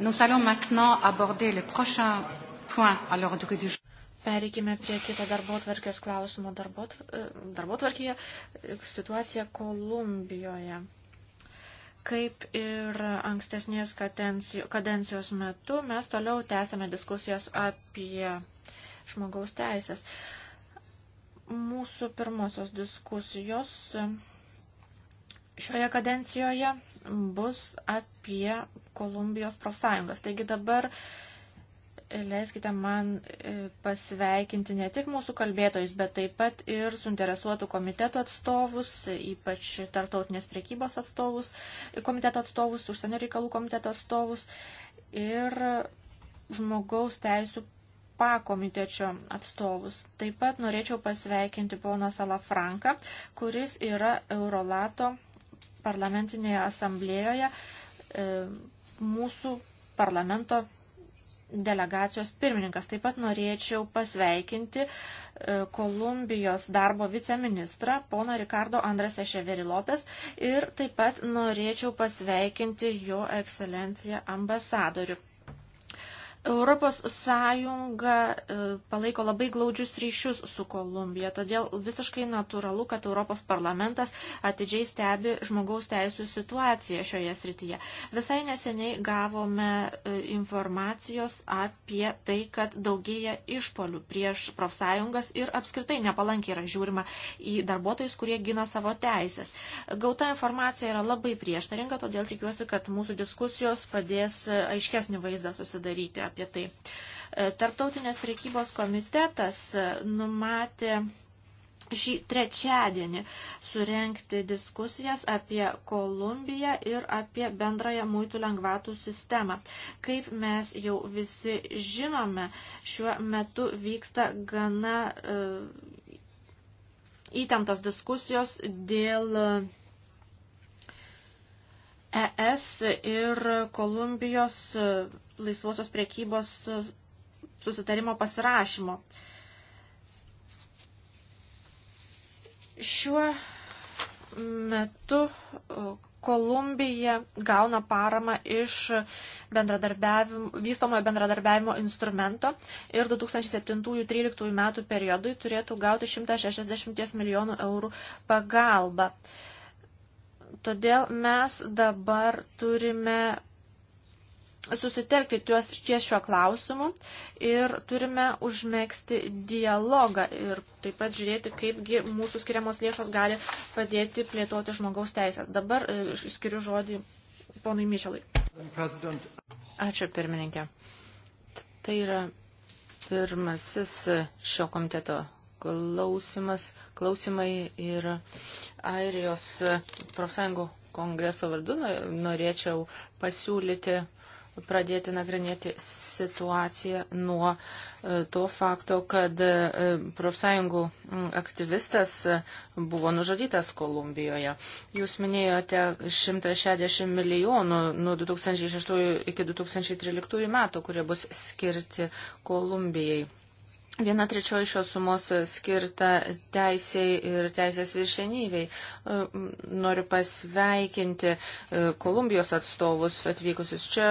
Nous allons maintenant aborder le prochain point à l'ordre du jour. Pereikime prie kito darbo tvarkės klausimo darbo e, tvarkėje - situacija Kolumbijoje. Kaip ir ankstesnės kadencijos metu, mes toliau tęsėme diskusijas apie žmogaus teisės. Mūsų pirmosios diskusijos šioje kadencijoje bus apie Kolumbijos profsąjungas. Taigi dabar leiskite man e, pasveikinti ne tik mūsų kalbėtojus, bet taip pat ir suinteresuotų komitetų atstovus, ypač tartautinės priekybos atstovus, komiteto atstovus, užsienio reikalų komiteto atstovus ir žmogaus teisų pakomitečio atstovus. Taip pat norėčiau pasveikinti poną Salafranką, kuris yra Eurolato parlamentinėje asamblėjoje e, mūsų parlamento delegacijos pirmininkas. Taip pat norėčiau pasveikinti e, Kolumbijos darbo viceministrą, poną Ricardo Andres Eševeri Lopes, ir taip pat norėčiau pasveikinti jo ekscelenciją ambasadorių. Europos Sąjunga e, palaiko labai glaudžius ryšius su Kolumbija, todėl visiškai natūralu, kad Europos parlamentas atidžiai stebi žmogaus teisų situaciją šioje srityje. Visai neseniai gavome e, informacijos apie tai, kad daugėja išpolių prieš profsąjungas ir apskritai nepalankiai yra žiūrima į darbuotojus, kurie gina savo teisės. Gauta informacija yra labai prieštaringa, todėl tikiuosi, kad mūsų diskusijos padės e, aiškesnį vaizdą susidaryti apie tai. E, Tartautinės priekybos komitetas e, numatė šį trečiadienį surenkti diskusijas apie Kolumbiją ir apie bendrąją muitų lengvatų sistemą. Kaip mes jau visi žinome, šiuo metu vyksta gana uh, įtemptos diskusijos dėl ES ir Kolumbijos. Uh, laisvosios priekybos e, susitarimo pasirašymo. Šiuo metu e, Kolumbija gauna paramą iš bendradarbiavimo, vystomojo bendradarbiavimo instrumento ir 2007-2013 metų periodui turėtų gauti 160 milijonų eurų pagalbą. Todėl mes dabar turime susitelkti ties šiuo klausimu ir turime užmėgsti dialogą ir taip pat žiūrėti, kaipgi mūsų skiriamos lėšos gali padėti plėtoti žmogaus teisės. Dabar e, skiriu žodį ponui Mišelui. Ačiū pirmininkė. Tai yra pirmasis šio komiteto klausimas, klausimai ir Airijos profsąjungų kongreso vardu norėčiau pasiūlyti uh, pradėti nagrinėti situaciją nuo e, to fakto, kad e, profsąjungų aktyvistas e, buvo nužudytas Kolumbijoje. Jūs minėjote 160 milijonų nuo 2006 iki 2013 metų, kurie bus skirti Kolumbijai. Viena trečioji šios sumos skirta teisėjai ir teisės viršenybei. E, noriu pasveikinti e, Kolumbijos atstovus atvykusius čia.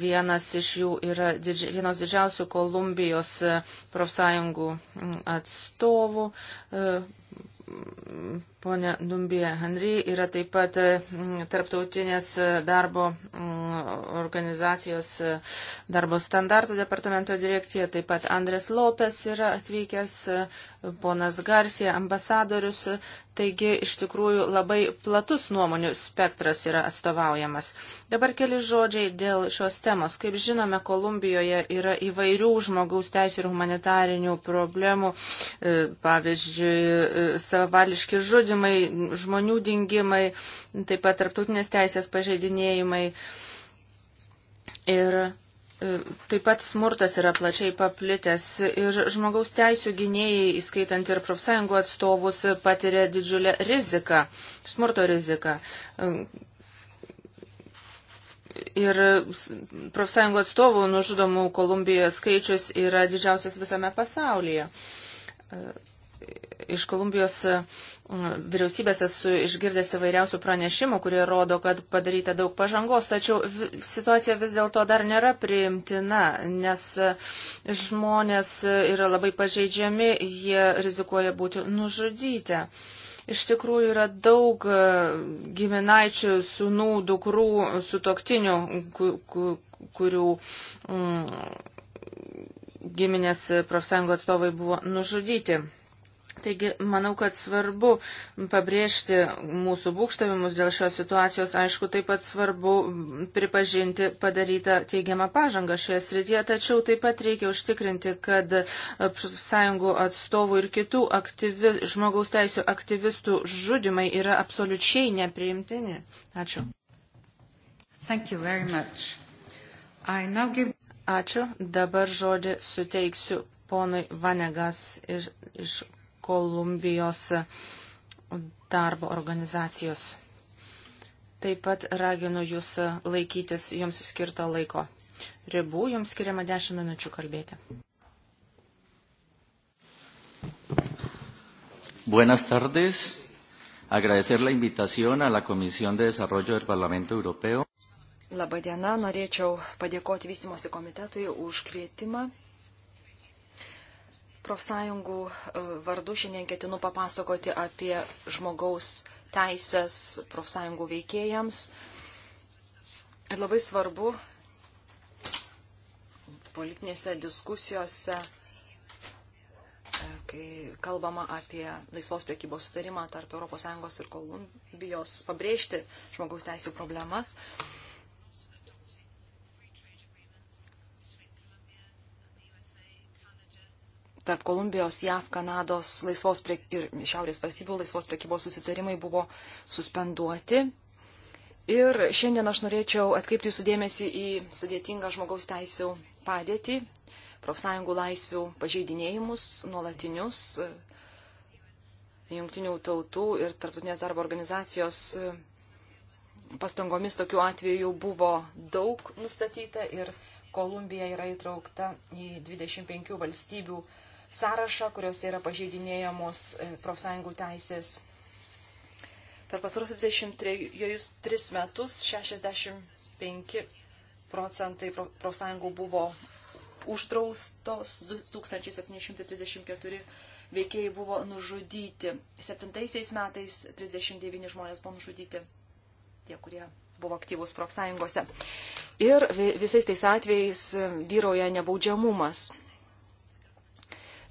Vienas iš jų yra didži, vienos didžiausių Kolumbijos e, profsąjungų atstovų Pone Numbija Henry yra taip pat e, Tarptautinės e, darbo organizacijos e, darbo standartų departamento direkcija, taip pat Andres Lopes yra atvykęs, ponas Garsija, ambasadorius, taigi iš tikrųjų labai platus nuomonių spektras yra atstovaujamas. Dabar keli žodžiai dėl šios temos. Kaip žinome, Kolumbijoje yra įvairių žmogaus teisų ir humanitarinių problemų, pavyzdžiui, savališki žudimai nusikaltimai, žmonių dingimai, taip pat tarptautinės teisės pažeidinėjimai. Ir e, Taip pat smurtas yra plačiai paplitęs ir žmogaus teisų gynėjai, įskaitant ir profsąjungų atstovus, patiria didžiulę riziką, smurto riziką. E, ir profsąjungų atstovų nužudomų Kolumbijoje skaičius yra didžiausias visame pasaulyje. E, iš Kolumbijos e, vyriausybės esu išgirdęs įvairiausių pranešimų, kurie rodo, kad padaryta daug pažangos, tačiau situacija vis dėlto dar nėra priimtina, nes e, žmonės e, yra labai pažeidžiami, jie rizikuoja būti nužudyti iš tikrųjų yra daug giminaičių, sunų, dukrų, sutoktinių, kurių mm, giminės profsąjungo atstovai buvo nužudyti. Taigi, manau, kad svarbu pabrėžti mūsų būkštavimus dėl šios situacijos. Aišku, taip pat svarbu pripažinti padarytą teigiamą pažangą šioje srityje, tačiau taip pat reikia užtikrinti, kad sąjungų atstovų ir kitų aktyvi, žmogaus teisų aktyvistų žudimai yra absoliučiai nepriimtini. Ačiū. Give... Ačiū. Dabar žodį suteiksiu ponui Vanegas iš, iš Kolumbijos darbo organizacijos. Taip pat raginu jūs laikytis jums skirto laiko ribų, jums skiriama 10 minučių kalbėti. Buenas tardes. Agradecer la invitación a la Comisión de Desarrollo del Parlamento Europeo. Labą dieną, norėčiau padėkoti vystimosi komitetui už kvietimą Profsąjungų e, vardu šiandien ketinu papasakoti apie žmogaus teisės profsąjungų veikėjams. Ir labai svarbu politinėse diskusijose, e, kai kalbama apie laisvos priekybos sutarimą tarp ES ir Kolumbijos, pabrėžti žmogaus teisų problemas. tarp Kolumbijos, JAV, Kanados laisvos prie, ir Šiaurės valstybių laisvos priekybos susitarimai buvo suspenduoti. Ir šiandien aš norėčiau atkreipti jūsų dėmesį į sudėtingą žmogaus teisų padėtį, profsąjungų laisvių pažeidinėjimus, nuolatinius e, jungtinių tautų ir tarptautinės darbo organizacijos e, pastangomis tokių atvejų buvo daug nustatyta ir Kolumbija yra įtraukta į 25 valstybių sąrašą, kuriuose yra pažeidinėjamos e, profsąjungų teisės. Per pasarusius 23 metus 65 procentai profsąjungų buvo uždraustos, 2734 veikėjai buvo nužudyti. 7 metais 39 žmonės buvo nužudyti, tie, kurie buvo aktyvus profsąjungose. Ir visais tais atvejais e, vyroja nebaudžiamumas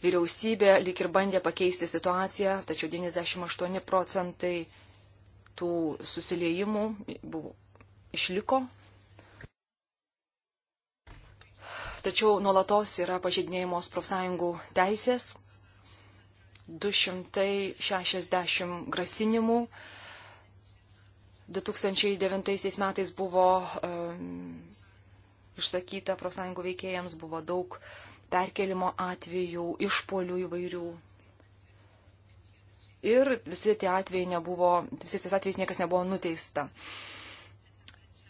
vyriausybė lik ir bandė pakeisti situaciją, tačiau 98 procentai tų susiliejimų buvo, išliko. Tačiau nuolatos yra pažydinėjimos profsąjungų teisės, 260 grasinimų. 2009 metais buvo um, išsakyta profsąjungų veikėjams, buvo daug uh, perkelimo atvejų, išpolių įvairių. Ir visi tie atvejai nebuvo, visi tais atvejais niekas nebuvo nuteista.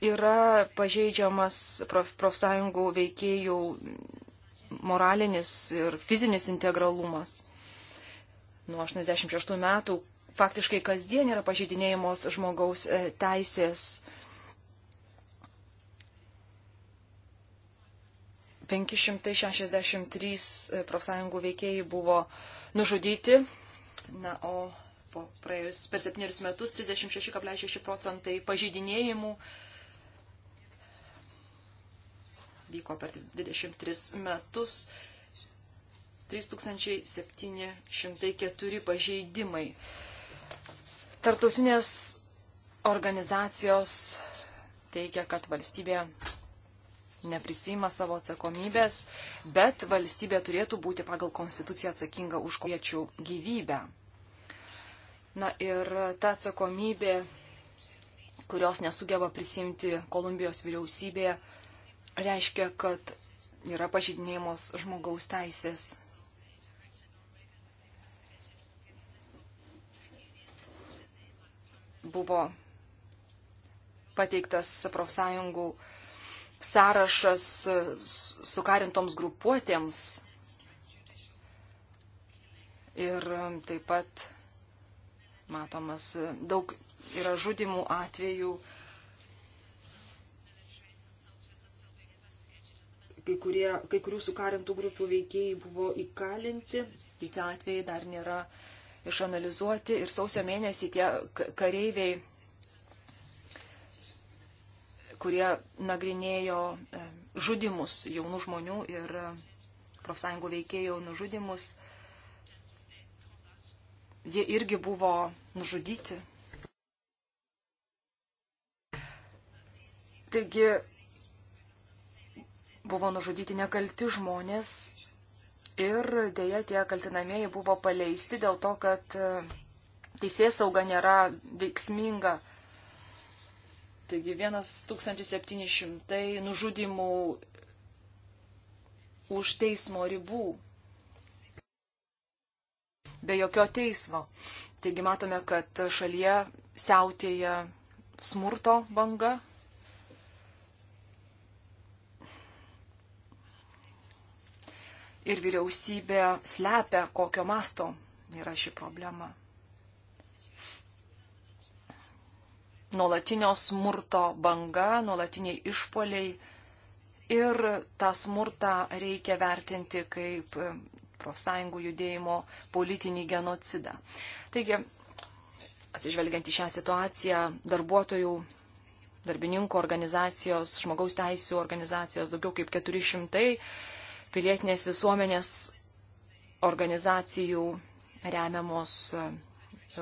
Yra pažeidžiamas prof, profsąjungų veikėjų moralinis ir fizinis integralumas. Nuo 86 metų faktiškai kasdien yra pažeidinėjimos žmogaus e, teisės 563 e, profsąjungų veikėjai buvo nužudyti, na, o po praėjus per septynerius metus 36,6 procentai pažydinėjimų vyko per 23 metus 3704 pažeidimai. Tartautinės organizacijos teigia, kad valstybė neprisima savo atsakomybės, bet valstybė turėtų būti pagal konstituciją atsakinga už kviečių gyvybę. Na ir ta atsakomybė, kurios nesugeba prisimti Kolumbijos vyriausybė, reiškia, kad yra pažydinėjimos žmogaus teisės buvo pateiktas profsąjungų sąrašas sukarintoms grupuotėms ir taip pat matomas daug yra žudimų atvejų. Kai, kurie, kai kurių sukarintų grupių veikėjai buvo įkalinti, tai tie atvejai dar nėra išanalizuoti ir sausio mėnesį tie kareiviai kurie nagrinėjo e, žudimus jaunų žmonių ir e, profsąjungų veikėjų nužudimus. Jie irgi buvo nužudyti. Taigi buvo nužudyti nekalti žmonės ir dėja tie kaltinamieji buvo paleisti dėl to, kad e, teisės sauga nėra veiksminga Taigi 1700 nužudimų už teismo ribų, be jokio teismo. Taigi matome, kad šalyje siautėja smurto banga. Ir vyriausybė slepia, kokio masto yra ši problema. nuolatinio smurto banga, nuolatiniai išpoliai. Ir tą smurtą reikia vertinti kaip e, profsąjungų judėjimo politinį genocidą. Taigi, atsižvelgiant į šią situaciją, darbuotojų, darbininkų organizacijos, žmogaus teisų organizacijos, daugiau kaip 400 pilietinės visuomenės organizacijų remiamos ES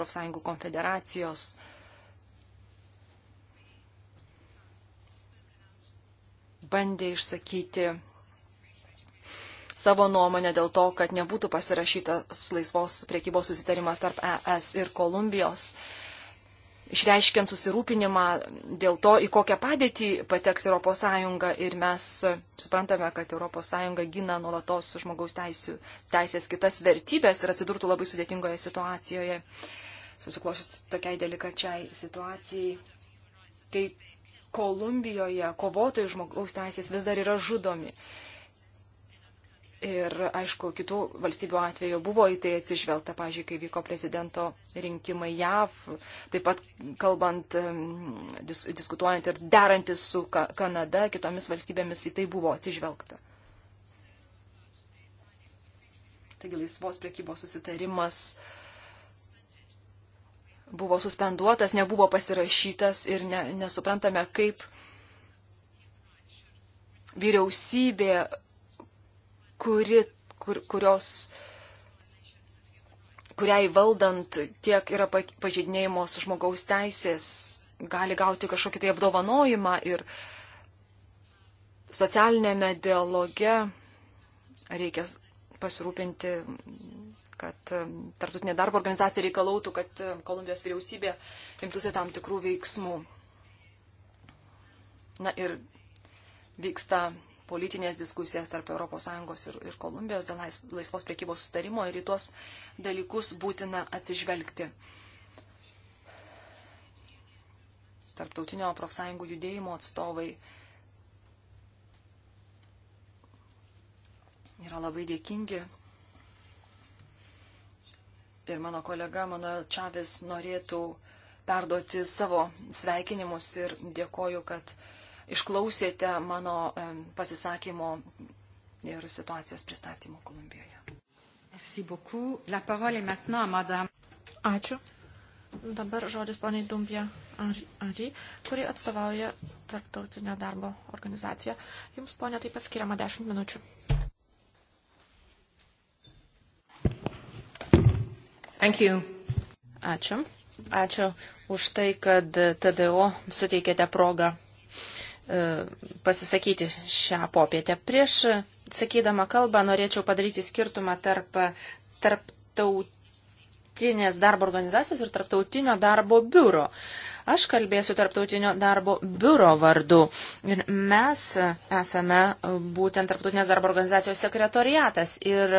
profsąjungų konfederacijos bandė išsakyti savo nuomonę dėl to, kad nebūtų pasirašytas laisvos priekybos susitarimas tarp ES ir Kolumbijos, išreiškiant susirūpinimą dėl to, į kokią padėtį pateks ES ir mes suprantame, kad ES gina nuolatos žmogaus teisų, teisės kitas vertybės ir atsidurtų labai sudėtingoje situacijoje, susiklošius tokiai delikačiai situacijai, kai Kolumbijoje kovotojai žmogaus teisės vis dar yra žudomi. Ir, aišku, kitų valstybių atveju buvo į tai atsižvelgta, pažiūrėjau, kai vyko prezidento rinkimai JAV, taip pat kalbant, dis, diskutuojant ir derantis su ka Kanada, kitomis valstybėmis į tai buvo atsižvelgta. Taigi laisvos priekybos susitarimas uh, buvo suspenduotas, nebuvo pasirašytas ir ne, nesuprantame, kaip vyriausybė, kuri, kur, kurios, kuriai valdant tiek yra pažydinėjimos žmogaus teisės, gali gauti kažkokį tai apdovanojimą ir socialinėme dialoge reikia pasirūpinti kad Tartutinė darbo organizacija reikalautų, kad Kolumbijos vyriausybė imtųsi tam tikrų veiksmų. Na ir vyksta politinės diskusijas tarp ES ir, ir Kolumbijos dėl laisvos priekybos sustarimo ir į tuos dalykus būtina atsižvelgti. Tarptautinio profsąjungų judėjimo atstovai yra labai dėkingi ir mano kolega Manuel Čavės norėtų perduoti savo sveikinimus ir dėkoju, kad išklausėte mano pasisakymo ir situacijos pristatymo Kolumbijoje. Ačiū. Dabar žodis poniai Dumbė Ari, kuri atstovauja Tarptautinę darbo organizaciją. Jums, ponė, taip pat skiriama 10 minučių. Thank you. Ačiū. Ačiū už tai, kad TDO suteikėte progą e, pasisakyti šią popietę. Prieš sakydama kalbą norėčiau padaryti skirtumą tarp tarptautinės darbo organizacijos ir tarptautinio darbo biuro. Aš kalbėsiu tarptautinio darbo biuro vardu. Ir mes esame būtent tarptautinės darbo organizacijos sekretoriatas. Ir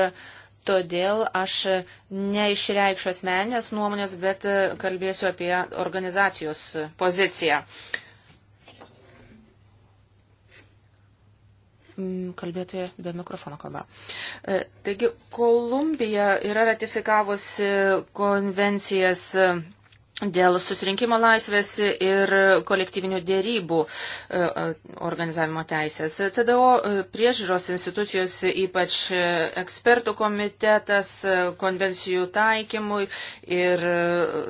Todėl aš neišreikšiu asmenės nuomonės, bet e, kalbėsiu apie organizacijos poziciją. Mm, Kalbėtoje be mikrofono kalba. E, taigi, Kolumbija yra ratifikavusi konvencijas dėl susirinkimo laisvės ir kolektyvinių dėrybų e, e, organizavimo teisės. TDO e, priežiūros institucijos, ypač ekspertų komitetas konvencijų taikymui ir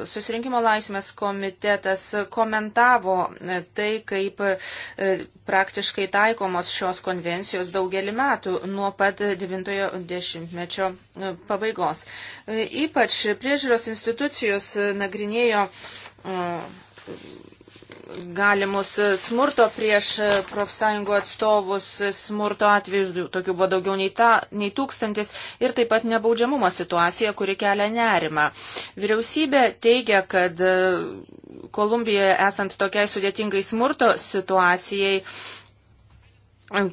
susirinkimo laisvės komitetas komentavo tai, kaip praktiškai taikomos šios konvencijos daugelį metų nuo pat 90-mečio pabaigos. Ypač priežiūros institucijos nagrinėjo minėjo e, galimus smurto prieš profsąjungų atstovus, smurto atvejus, tokių buvo daugiau nei, ta, nei tūkstantis, ir taip pat nebaudžiamumo situacija, kuri kelia nerimą. Vyriausybė teigia, kad e, Kolumbijoje esant tokiai sudėtingai smurto situacijai,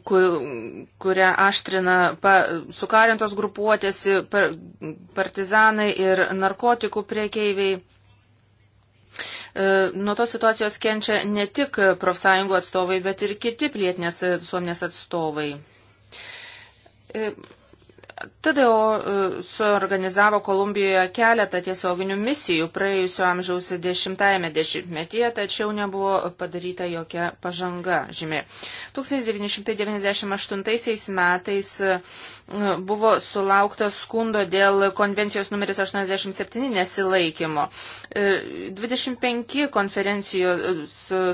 kurią aštrina pa, sukarintos grupuotės, partizanai ir narkotikų priekeiviai E, nuo tos situacijos kenčia ne tik profsąjungų atstovai, bet ir kiti plėtinės visuomenės atstovai e, TDO e, suorganizavo Kolumbijoje keletą tiesioginių misijų praėjusio amžiaus dešimtajame dešimtmetyje, tačiau nebuvo padaryta jokia pažanga žymė. 1998 metais e, buvo sulaukta skundo dėl konvencijos numeris 87 nesilaikymo. 25 e, konferencijos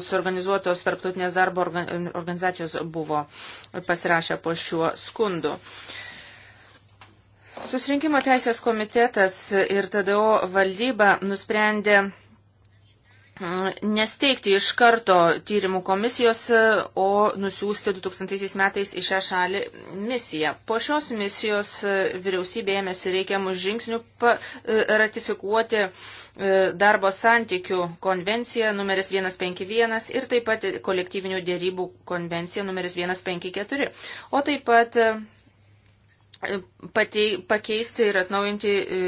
suorganizuotos tarptautinės darbo organizacijos buvo pasirašę po šiuo skundu. Uh, Susirinkimo teisės komitetas ir TDO valdyba nusprendė mm, nesteigti iš karto tyrimų komisijos, o nusiųsti 2000 metais į šią šalį misiją. Po šios misijos e, vyriausybė ėmėsi reikiamų žingsnių e, ratifikuoti e, darbo santykių konvenciją numeris 151 ir taip pat kolektyvinių dėrybų konvenciją numeris 154, o taip pat patei, pakeisti ir atnaujinti e,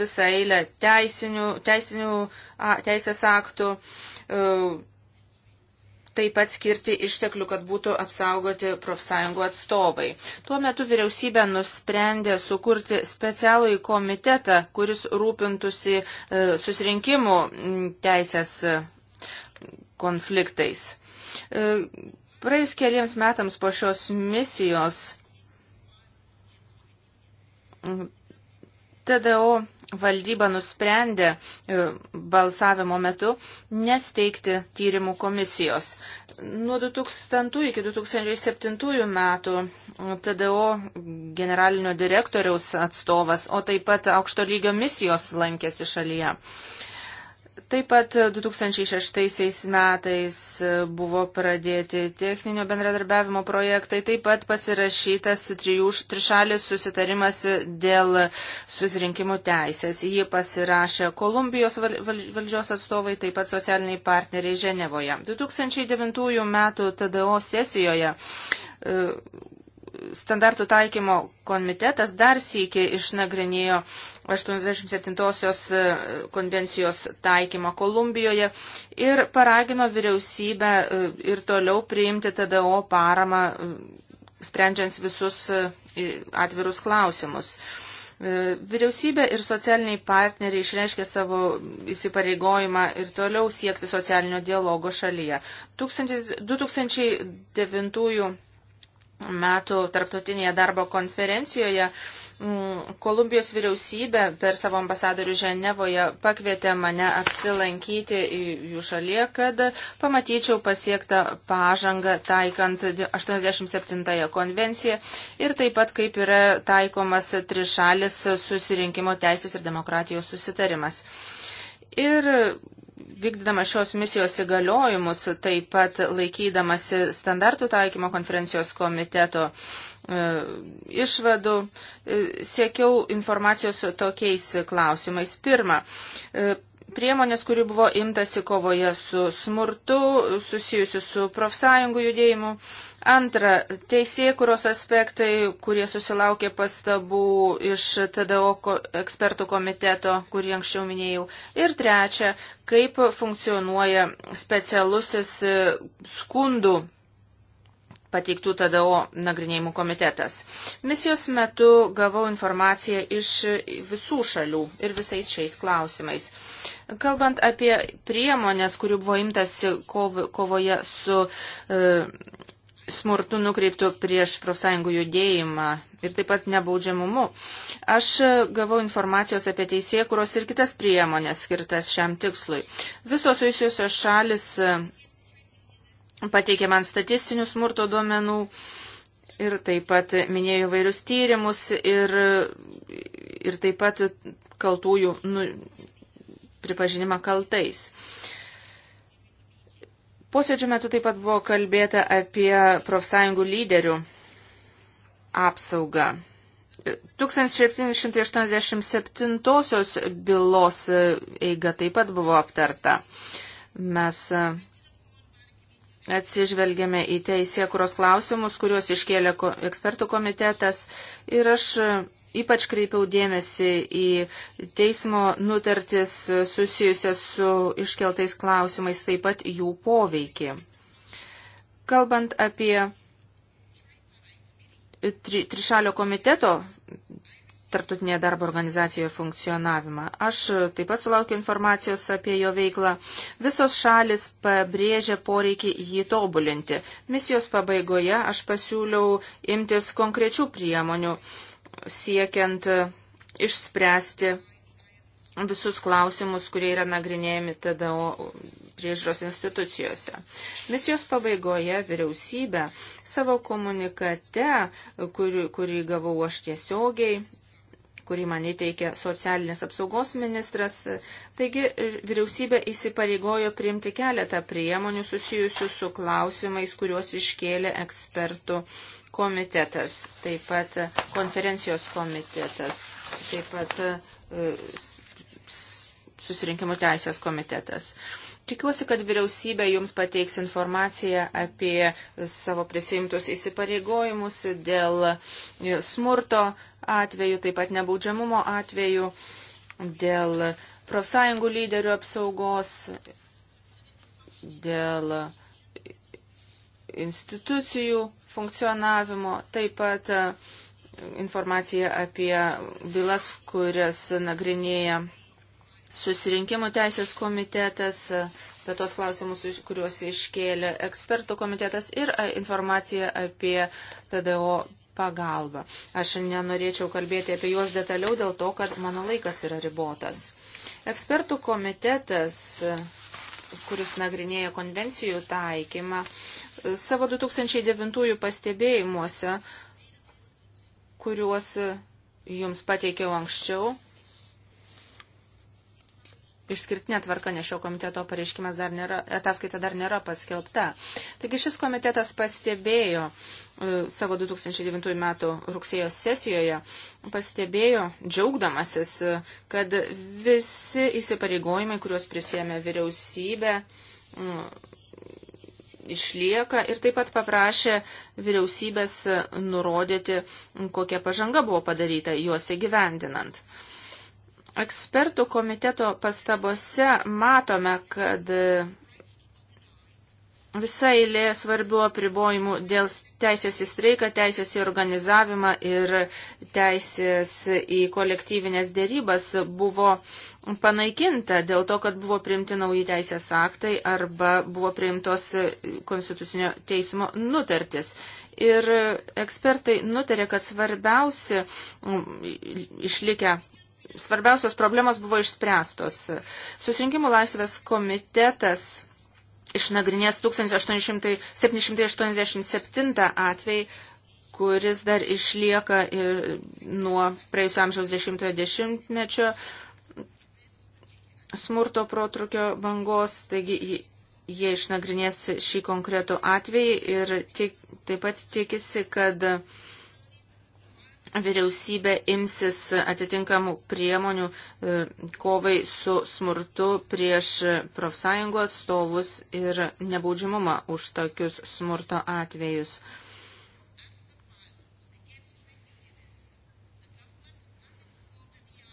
visą eilę teisinių, teisinių a, teisės aktų, e, taip pat skirti išteklių, kad būtų apsaugoti profsąjungų atstovai. Tuo metu vyriausybė nusprendė sukurti specialųjį komitetą, kuris rūpintusi e, susirinkimų teisės konfliktais. Praėjus keliems metams po šios misijos TDO valdyba nusprendė e, balsavimo metu nesteigti tyrimų komisijos. Nuo 2000 iki 2007 metų e, TDO generalinio direktoriaus atstovas, o taip pat aukšto lygio misijos lankėsi šalyje. Taip pat 2006 e, metais e, buvo pradėti techninio bendradarbiavimo projektai, taip pat pasirašytas trijų trišalis susitarimas e, dėl susirinkimų teisės. Jį pasirašė Kolumbijos valdžios atstovai, taip pat socialiniai partneriai Ženevoje. 2009 metų TDO sesijoje standartų taikymo komitetas dar sykį išnagrinėjo 87-osios konvencijos taikymą Kolumbijoje ir paragino vyriausybę e, ir toliau priimti TDO paramą, e, sprendžiant visus e, atvirus klausimus. Vyriausybė ir socialiniai partneriai išreiškė savo įsipareigojimą ir toliau siekti socialinio dialogo šalyje. 2009 metų tarptautinėje darbo konferencijoje mm, Kolumbijos vyriausybė per savo ambasadorių Ženevoje pakvietė mane apsilankyti į jų šalyje, kad pamatyčiau pasiektą pažangą taikant 87-ąją konvenciją ir taip pat kaip yra taikomas trišalis susirinkimo teisės ir demokratijos susitarimas. Ir vykdydama šios misijos įgaliojimus, taip pat laikydamasi standartų taikymo konferencijos komiteto e, išvadų, e, siekiau informacijos tokiais klausimais. Pirma, e, priemonės, kuri buvo imtasi kovoje su smurtu, susijusi su profsąjungų judėjimu. Antra, teisėkuros aspektai, kurie susilaukė pastabų iš TDO ekspertų komiteto, kurį anksčiau minėjau. Ir trečia, kaip funkcionuoja specialusis e, skundų pateiktų TDO nagrinėjimų komitetas. Misijos metu gavau informaciją iš visų šalių ir visais šiais klausimais. Kalbant apie priemonės, kurių buvo imtasi kovoje su e, smurtu nukreiptų prieš profsąjungų judėjimą ir taip pat nebaudžiamumu. Aš gavau informacijos apie teisėkuros ir kitas priemonės skirtas šiam tikslui. Visos susijusios šalis e, pateikė man statistinių smurto duomenų ir taip pat minėjo vairius tyrimus ir, ir taip pat kaltųjų nu, pripažinimą kaltais. Posėdžių metu taip pat buvo kalbėta apie profsąjungų lyderių apsaugą. 1787 bylos eiga taip pat buvo aptarta. Mes atsižvelgėme į teisėkuros klausimus, kuriuos iškėlė ekspertų komitetas ir aš Ypač kreipiau dėmesį į teismo nutartis susijusias su iškeltais klausimais, taip pat jų poveikį. Kalbant apie tri, trišalio komiteto tarptautinėje darbo organizacijoje funkcionavimą. Aš taip pat sulaukiu informacijos apie jo veiklą. Visos šalis pabrėžė poreikį jį tobulinti. Misijos pabaigoje aš pasiūliau imtis konkrečių priemonių siekiant e, išspręsti visus klausimus, kurie yra nagrinėjami tada priežiūros institucijose. Misijos pabaigoje vyriausybė savo komunikate, kurį, kurį gavau aš tiesiogiai, kurį man įteikė socialinės apsaugos ministras. Taigi vyriausybė įsipareigojo priimti keletą priemonių susijusių su klausimais, kuriuos iškėlė ekspertų komitetas, taip pat konferencijos komitetas, taip pat e, susirinkimų teisės komitetas. Tikiuosi, kad vyriausybė jums pateiks informaciją apie savo prisimtus įsipareigojimus dėl smurto atveju, taip pat nebaudžiamumo atveju, dėl profsąjungų lyderių apsaugos, dėl institucijų funkcionavimo, taip pat e, informacija apie bylas, kurias nagrinėja susirinkimų teisės komitetas, e, apie tos klausimus, kuriuos iškėlė ekspertų komitetas ir e, informacija apie TDO pagalbą. Aš nenorėčiau kalbėti apie juos detaliau dėl to, kad mano laikas yra ribotas. Ekspertų komitetas, kuris nagrinėja konvencijų taikymą, Savo 2009 pastebėjimuose, kuriuos jums pateikiau anksčiau, išskirtinė tvarka, nes šio komiteto pareiškimas dar nėra, ataskaita dar nėra paskelbta. Taigi šis komitetas pastebėjo e, savo 2009 metų rugsėjo sesijoje, pastebėjo, džiaugdamasis, e, kad visi įsipareigojimai, kuriuos prisėmė vyriausybė, išlieka ir taip pat paprašė vyriausybės nurodyti, kokia pažanga buvo padaryta juos įgyvendinant. Ekspertų komiteto pastabose matome, kad Visa eilė svarbių apribojimų dėl teisės į streiką, teisės į organizavimą ir teisės į kolektyvinės dėrybas buvo panaikinta dėl to, kad buvo priimti nauji teisės aktai arba buvo priimtos Konstitucinio teismo nutartis. Ir ekspertai nutarė, kad svarbiausi mm, išlikę svarbiausios problemos buvo išspręstos. Susirinkimų laisvės komitetas išnagrinės 1887 atvejai, kuris dar išlieka nuo praėjusio amžiaus 10-ojo dešimtmečio smurto protrukio bangos, taigi jie išnagrinės šį konkretų atvejį ir tik, taip pat tikisi, kad vyriausybė imsis atitinkamų priemonių e, kovai su smurtu prieš profsąjungų atstovus ir nebaudžimumą už tokius smurto atvejus.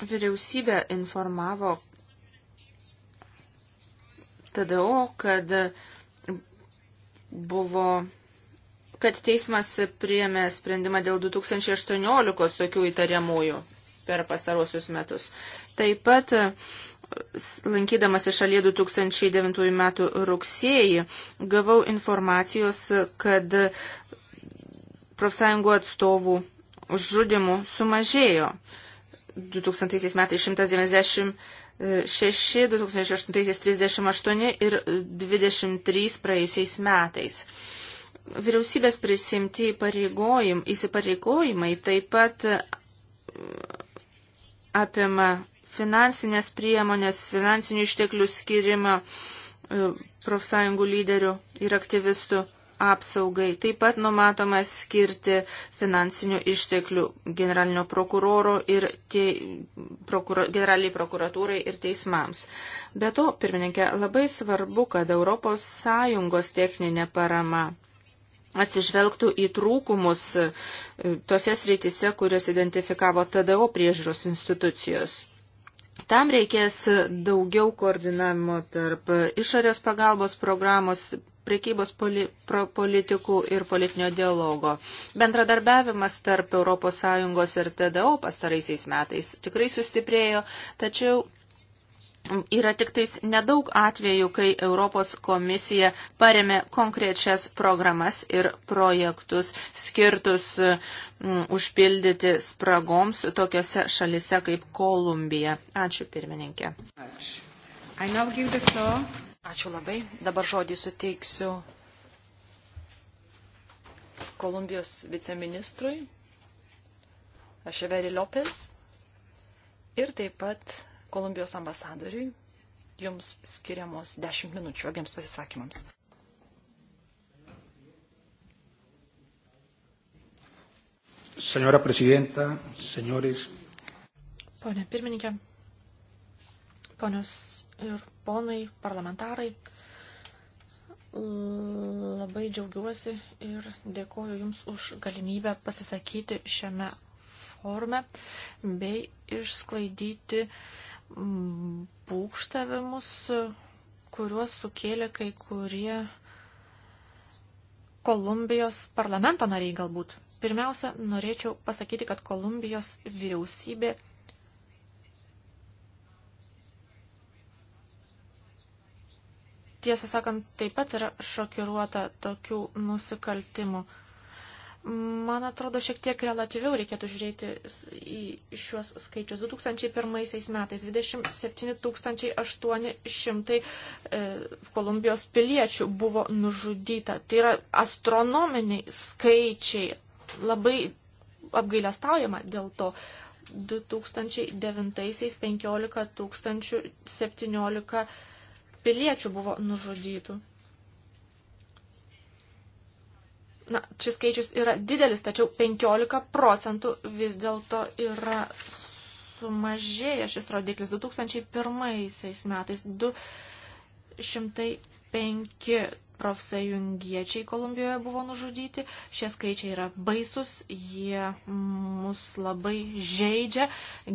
Vyriausybė informavo TDO, kad buvo kad teismas priėmė sprendimą dėl 2018 tokių įtariamųjų per pastarosius metus. Taip pat e, lankydamas į šalyje 2009 m. rugsėjį, gavau informacijos, kad profsąjungų atstovų žudimų sumažėjo. 2000 metais 196, 2008 38 ir 23 praėjusiais metais vyriausybės prisimti įsipareigojimai taip pat e, apima finansinės priemonės, finansinių išteklių skirimą e, profsąjungų lyderių ir aktyvistų apsaugai. Taip pat numatoma skirti finansinių išteklių generalinio prokuroro ir tie, prokuro, generaliniai prokuratūrai ir teismams. Be to, pirmininkė, labai svarbu, kad ES techninė parama atsižvelgtų į trūkumus e, tose sreitise, kurias identifikavo TDO priežiūros institucijos. Tam reikės daugiau koordinavimo tarp išorės pagalbos programos, priekybos poli, pro, politikų ir politinio dialogo. Bendradarbiavimas tarp ES ir TDO pastaraisiais metais tikrai sustiprėjo, tačiau Yra tik tais nedaug atvejų, kai Europos komisija paremė konkrečias programas ir projektus skirtus m, mm, užpildyti spragoms tokiose šalise kaip Kolumbija. Ačiū pirmininkė. Ačiū. Ačiū labai. Dabar žodį suteiksiu Kolumbijos viceministrui Aševeri Lopes ir taip pat Kolumbijos ambasadoriui. Jums skiriamos 10 minučių abiems pasisakymams. Senora prezidenta, senioris. Pone pirmininkė, ponios ir ponai parlamentarai, labai džiaugiuosi ir dėkoju Jums už galimybę pasisakyti šiame forume bei išsklaidyti uh, būkštavimus, kuriuos sukėlė kai kurie Kolumbijos parlamento nariai galbūt. Pirmiausia, norėčiau pasakyti, kad Kolumbijos vyriausybė tiesą sakant taip pat yra šokiruota tokių nusikaltimų. Man atrodo, šiek tiek relatyviau reikėtų žiūrėti į šiuos skaičius. 2001 metais 27 800 e, Kolumbijos piliečių buvo nužudyta. Tai yra astronominiai skaičiai. Labai apgailestaujama dėl to. 2009 15 017 piliečių buvo nužudytų. Na, šis skaičius yra didelis, tačiau 15 procentų vis dėlto yra sumažėja šis rodiklis 2001 metais 205 profsąjungiečiai Kolumbijoje buvo nužudyti. Šie skaičiai yra baisus, jie mus labai žaidžia,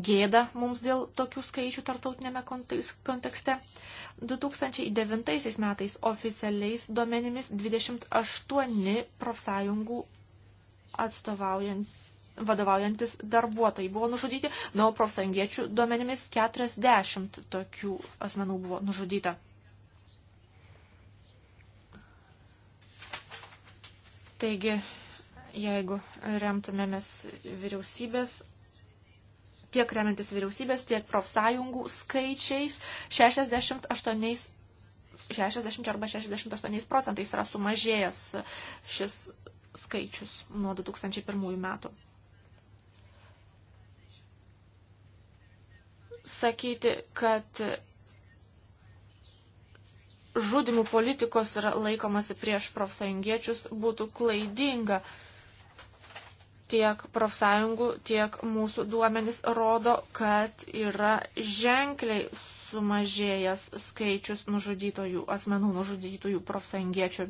gėda mums dėl tokių skaičių tartautinėme kontekste. 2009 metais oficialiais duomenimis 28 profsąjungų atstovaujant vadovaujantis darbuotojai buvo nužudyti, na, o profsąjungiečių duomenimis 40 tokių asmenų buvo nužudyta. Taigi, jeigu remtumėmės vyriausybės tiek remiantis vyriausybės, tiek profsąjungų skaičiais 68, 60 arba 68 procentais yra sumažėjęs šis skaičius nuo 2001 metų. Sakyti, kad žudimų politikos yra laikomasi prieš profsąjungiečius būtų klaidinga. Uh, tiek profsąjungų, tiek mūsų duomenys rodo, kad yra ženkliai sumažėjęs skaičius nužudytojų, asmenų nužudytojų profsąjungiečių.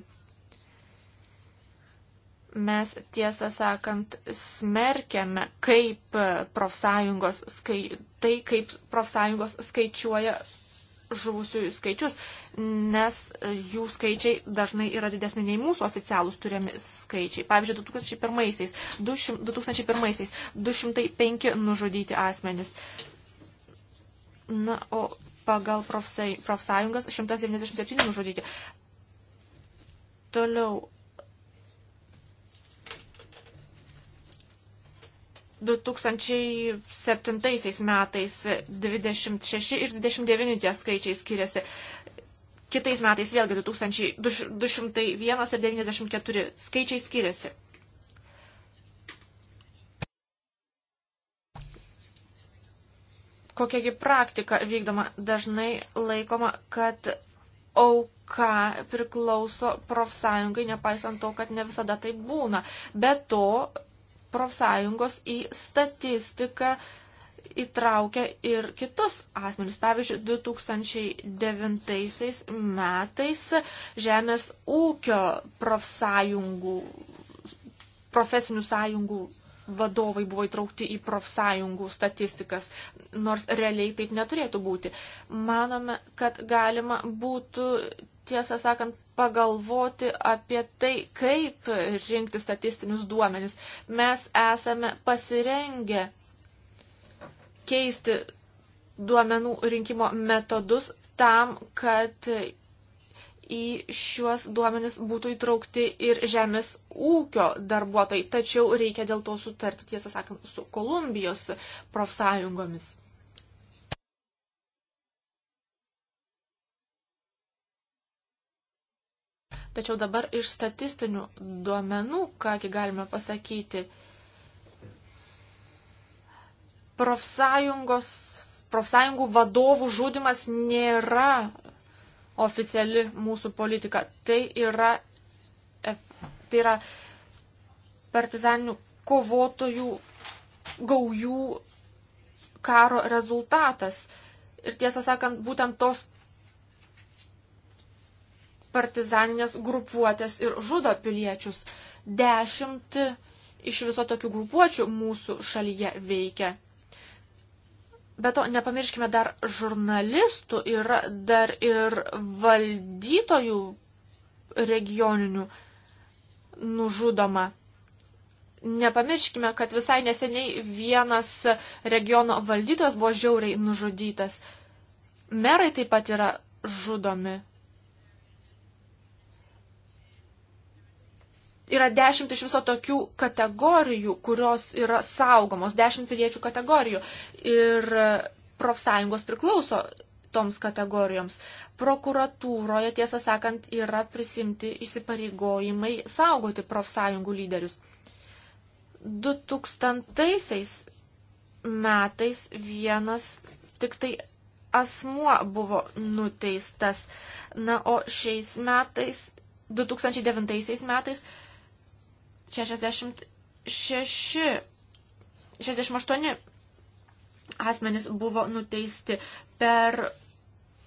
Mes tiesą sakant smerkiame, kaip profsąjungos, skai, tai kaip profsąjungos skaičiuoja žuvusiųjų skaičius, nes jų skaičiai dažnai yra didesni nei mūsų oficialūs turimi skaičiai. Pavyzdžiui, 2001-aisiais 2001 205 nužudyti asmenys. Na, o pagal profsai, profsąjungas 197 nužudyti. Toliau 2007 metais 26 ir 29 tie skaičiai skiriasi. Kitais metais vėlgi 2201 ir 94 skaičiai skiriasi. Kokiagi praktika vykdoma dažnai laikoma, kad auka priklauso profsąjungai, nepaisant to, kad ne visada tai būna. Be to, profsąjungos į statistiką įtraukia ir kitus asmenys. Pavyzdžiui, 2009 metais Žemės ūkio profsąjungų, profesinių sąjungų vadovai buvo įtraukti į profsąjungų statistikas, nors realiai taip neturėtų būti. Manome, kad galima būtų tiesą sakant, pagalvoti apie tai, kaip rinkti statistinius duomenis. Mes esame pasirengę keisti duomenų rinkimo metodus tam, kad į šiuos duomenis būtų įtraukti ir žemės ūkio darbuotojai, tačiau reikia dėl to sutarti, tiesą sakant, su Kolumbijos profsąjungomis. Tačiau dabar iš statistinių duomenų, kągi galime pasakyti, profsąjungos, profsąjungų vadovų žudimas nėra oficiali mūsų politika. Tai yra, tai yra partizaninių kovotojų gaujų karo rezultatas. Ir tiesą sakant, būtent tos partizaninės grupuotės ir žudo piliečius. Dešimt iš viso tokių grupuočių mūsų šalyje veikia. Bet to nepamirškime dar žurnalistų, yra dar ir valdytojų regioninių nužudoma. Nepamirškime, kad visai neseniai vienas regiono valdytojas buvo žiauriai nužudytas. Merai taip pat yra žudomi. yra dešimt iš viso tokių kategorijų, kurios yra saugomos, dešimt piliečių kategorijų. Ir profsąjungos priklauso toms kategorijoms. Prokuratūroje, tiesą sakant, yra prisimti įsipareigojimai saugoti profsąjungų lyderius. 2000 metais vienas tik tai asmuo buvo nuteistas. Na, o šiais metais, 2009 metais, 66, 68 asmenys buvo nuteisti per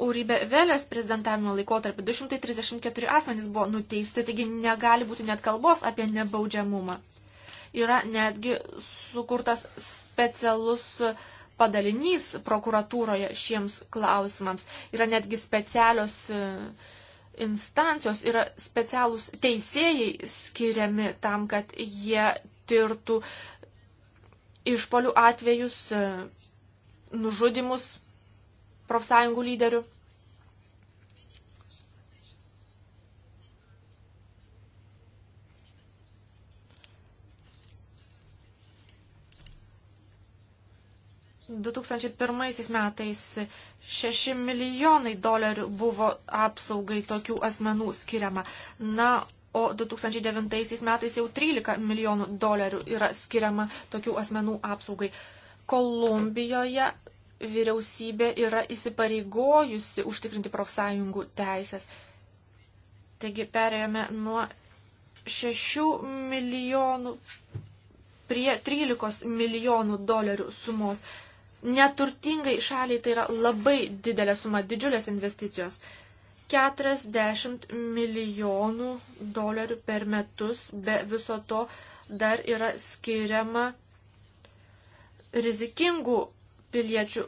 Uribe Velės prezidentavimo laikotarpį 234 asmenys buvo nuteisti, taigi negali būti net kalbos apie nebaudžiamumą. Yra netgi sukurtas specialus padalinys prokuratūroje šiems klausimams. Yra netgi specialios uh, instancijos yra specialūs teisėjai skiriami tam, kad jie tirtų išpolių atvejus, nužudimus profsąjungų lyderių. 2001 metais 6 milijonai dolerių buvo apsaugai tokių asmenų skiriama. Na, o 2009 metais jau 13 milijonų dolerių yra skiriama tokių asmenų apsaugai. Kolumbijoje vyriausybė yra įsipareigojusi užtikrinti profsąjungų teisės. Taigi perėjome nuo 6 milijonų prie 13 milijonų dolerių sumos. Neturtingai šaliai tai yra labai didelė suma, didžiulės investicijos. 40 milijonų dolerių per metus be viso to dar yra skiriama rizikingų piliečių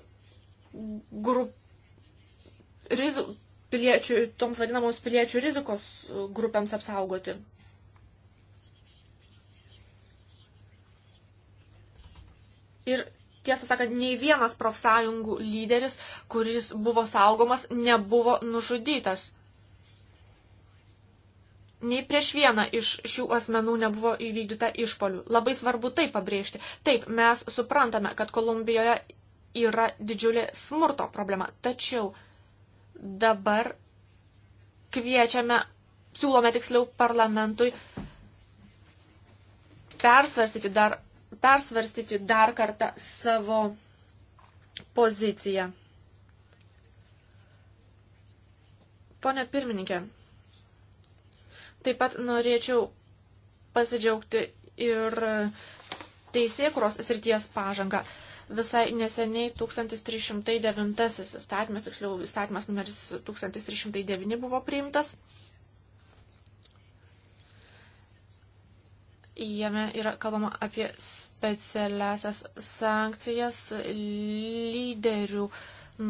grup, riz, piliečių, toms vadinamoms piliečių rizikos grupėms apsaugoti. Ir tiesą sakant, nei vienas profsąjungų lyderis, kuris buvo saugomas, nebuvo nužudytas. Nei prieš vieną iš šių asmenų nebuvo įvykdyta išpolių. Labai svarbu tai pabrėžti. Taip, mes suprantame, kad Kolumbijoje yra didžiulė smurto problema. Tačiau dabar kviečiame, siūlome tiksliau parlamentui persvarstyti dar persvarstyti dar kartą savo poziciją. Pone pirmininkė, taip pat norėčiau pasidžiaugti ir teisėkuros srities pažangą. Visai neseniai 1309 įstatymas, tiksliau įstatymas numeris 1309 buvo priimtas. jame yra kalbama apie specialiasias sankcijas lyderių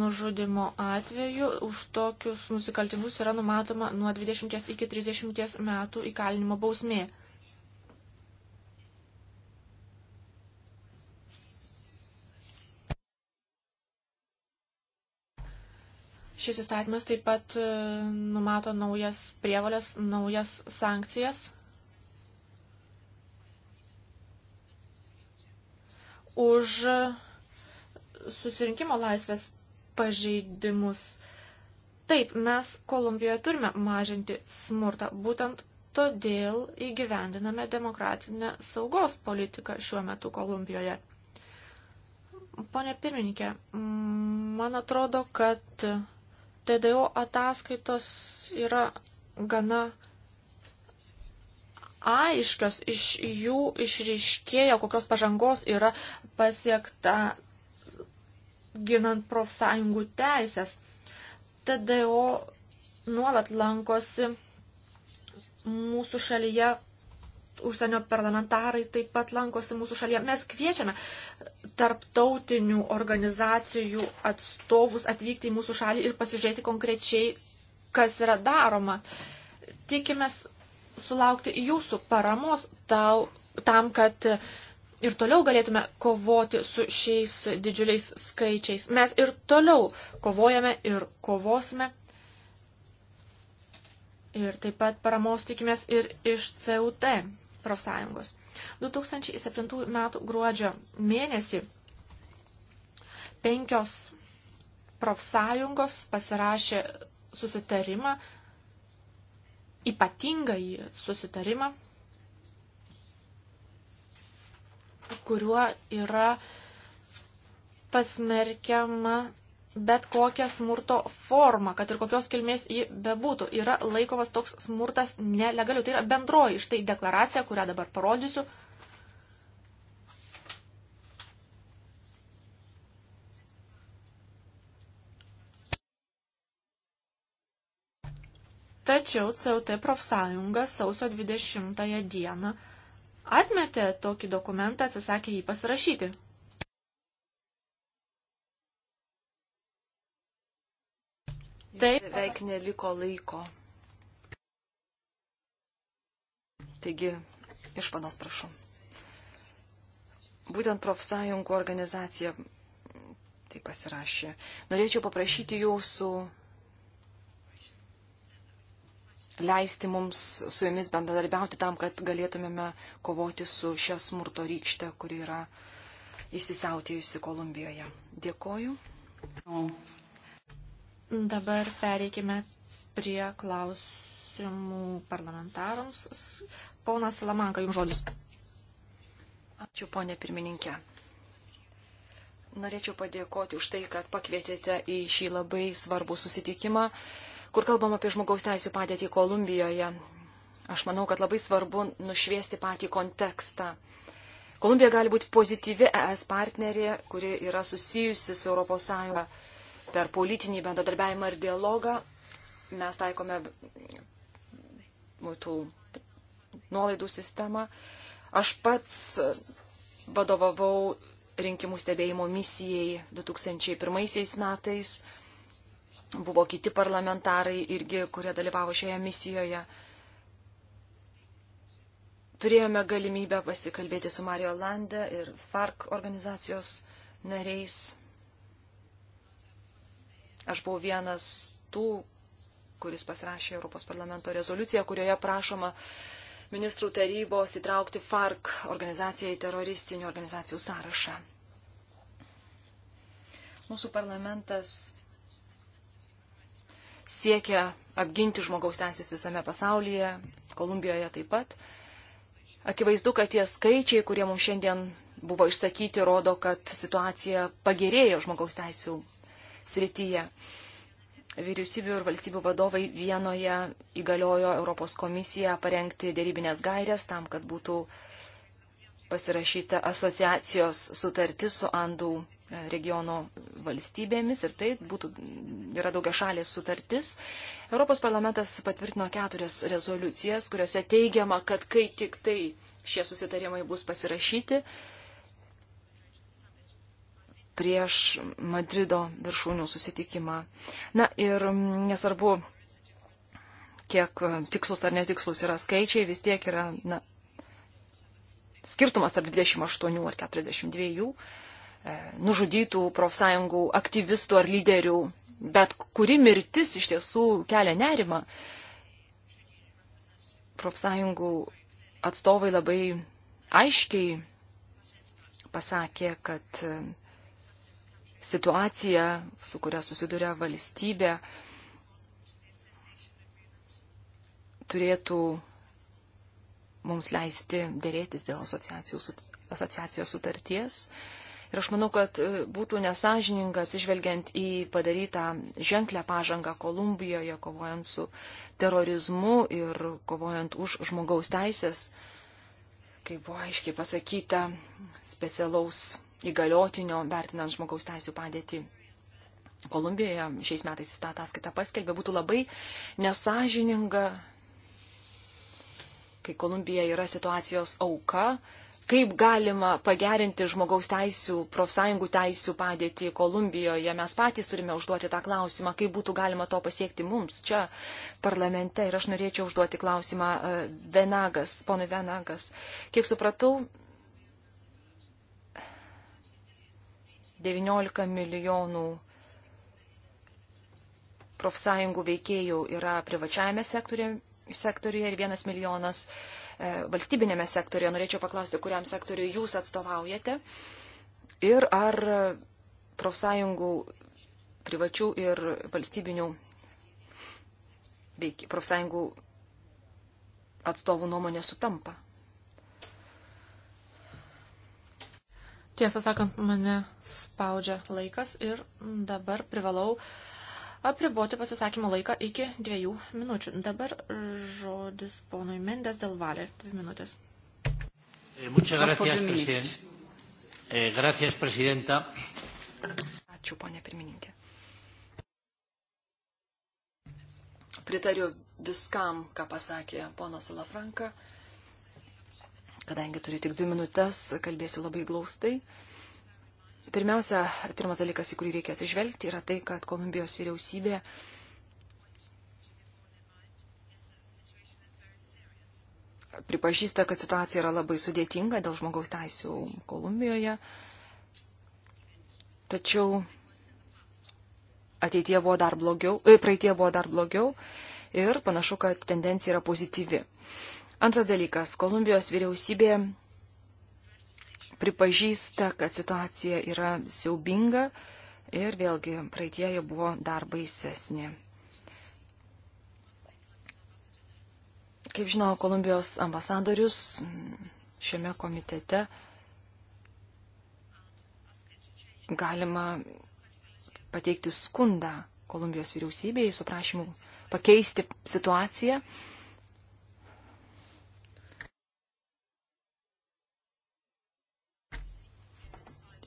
nužudimo atveju. Už tokius nusikaltimus yra numatoma nuo 20 iki 30 metų įkalinimo bausmė. Šis įstatymas taip pat e, numato naujas prievalės, naujas sankcijas už susirinkimo laisvės pažeidimus. Taip, mes Kolumbijoje turime mažinti smurtą, būtent todėl įgyvendiname demokratinę saugos politiką šiuo metu Kolumbijoje. Pone pirmininkė, man atrodo, kad TDO ataskaitos yra gana aiškios, iš jų išryškėjo, kokios pažangos yra pasiekta ginant profsąjungų teisės. TDO nuolat lankosi mūsų šalyje, užsienio parlamentarai taip pat lankosi mūsų šalyje. Mes kviečiame tarptautinių organizacijų atstovus atvykti į mūsų šalį ir pasižiūrėti konkrečiai, kas yra daroma. Tikimės sulaukti jūsų paramos tau, tam, kad ir toliau galėtume kovoti su šiais didžiuliais skaičiais. Mes ir toliau kovojame ir kovosime. Ir taip pat paramos tikimės ir iš CUT profsąjungos. 2007 m. gruodžio mėnesį penkios profsąjungos pasirašė susitarimą ypatingai susitarimą, kuriuo yra pasmerkiama bet kokią smurto formą, kad ir kokios kilmės jį bebūtų, yra laikomas toks smurtas nelegaliu. Tai yra bendroji štai deklaracija, kurią dabar parodysiu, Tačiau CUT profsąjunga sausio 20 dieną atmetė tokį dokumentą, atsisakė jį pasirašyti. Taip. Beveik neliko laiko. Taigi, išvados prašau. Būtent profsąjungų organizacija tai pasirašė. Norėčiau paprašyti jūsų leisti mums su jumis bendradarbiauti tam, kad galėtumėme kovoti su šia smurto rykšte, kuri yra įsisiautėjusi Kolumbijoje. Dėkoju. Dabar pereikime prie klausimų parlamentarams. Ponas Salamanka, jums žodis. Ačiū, ponė pirmininkė. Norėčiau padėkoti už tai, kad pakvietėte į šį labai svarbų susitikimą. Uh, kur kalbam apie žmogaus teisų padėtį Kolumbijoje. Aš manau, kad labai svarbu nušviesti patį kontekstą. Kolumbija gali būti pozityvi ES partnerė, kuri yra susijusi su ES per politinį bendradarbiavimą ir dialogą. Mes taikome muitų nuolaidų sistemą. Aš pats vadovavau rinkimų stebėjimo misijai 2001 metais. Buvo kiti parlamentarai irgi, kurie dalyvavo šioje misijoje. Turėjome galimybę pasikalbėti su Mario Lande ir FARC organizacijos nariais. Aš buvau vienas tų, kuris pasirašė Europos parlamento rezoliuciją, kurioje prašoma ministrų tarybos įtraukti FARC organizaciją į teroristinių organizacijų sąrašą. Mūsų parlamentas siekia apginti žmogaus teisės visame pasaulyje, Kolumbijoje taip pat. Akivaizdu, kad tie skaičiai, kurie mums šiandien buvo išsakyti, rodo, kad situacija pagerėjo žmogaus teisų srityje. Vyriausybių ir valstybių vadovai vienoje įgaliojo Europos komisiją parengti dėrybinės gairias tam, kad būtų pasirašyta asociacijos sutartis su Andų regiono valstybėmis ir tai būtų, yra daugia šalės sutartis. Europos parlamentas patvirtino keturias rezoliucijas, kuriuose teigiama, kad kai tik tai šie susitarimai bus pasirašyti, prieš Madrido viršūnių susitikimą. Na ir mm, nesvarbu, kiek tikslus ar netikslus yra skaičiai, vis tiek yra na, skirtumas tarp 28 ar 42 E, nužudytų profsąjungų aktyvistų ar lyderių, bet kuri mirtis iš tiesų kelia nerimą. Profsąjungų atstovai labai aiškiai pasakė, kad e, situacija, su kuria susiduria valstybė, turėtų mums leisti dėrėtis dėl asociacijos sutarties Ir aš manau, kad e, būtų nesažininga atsižvelgiant į padarytą ženklę pažangą Kolumbijoje, kovojant su terorizmu ir kovojant už žmogaus teisės, kaip buvo aiškiai pasakyta, specialaus įgaliotinio vertinant žmogaus teisų padėtį Kolumbijoje šiais metais tą ataskaitą paskelbė, būtų labai nesažininga, kai Kolumbija yra situacijos auka, kaip galima pagerinti žmogaus teisų, profsąjungų teisų padėtį Kolumbijoje. Mes patys turime užduoti tą klausimą, kaip būtų galima to pasiekti mums čia parlamente. Ir aš norėčiau užduoti klausimą e, Venagas, ponui Venagas. Kiek supratau, 19 milijonų profsąjungų veikėjų yra privačiajame sektoriuje ir vienas milijonas uh, E, valstybinėme sektorėje. Norėčiau paklausti, kuriam sektoriui jūs atstovaujate ir ar profsąjungų privačių ir valstybinių veik, profsąjungų atstovų nuomonė sutampa. Tiesą sakant, mane spaudžia laikas ir dabar privalau uh, apriboti pasisakymo laiką iki dviejų minučių. Dabar žodis ponui Mendes dėl valė. Dvi minutės. Eh, muchas gracias, presidente. Eh, gracias, presidenta. Ačiū, ponė pirmininkė. Pritariu viskam, ką pasakė ponas Lafranka. Kadangi turiu tik dvi minutės, kalbėsiu labai glaustai. Uh, Pirmiausia, pirmas dalykas, į kurį reikia atsižvelgti, yra tai, kad Kolumbijos vyriausybė pripažįsta, kad situacija yra labai sudėtinga dėl žmogaus teisų Kolumbijoje. Tačiau ateitie buvo dar blogiau, e, praeitie buvo dar blogiau ir panašu, kad tendencija yra pozityvi. Antras dalykas, Kolumbijos vyriausybė pripažįsta, kad situacija yra siaubinga ir vėlgi praeitieji buvo dar baisesnė. Kaip žinau, Kolumbijos ambasadorius šiame komitete galima pateikti skundą Kolumbijos vyriausybėje su prašymu pakeisti situaciją.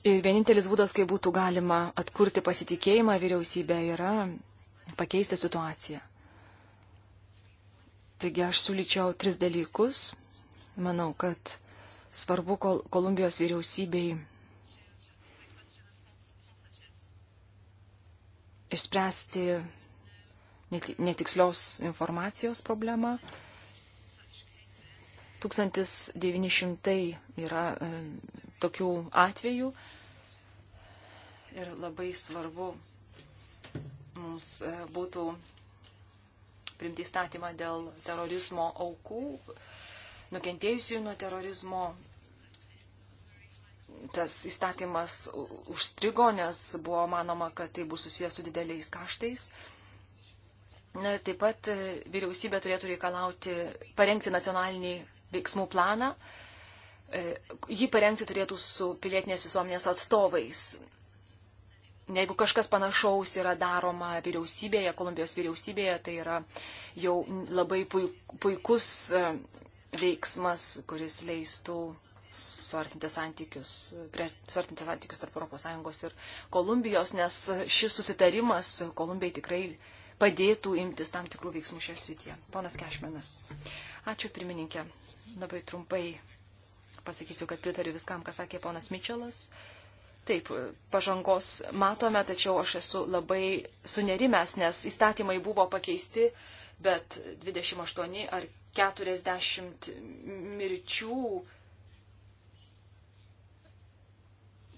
vienintelis būdas, kaip būtų galima atkurti pasitikėjimą vyriausybę, yra pakeisti situaciją. Taigi aš siūlyčiau tris dalykus. Manau, kad svarbu Kol Kolumbijos vyriausybei išspręsti netikslios informacijos problemą. 1900 yra tokių atvejų. Ir labai svarbu mums e, būtų primti įstatymą dėl terorizmo aukų, nukentėjusių nuo terorizmo. Tas įstatymas užstrigo, nes buvo manoma, kad tai bus susijęs su dideliais kaštais. Na, taip pat e, vyriausybė turėtų reikalauti parengti nacionalinį veiksmų planą, uh, E, jį parengti turėtų su pilietinės visuomenės atstovais. Jeigu kažkas panašaus yra daroma vyriausybėje, Kolumbijos vyriausybėje, tai yra jau labai puikus e, veiksmas, kuris leistų suartinti santykius, prie, suartinti santykius tarp ES ir Kolumbijos, nes šis susitarimas Kolumbijai tikrai padėtų imtis tam tikrų veiksmų šią srityje. Ponas Kešmenas. Ačiū pirmininkė. Labai trumpai pasakysiu, kad pritariu viskam, ką sakė ponas Mičelas. Taip, pažangos matome, tačiau aš esu labai sunerimęs, nes įstatymai buvo pakeisti, bet 28 ar 40 mirčių,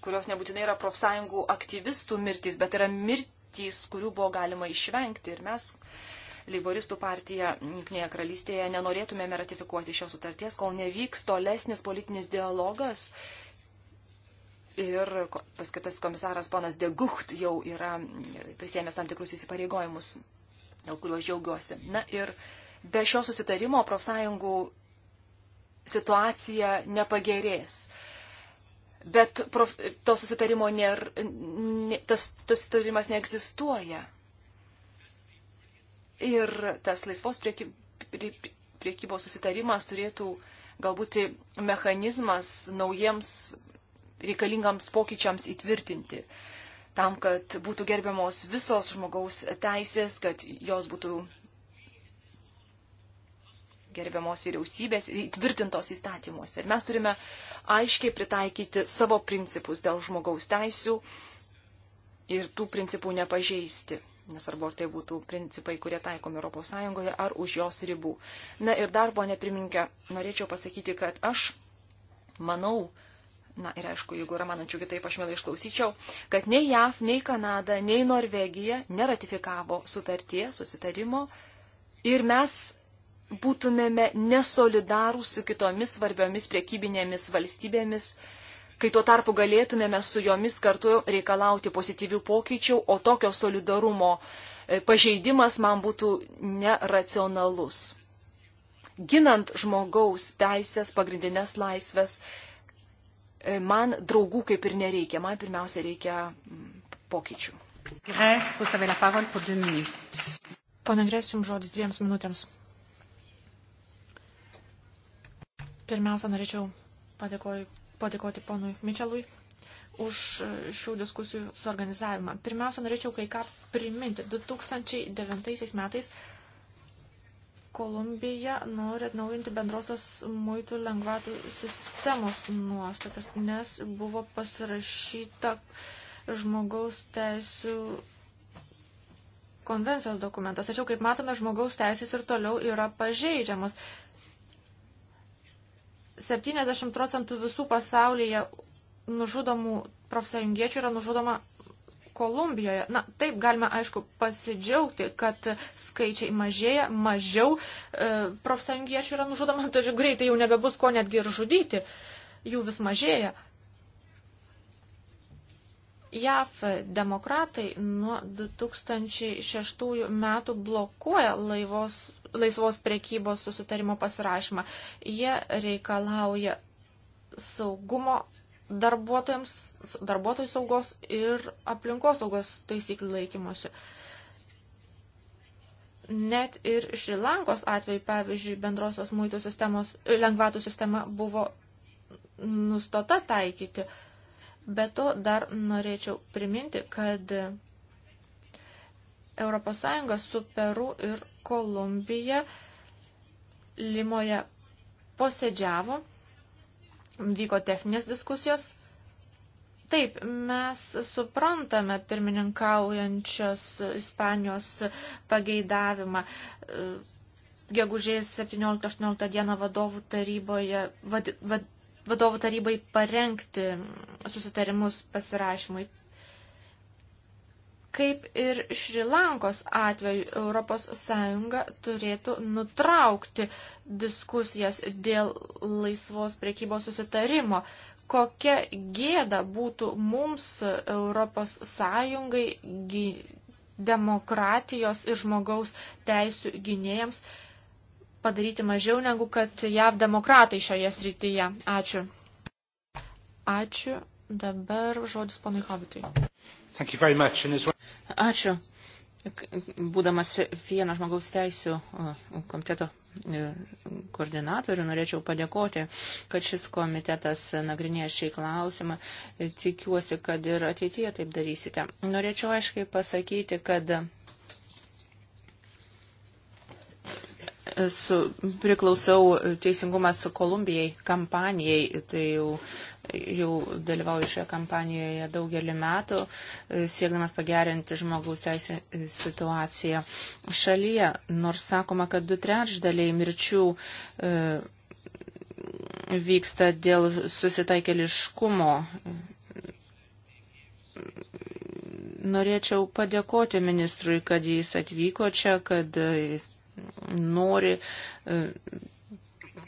kurios nebūtinai yra profsąjungų aktyvistų mirtys, bet yra mirtys, kurių buvo galima išvengti. Ir mes Leiboristų partija Junktinėje karalystėje nenorėtumėme ratifikuoti šios sutarties, kol nevyks tolesnis politinis dialogas. Ir paskirtas komisaras ponas Degucht jau yra prisėmęs tam tikrus įsipareigojimus, dėl kuriuos džiaugiuosi. Na ir be šio susitarimo profsąjungų situacija nepagerės. Bet prof, to susitarimo nėra, tas, tas susitarimas neegzistuoja. Ir tas laisvos priekybos susitarimas turėtų galbūt mechanizmas naujiems reikalingams pokyčiams įtvirtinti, tam, kad būtų gerbiamos visos žmogaus teisės, kad jos būtų gerbiamos vyriausybės ir įtvirtintos įstatymuose. Ir mes turime aiškiai pritaikyti savo principus dėl žmogaus teisų ir tų principų nepažeisti nesvarbu, ar tai būtų principai, kurie taikomi ES ar už jos ribų. Na ir dar, ponė pirmininkė, norėčiau pasakyti, kad aš manau, na ir aišku, jeigu yra manančių kitaip, aš mielai išklausyčiau, kad nei JAV, nei Kanada, nei Norvegija neratifikavo sutarties, susitarimo ir mes būtumėme nesolidarūs su kitomis svarbiomis priekybinėmis valstybėmis, uh, kai tuo tarpu galėtumėme su jomis kartu reikalauti pozityvių pokyčių, o tokio solidarumo e, pažeidimas man būtų neracionalus. Ginant žmogaus teisės, pagrindinės laisvės, e, man draugų kaip ir nereikia, man pirmiausia reikia mm, pokyčių. Pone Gres, jums žodis dviems minutėms. Pirmiausia, norėčiau padėkoju padėkoti ponui Mičelui už šių diskusijų suorganizavimą. Pirmiausia, norėčiau kai ką priminti. 2009 metais Kolumbija nori atnaujinti bendrosios muitų lengvatų sistemos nuostatas, nes buvo pasirašyta žmogaus teisų konvencijos dokumentas. Tačiau, kaip matome, žmogaus teisės ir toliau yra pažeidžiamas. 70 procentų visų pasaulyje nužudomų profsąjungiečių yra nužudoma Kolumbijoje. Na, taip galima, aišku, pasidžiaugti, kad skaičiai mažėja, mažiau e, profsąjungiečių yra nužudoma, tačiau greitai jau nebebus ko netgi ir žudyti, jų vis mažėja. JAF demokratai nuo 2006 metų blokuoja laivos laisvos priekybos susitarimo pasirašymą. Jie reikalauja saugumo darbuotojams, darbuotojų saugos ir aplinkos saugos taisyklių laikymosi. Net ir Šrilankos atveju, pavyzdžiui, bendrosios muitų sistemos, lengvatų sistema buvo nustota taikyti. Be to dar norėčiau priminti, kad ES su Peru ir Kolumbija Limoje posėdžiavo, vyko techninės diskusijos. Taip, mes suprantame pirmininkaujančios Ispanijos pageidavimą. E, gegužės 17-18 dieną vadovų taryboje, vad, vad, vadovų tarybai parengti susitarimus pasirašymui. Kaip ir Šrilankos atveju ES turėtų nutraukti diskusijas dėl laisvos priekybos susitarimo. Kokia gėda būtų mums ES demokratijos ir žmogaus teisų gynėjams padaryti mažiau negu kad jav demokratai šioje srityje. Ačiū. Ačiū. Dabar žodis ponui Habitui. Ačiū. Būdamas vieno žmogaus teisų uh, komiteto uh, koordinatorių, norėčiau padėkoti, kad šis komitetas nagrinėja šį klausimą. Tikiuosi, kad ir ateityje taip darysite. Norėčiau aiškiai pasakyti, kad esu, priklausau Teisingumas Kolumbijai kampanijai, tai jau jau dalyvauju šioje kampanijoje daugelį metų, e, siekdamas pagerinti žmogaus teisų e, situaciją šalyje. Nors sakoma, kad du trečdaliai mirčių e, vyksta dėl susitaikeliškumo. Norėčiau padėkoti ministrui, kad jis atvyko čia, kad jis nori e,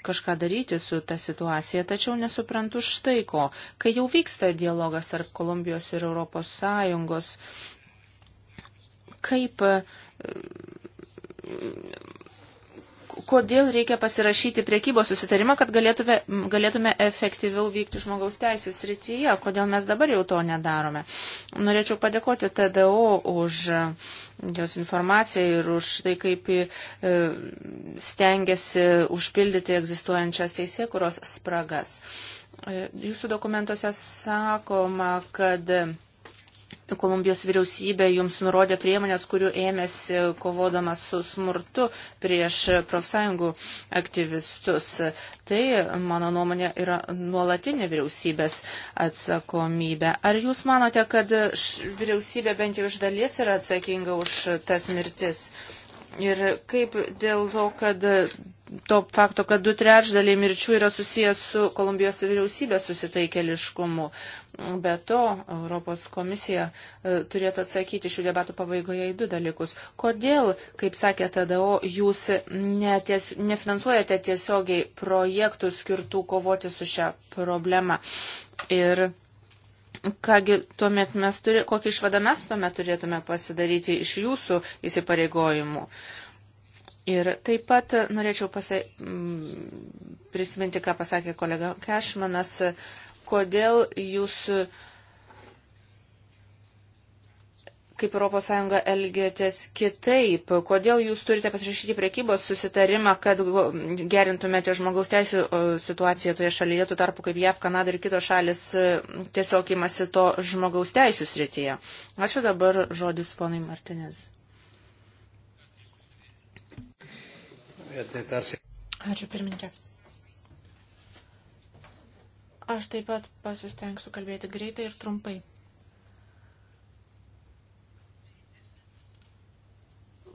kažką daryti su ta situacija, tačiau nesuprantu štai ko. Kai jau vyksta dialogas tarp Kolumbijos ir Europos Sąjungos, kaip kodėl reikia pasirašyti priekybos susitarimą, kad galėtume, galėtume efektyviau vykti žmogaus teisų srityje, kodėl mes dabar jau to nedarome. Norėčiau padėkoti TDO už e, jos informaciją ir už tai, kaip e, stengiasi užpildyti egzistuojančias teisėkuros spragas. E, jūsų dokumentuose sakoma, kad Kolumbijos vyriausybė jums nurodė priemonės, kurių ėmėsi kovodama su smurtu prieš profsąjungų aktyvistus. Tai, mano nuomonė, yra nuolatinė vyriausybės atsakomybė. Ar jūs manote, kad vyriausybė bent jau iš dalies yra atsakinga už tas mirtis? Ir kaip dėl to, kad to fakto, kad du trečdaliai mirčių yra susijęs su Kolumbijos vyriausybės susitaikeliškumu. Be to, Europos komisija e, turėtų atsakyti šių debatų pabaigoje į du dalykus. Kodėl, kaip sakė TDO, jūs neties, nefinansuojate tiesiogiai projektų skirtų kovoti su šią problemą? Ir Kągi tuomet mes turi, kokį išvadą mes tuomet turėtume pasidaryti iš jūsų įsipareigojimų. Ir taip pat norėčiau pasa... prisiminti, ką pasakė kolega Kešmanas, kodėl jūs kaip ES elgėtės kitaip? Kodėl jūs turite pasirašyti priekybos susitarimą, kad gerintumėte žmogaus teisų situaciją toje šalyje, tuo tarpu kaip JAV, Kanada ir kitos šalis e, tiesiog imasi to žmogaus teisų srityje? Ačiū dabar žodis ponui Martinez. Ačiū pirmininkė. Aš taip pat pasistengsiu kalbėti greitai ir trumpai.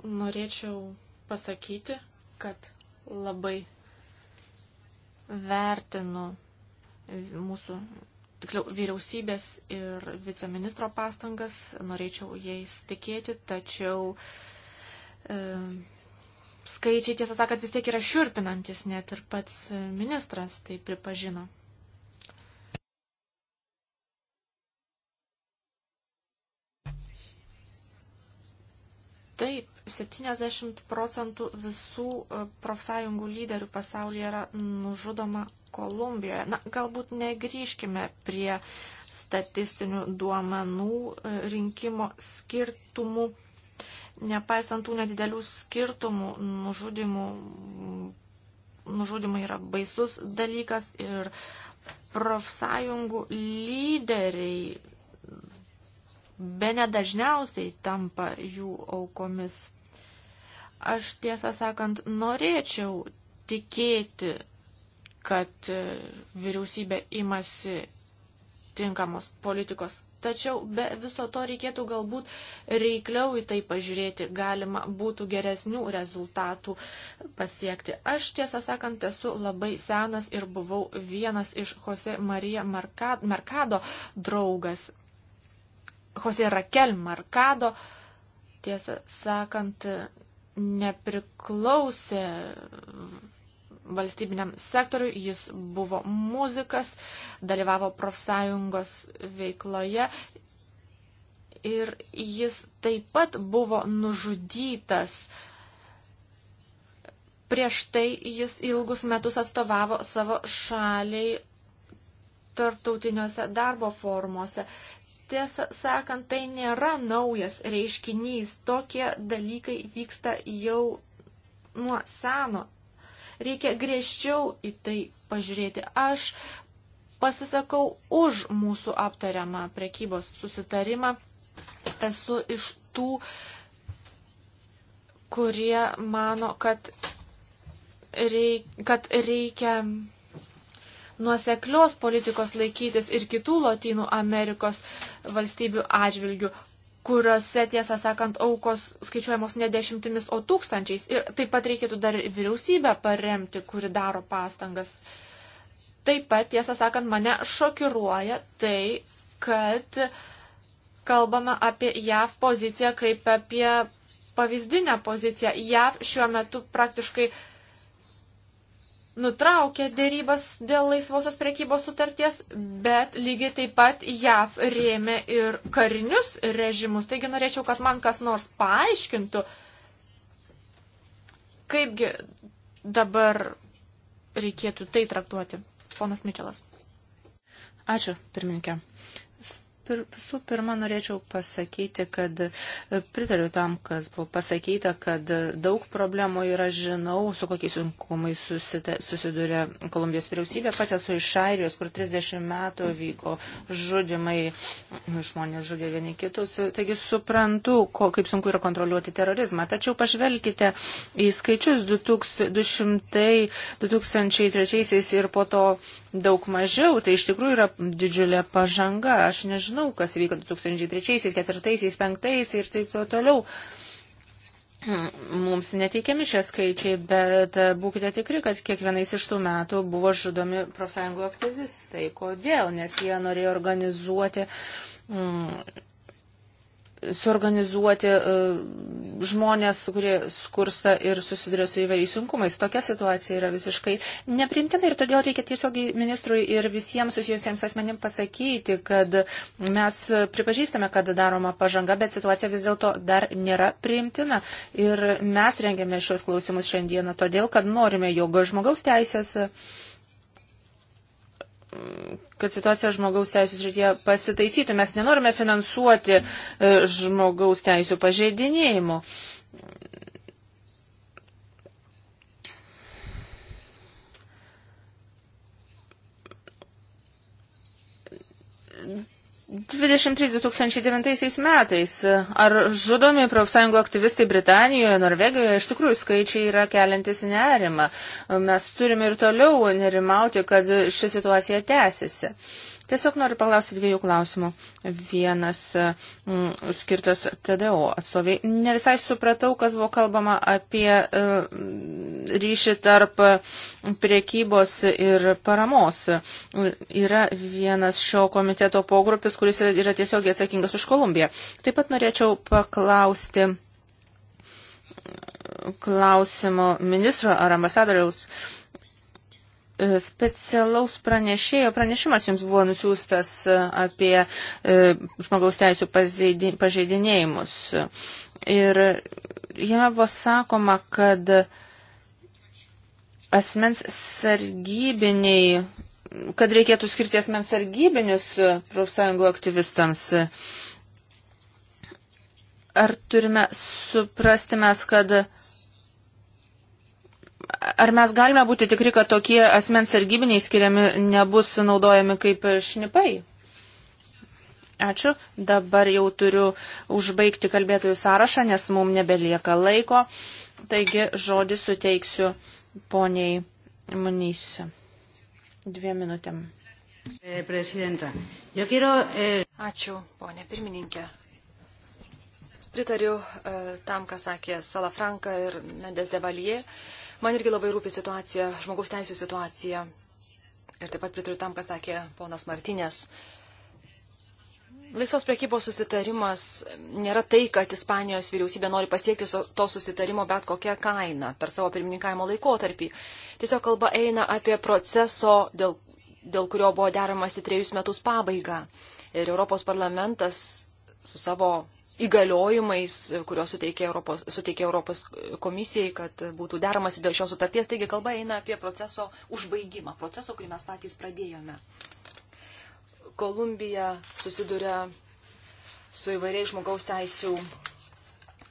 norėčiau pasakyti, kad labai vertinu mūsų, tiksliau, vyriausybės ir viceministro pastangas, norėčiau jais tikėti, tačiau e, skaičiai, tiesą sakant, vis tiek yra šiurpinantis, net ir pats ministras tai pripažino. Taip, 70 procentų visų e, profsąjungų lyderių pasaulyje yra nužudoma Kolumbijoje. Na, galbūt negrįžkime prie statistinių duomenų e, rinkimo skirtumų. Nepaisant tų nedidelių skirtumų, nužudimų, nužudimai yra baisus dalykas ir profsąjungų lyderiai be nedažniausiai tampa jų aukomis. Aš tiesą sakant, norėčiau tikėti, kad e, vyriausybė imasi tinkamos politikos. Tačiau be viso to reikėtų galbūt reikliau į tai pažiūrėti, galima būtų geresnių rezultatų pasiekti. Aš tiesą sakant esu labai senas ir buvau vienas iš Jose Marija Merkado draugas Jose Raquel Markado, tiesą sakant, nepriklausė valstybiniam sektoriui, jis buvo muzikas, dalyvavo profsąjungos veikloje ir jis taip pat buvo nužudytas. Prieš tai jis ilgus metus atstovavo savo šaliai tarptautiniuose darbo formuose. Tiesą sakant, tai nėra naujas reiškinys. Tokie dalykai vyksta jau nuo seno. Reikia griežčiau į tai pažiūrėti. Aš pasisakau už mūsų aptariamą prekybos susitarimą. Esu iš tų, kurie mano, kad, reik, kad reikia nuoseklios politikos laikytis ir kitų Latinų Amerikos valstybių atžvilgių, kuriuose, tiesą sakant, aukos skaičiuojamos ne dešimtimis, o tūkstančiais. Ir taip pat reikėtų dar vyriausybę paremti, kuri daro pastangas. Taip pat, tiesą sakant, mane šokiruoja tai, kad kalbama apie JAV poziciją kaip apie pavyzdinę poziciją. JAV šiuo metu praktiškai nutraukė dėrybas dėl laisvosios prekybos sutarties, bet lygiai taip pat JAV rėmė ir karinius režimus. Taigi norėčiau, kad man kas nors paaiškintų, kaipgi dabar reikėtų tai traktuoti. Ponas Mičelas. Ačiū, pirmininkė. Pir, visų pirma, norėčiau pasakyti, kad e, pritariu tam, kas buvo pasakyta, kad e, daug problemų yra, žinau, su kokiais sunkumais susidūrė Kolumbijos vyriausybė. Pats esu iš Airijos, kur 30 metų vyko žudimai, žmonės žudė vieni kitus. Taigi suprantu, ko, kaip sunku yra kontroliuoti terorizmą. Tačiau pažvelkite į skaičius 2000, 2003 ir po to daug mažiau, tai iš tikrųjų yra didžiulė pažanga. Aš nežinau, kas vyko 2003, 2004, 2005 ir taip toliau. Mums neteikiami šie skaičiai, bet būkite tikri, kad kiekvienais iš tų metų buvo žudomi profsąjungų aktyvistai. Kodėl? Nes jie norėjo organizuoti mm, suorganizuoti e, žmonės, kurie skursta ir susiduria su įvairiais sunkumais. Tokia situacija yra visiškai neprimtina ir todėl reikia tiesiog ministrui ir visiems susijusiems asmenim pasakyti, kad mes pripažįstame, kad daroma pažanga, bet situacija vis dėlto dar nėra priimtina. Ir mes rengiame šios klausimus šiandieną todėl, kad norime, jog žmogaus teisės kad situacija žmogaus teisų srityje pasitaisytų. Mes nenorime finansuoti e, žmogaus teisų pažeidinėjimų. 23-2009 metais. Ar žudomi profsąjungų aktyvistai Britanijoje, Norvegijoje, iš tikrųjų skaičiai yra keliantis nerimą. Mes turime ir toliau nerimauti, kad ši situacija tęsiasi. Tiesiog noriu paklausti dviejų klausimų. Vienas m, mm, skirtas TDO atstoviai. Ne visai supratau, kas buvo kalbama apie m, mm, ryšį tarp priekybos ir paramos. Yra vienas šio komiteto pogrupis, kuris yra, yra tiesiogiai atsakingas už Kolumbiją. Taip pat norėčiau paklausti mm, klausimo ministro ar ambasadoriaus. M, E, specialaus pranešėjo pranešimas jums buvo nusiųstas e, apie e, žmogaus teisų pažeidinėjimus. Ir jame buvo sakoma, kad asmens sargybiniai, kad reikėtų skirti asmens sargybinius profsąjungų aktyvistams. Ar turime suprasti mes, kad Ar mes galime būti tikri, kad tokie asmens sargybiniai skiriami nebus naudojami kaip šnipai? Ačiū. Dabar jau turiu užbaigti kalbėtojų sąrašą, nes mums nebelieka laiko. Taigi žodį suteiksiu poniai Munys. Dviem minutėm. Eh, eh, Ačiū, ponė pirmininkė. Pritariu eh, tam, ką sakė Salafranka ir Mendes Devalie. Man irgi labai rūpi situacija, žmogaus teisų situacija. Ir taip pat pritariu tam, ką sakė ponas Martinės. Laisvos priekybos susitarimas nėra tai, kad Ispanijos vyriausybė nori pasiekti to susitarimo bet kokią kainą per savo pirmininkavimo laikotarpį. Tiesiog kalba eina apie proceso, dėl, dėl kurio buvo deramasi trejus metus pabaigą. Ir Europos parlamentas su savo įgaliojimais, kuriuos suteikė Europos, suteikė Europos komisijai, kad būtų deramasi dėl šios sutarties. Taigi kalba eina apie proceso užbaigimą, proceso, kurį mes patys pradėjome. Kolumbija susiduria su įvairiais žmogaus teisų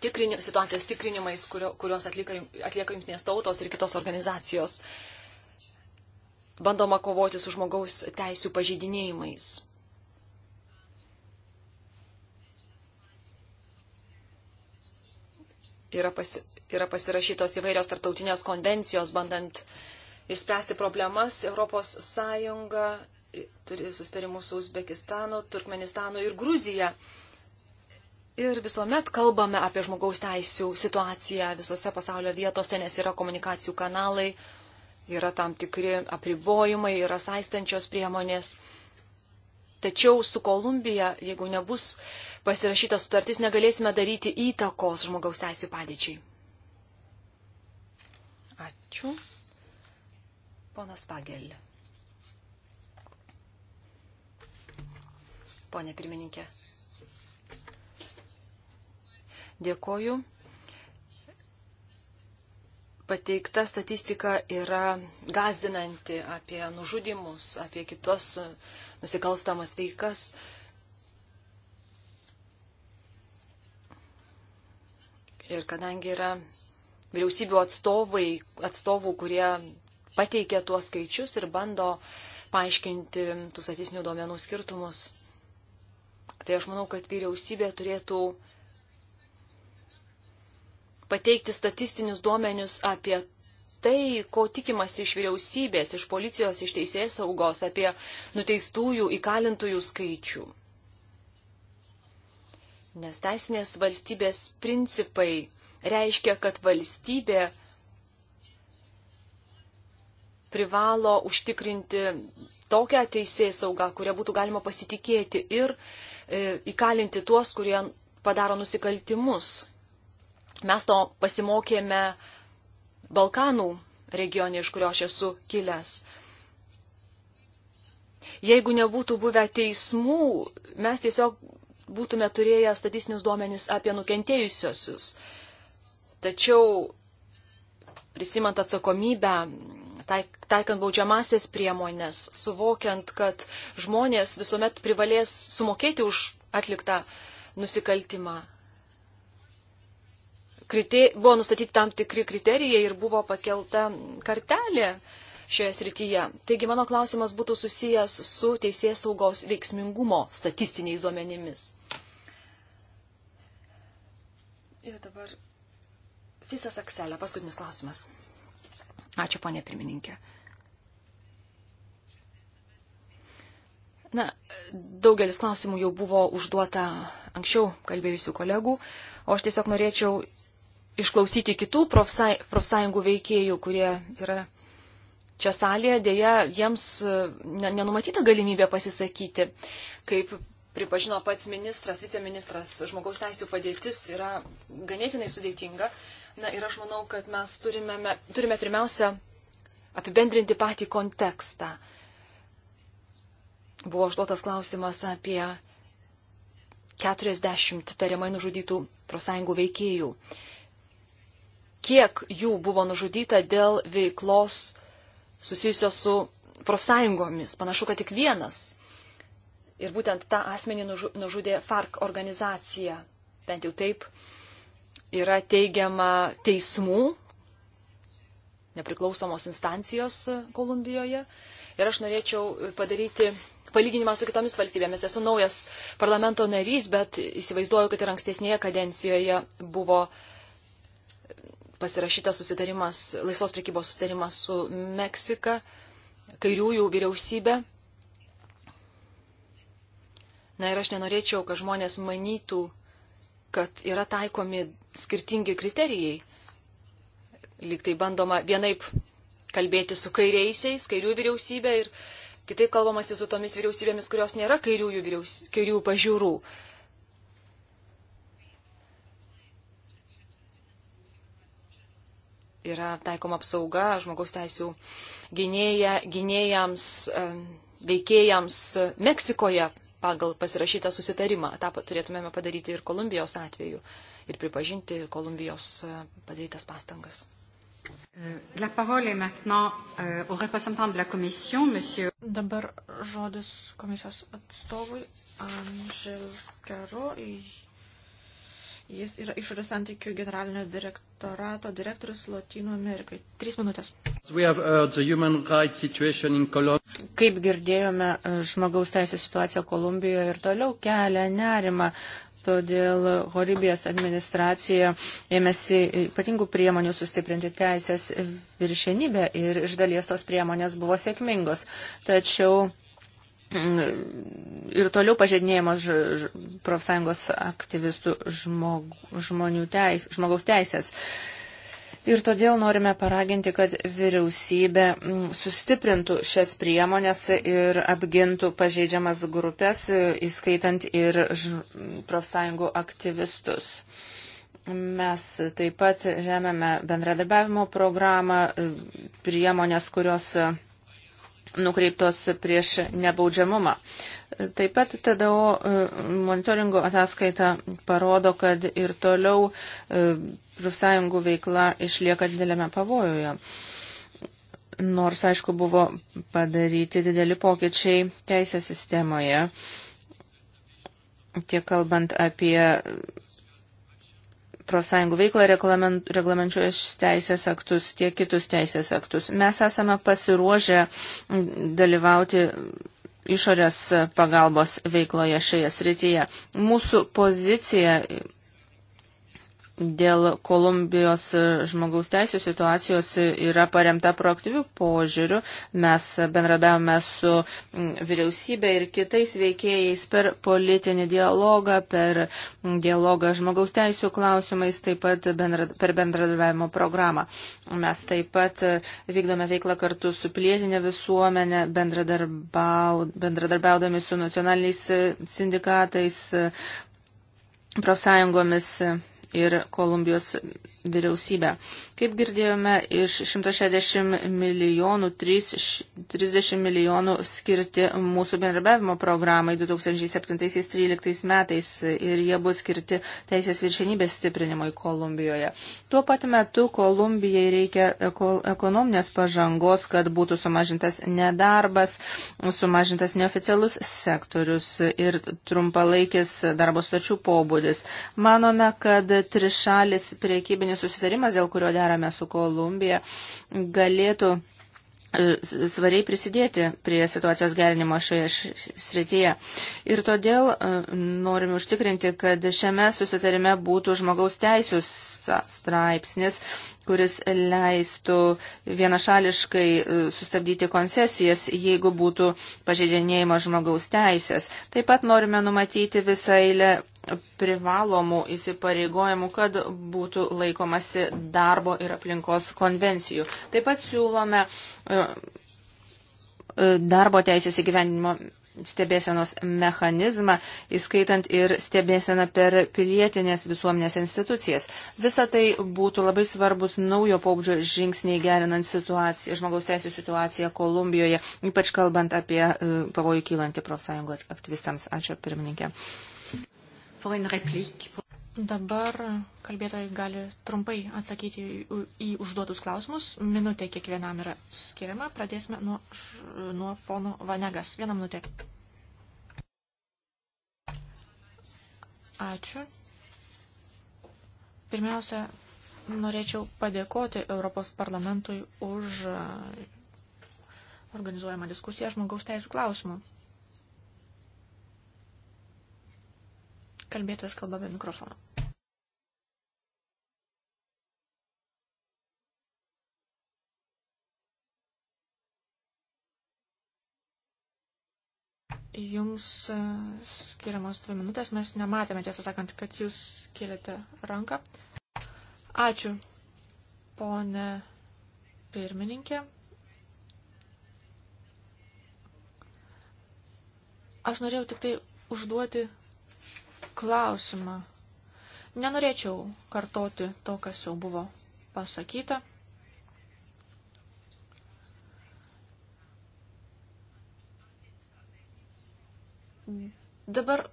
tikrini, situacijos tikrinimais, kurio, kuriuos atlieka, atlieka jungtinės tautos ir kitos organizacijos. Bandoma kovoti su žmogaus teisų pažeidinėjimais. yra, pasi, yra pasirašytos įvairios tarptautinės konvencijos, bandant išspręsti problemas. Europos Sąjunga turi sustarimus su Uzbekistanu, Turkmenistanu ir Gruzija. Ir visuomet kalbame apie žmogaus teisų situaciją visose pasaulio vietose, nes yra komunikacijų kanalai, yra tam tikri apribojimai, yra saistančios priemonės. Tačiau su Kolumbija, jeigu nebus pasirašyta sutartis, negalėsime daryti įtakos žmogaus teisų padėčiai. Ačiū. Ponas Pagelė. Pone pirmininkė. Dėkoju. Pateikta statistika yra gazdinanti apie nužudimus, apie kitos nusikalstamas veikas. Ir kadangi yra vyriausybių atstovai, atstovų, kurie pateikia tuos skaičius ir bando paaiškinti tų statistinių duomenų skirtumus, tai aš manau, kad vyriausybė turėtų pateikti statistinius duomenius apie tai, ko tikimasi iš vyriausybės, iš policijos, iš teisės saugos, apie nuteistųjų įkalintųjų skaičių. Nes teisinės valstybės principai reiškia, kad valstybė privalo užtikrinti tokią teisės saugą, kurią būtų galima pasitikėti ir e, įkalinti tuos, kurie padaro nusikaltimus. Mes to pasimokėme Balkanų regione, iš kurio aš esu kilęs. Jeigu nebūtų buvę teismų, mes tiesiog būtume turėję statistinius duomenys apie nukentėjusiosius. Tačiau prisimant atsakomybę, taikant baudžiamasias priemonės, suvokiant, kad žmonės visuomet privalės sumokėti už atliktą nusikaltimą kriter... buvo nustatyti tam tikri kriterijai ir buvo pakelta kartelė šioje srityje. Taigi mano klausimas būtų susijęs su teisės saugos veiksmingumo statistiniais duomenimis. Ir dabar visas akselė, paskutinis klausimas. Ačiū, ponė pirmininkė. Na, daugelis klausimų jau buvo užduota anksčiau kalbėjusių kolegų, o aš tiesiog norėčiau išklausyti kitų profsąjungų veikėjų, kurie yra čia salėje, dėja jiems e, nenumatyta galimybė pasisakyti. Kaip pripažino pats ministras, viceministras, žmogaus teisų padėtis yra ganėtinai sudėtinga. Na ir aš manau, kad mes turime, turime pirmiausia apibendrinti patį kontekstą. Buvo užduotas klausimas apie 40 tariamai nužudytų profsąjungų veikėjų. Uh, kiek jų buvo nužudyta dėl veiklos susijusios su profsąjungomis. Panašu, kad tik vienas. Ir būtent tą asmenį nužudė FARC organizacija. Bent jau taip yra teigiama teismų, nepriklausomos instancijos Kolumbijoje. Ir aš norėčiau padaryti palyginimą su kitomis valstybėmis. Esu naujas parlamento narys, bet įsivaizduoju, kad ir ankstesnėje kadencijoje buvo pasirašytas susitarimas, laisvos prekybos susitarimas su Meksika, kairiųjų vyriausybė. Na ir aš nenorėčiau, kad žmonės manytų, kad yra taikomi skirtingi kriterijai. Lyg tai bandoma vienaip kalbėti su kairiaisiais, kairiųjų vyriausybė ir kitaip kalbamasi su tomis vyriausybėmis, kurios nėra kairiųjų, vyriaus, kairiųjų pažiūrų. Uh, yra taikoma apsauga žmogaus teisų gynėja, gynėjams, veikėjams Meksikoje pagal pasirašytą susitarimą. Ta turėtumėme padaryti ir Kolumbijos atveju ir pripažinti Kolumbijos e, padarytas pastangas. La parole est maintenant euh, au représentant de la Commission, monsieur. Dabar žodis komisijos atstovui Anžel Kero. Jis yra išorės santykių generalinio direktorato direktorius Latino Amerikai. Trys minutės. Have, uh, Kaip girdėjome, e, žmogaus teisų situacija Kolumbijoje ir toliau kelia nerimą. Todėl Horibijos administracija ėmėsi ypatingų priemonių sustiprinti teisės viršenybę ir iš dalies tos priemonės buvo sėkmingos. Tačiau ir toliau pažeidinėjamos profsąjungos aktyvistų žmog, žmonių teis, žmogaus teisės. Ir todėl norime paraginti, kad vyriausybė mm, sustiprintų šias priemonės ir apgintų pažeidžiamas grupės, įskaitant ir profsąjungų aktyvistus. Mes taip pat remiame bendradarbiavimo programą, priemonės, kurios nukreiptos prieš nebaudžiamumą. Taip pat TDO e, monitoringo ataskaita parodo, kad ir toliau e, profsąjungų veikla išlieka didelėme pavojuje. Nors, aišku, buvo padaryti dideli pokyčiai teisės sistemoje, tiek kalbant apie profsąjungų veiklą reglamentuojančius teisės aktus, tiek kitus teisės aktus. Mes esame pasiruošę dalyvauti išorės pagalbos veikloje šioje srityje. Mūsų pozicija dėl Kolumbijos žmogaus teisų situacijos yra paremta proaktyvių požiūrių. Mes bendrabiavome su mm, vyriausybė ir kitais veikėjais per politinį dialogą, per mm, dialogą žmogaus teisų klausimais, taip pat bendra, per bendradarbiavimo programą. Mes taip pat e, vykdome veiklą kartu su plėtinė visuomenė, bendradarbiaudami su nacionaliniais e, sindikatais, e, profsąjungomis ir Kolumbijos vyriausybę. Kaip girdėjome, iš 160 milijonų 30 milijonų skirti mūsų bendrabiavimo programai 2007-2013 metais ir jie bus skirti teisės viršenybės stiprinimui Kolumbijoje. Tuo pat metu Kolumbijai reikia ekonominės pažangos, kad būtų sumažintas nedarbas, sumažintas neoficialus sektorius ir trumpalaikis darbo stačių pobūdis. Manome, kad trišalis priekybinis ekonominis susitarimas, dėl kurio derame su Kolumbija, galėtų e, svariai prisidėti prie situacijos gerinimo šioje srityje. Ir todėl e, norime užtikrinti, kad šiame susitarime būtų žmogaus teisų straipsnis, kuris leistų vienašališkai e, sustabdyti koncesijas, jeigu būtų pažeidžianėjimo žmogaus teisės. Taip pat norime numatyti visą eilę privalomų įsipareigojimų, kad būtų laikomasi darbo ir aplinkos konvencijų. Taip pat siūlome e, e, darbo teisės įgyvendinimo stebėsenos mechanizmą, įskaitant ir stebėseną per pilietinės visuomenės institucijas. Visa tai būtų labai svarbus naujo pobūdžio žingsniai gerinant situaciją, žmogaus teisų situaciją Kolumbijoje, ypač kalbant apie e, pavojų kylantį profsąjungų aktyvistams. Ačiū pirmininkė. Dabar kalbėtojai gali trumpai atsakyti į užduotus klausimus. Minutė kiekvienam yra skiriama. Pradėsime nuo, nuo fono Vanegas. Vieną minutę. Ačiū. Pirmiausia, norėčiau padėkoti Europos parlamentui už organizuojamą diskusiją žmogaus teisų klausimų. Kalbėtas kalba be mikrofono. Jums e, skiriamos dvi minutės, mes nematėme, tiesą sakant, kad jūs kėlėte ranką. Ačiū, ponė pirmininkė. Aš norėjau tik tai užduoti klausimą. Nenorėčiau kartoti to, kas jau buvo pasakyta. Dabar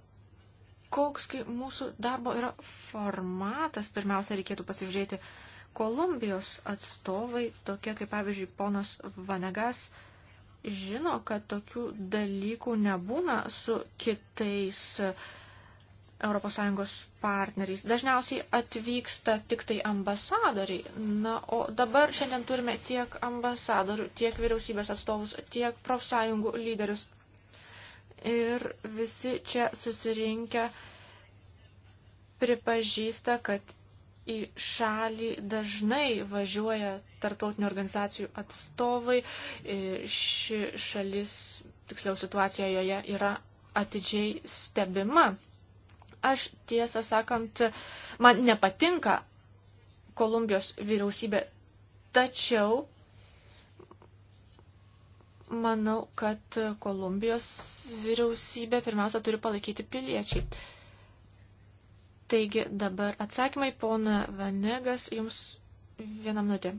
koks mūsų darbo yra formatas, pirmiausia, reikėtų pasižiūrėti Kolumbijos atstovai, tokie kaip pavyzdžiui ponas Vanegas, žino, kad tokių dalykų nebūna su kitais uh, ES partneriais. Dažniausiai atvyksta tik tai ambasadoriai. Na, o dabar šiandien turime tiek ambasadorių, tiek vyriausybės atstovus, tiek profsąjungų lyderius. Ir visi čia susirinkę pripažįsta, kad į šalį dažnai važiuoja tarptautinių organizacijų atstovai. E, ši šalis, tiksliau situacija joje yra atidžiai stebima. Aš tiesą sakant, man nepatinka Kolumbijos vyriausybė, tačiau manau, kad Kolumbijos vyriausybė pirmiausia turi palaikyti piliečiai. Taigi dabar atsakymai, pona Vanegas, jums vieną minutę.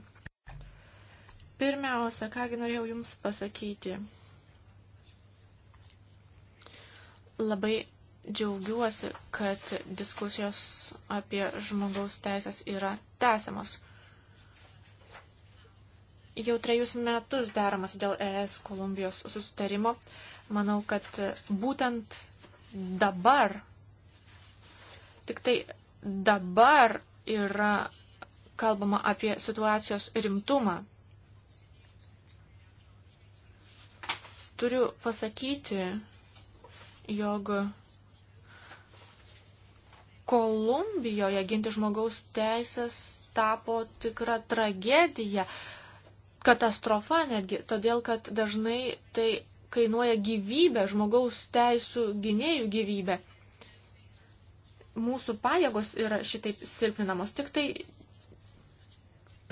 Pirmiausia, kągi norėjau jums pasakyti. Labai džiaugiuosi, kad diskusijos apie žmogaus teisės yra tęsiamos. Jau trejus metus deramas dėl ES Kolumbijos susitarimo. Manau, kad būtent dabar, tik tai dabar yra kalbama apie situacijos rimtumą. Turiu pasakyti, jog Kolumbijoje ginti žmogaus teisės tapo tikra tragedija, katastrofa netgi, todėl kad dažnai tai kainuoja gyvybę, žmogaus teisų gynėjų gyvybę. Mūsų pajėgos yra šitaip silpninamos. Tik tai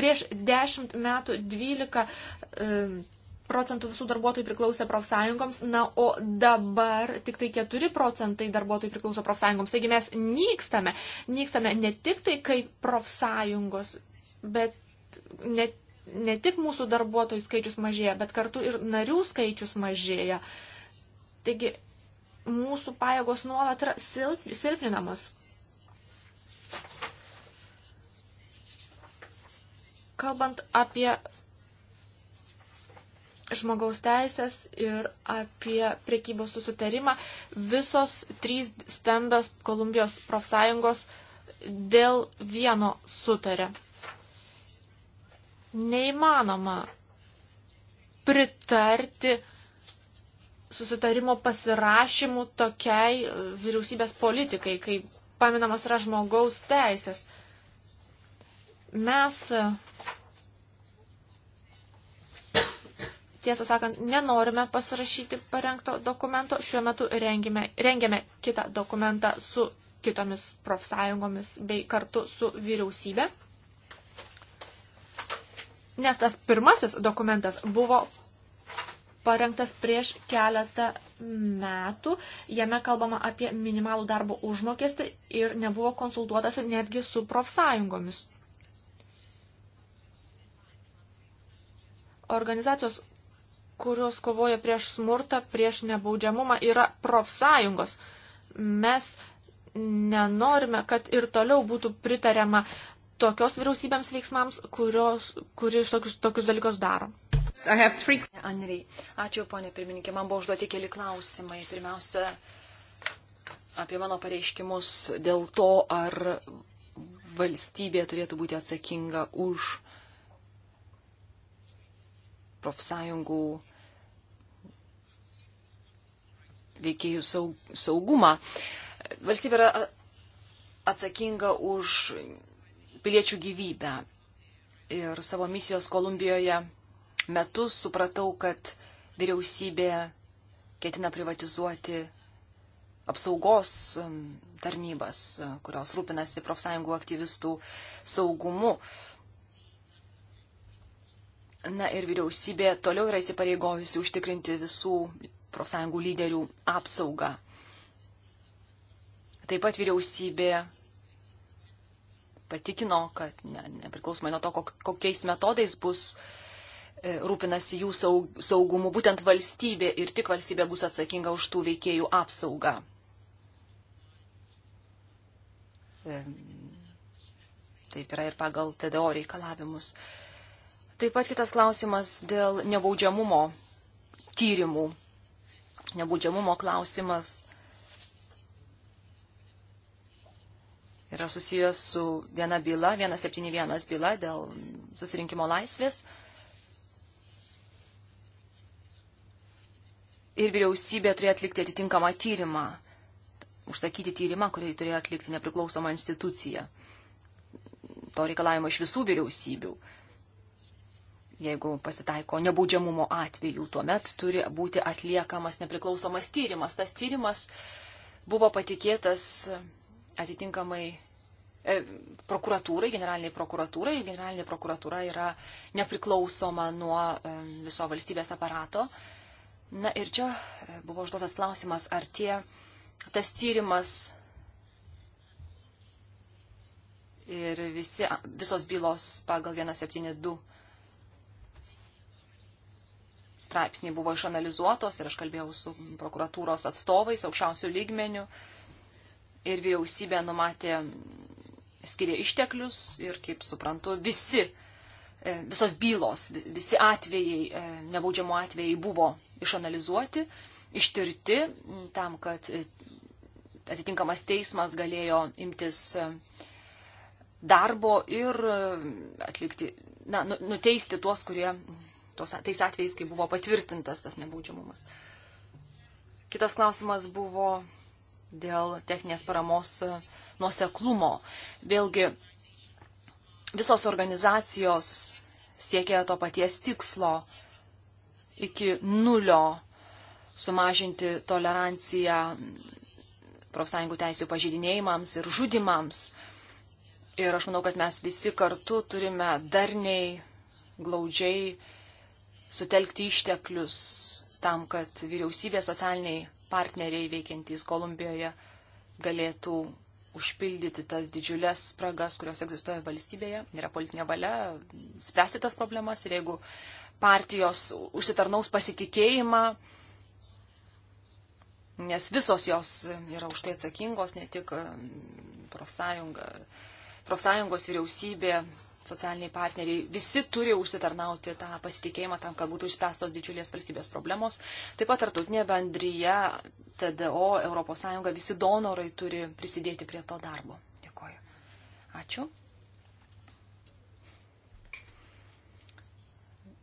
prieš dešimt metų dvylika. E, procentų visų darbuotojų priklausė profsąjungoms, na, o dabar tik tai 4 procentai darbuotojų priklauso profsąjungoms. Taigi mes nykstame, nykstame ne tik tai kaip profsąjungos, bet ne, ne tik mūsų darbuotojų skaičius mažėja, bet kartu ir narių skaičius mažėja. Taigi mūsų pajėgos nuolat yra silp, silpninamos. Kalbant apie žmogaus teisės ir apie priekybos susitarimą visos trys stambios Kolumbijos profsąjungos dėl vieno sutarė. Neįmanoma pritarti susitarimo pasirašymų tokiai e, vyriausybės politikai, kai paminamas yra žmogaus teisės. Mes e, tiesą sakant, nenorime pasirašyti parengto dokumento. Šiuo metu rengime, rengiame kitą dokumentą su kitomis profsąjungomis bei kartu su vyriausybė. Nes tas pirmasis dokumentas buvo parengtas prieš keletą metų. Jame kalbama apie minimalų darbo užmokestį ir nebuvo konsultuotasi netgi su profsąjungomis. Organizacijos, kurios kovoja prieš smurtą, prieš nebaudžiamumą, yra profsąjungos. Mes nenorime, kad ir toliau būtų pritariama tokios vyriausybėms veiksmams, kurios, kuris tokius, tokius dalykus daro. Three... Anry, ačiū, ponė pirmininkė, man buvo užduoti keli klausimai. Pirmiausia, apie mano pareiškimus dėl to, ar valstybė turėtų būti atsakinga už profsąjungų veikėjų saugumą. Valstybė yra atsakinga už piliečių gyvybę. Ir savo misijos Kolumbijoje metu supratau, kad vyriausybė ketina privatizuoti apsaugos um, tarnybas, kurios rūpinasi profsąjungų aktyvistų saugumu. Na ir vyriausybė toliau yra įsipareigojusi užtikrinti visų profsąjungų lyderių apsaugą. Taip pat vyriausybė patikino, kad ne, nepriklausomai nuo to, kokiais metodais bus e, rūpinasi jų saugumu, būtent valstybė ir tik valstybė bus atsakinga už tų veikėjų apsaugą. Taip yra ir pagal TDO reikalavimus. Taip pat kitas klausimas dėl nebaudžiamumo tyrimų. Nebaudžiamumo klausimas yra susijęs su viena byla, 171 byla dėl susirinkimo laisvės. Ir vyriausybė turėjo atlikti atitinkamą tyrimą, užsakyti tyrimą, kurį turėjo atlikti nepriklausoma institucija. To reikalavimo iš visų vyriausybių jeigu pasitaiko nebaudžiamumo atvejų, tuomet turi būti atliekamas nepriklausomas tyrimas. Tas tyrimas buvo patikėtas atitinkamai e, prokuratūrai, generaliniai prokuratūrai. Generalinė prokuratūra yra nepriklausoma nuo e, viso valstybės aparato. Na ir čia e, buvo užduotas klausimas, ar tie, tas tyrimas ir visi, visos bylos pagal 172 straipsniai buvo išanalizuotos ir aš kalbėjau su prokuratūros atstovais aukščiausių lygmenių ir vyriausybė numatė skiria išteklius ir, kaip suprantu, visi, e, visos bylos, visi atvejai, e, nebaudžiamo atvejai buvo išanalizuoti, ištirti tam, kad e, atitinkamas teismas galėjo imtis darbo ir atlikti, na, nu, nuteisti tuos, kurie tos, tais atvejais, kai buvo patvirtintas tas nebaudžiamumas. Kitas klausimas buvo dėl techninės paramos e, nuoseklumo. Vėlgi, visos organizacijos siekia to paties tikslo iki nulio sumažinti toleranciją profsąjungų teisų pažydinėjimams ir žudimams. Ir aš manau, kad mes visi kartu turime darniai, glaudžiai sutelkti išteklius tam, kad vyriausybė socialiniai partneriai veikiantys Kolumbijoje galėtų užpildyti tas didžiulės spragas, kurios egzistuoja valstybėje, yra politinė valia spręsti tas problemas ir jeigu partijos užsitarnaus pasitikėjimą, nes visos jos yra už tai atsakingos, ne tik um, profsąjunga, profsąjungos vyriausybė, socialiniai partneriai, visi turi užsitarnauti tą pasitikėjimą tam, kad būtų išspręstos didžiulės valstybės problemos. Taip pat tartutinė bendryje, TDO, ES, visi donorai turi prisidėti prie to darbo. Dėkoju. Ačiū.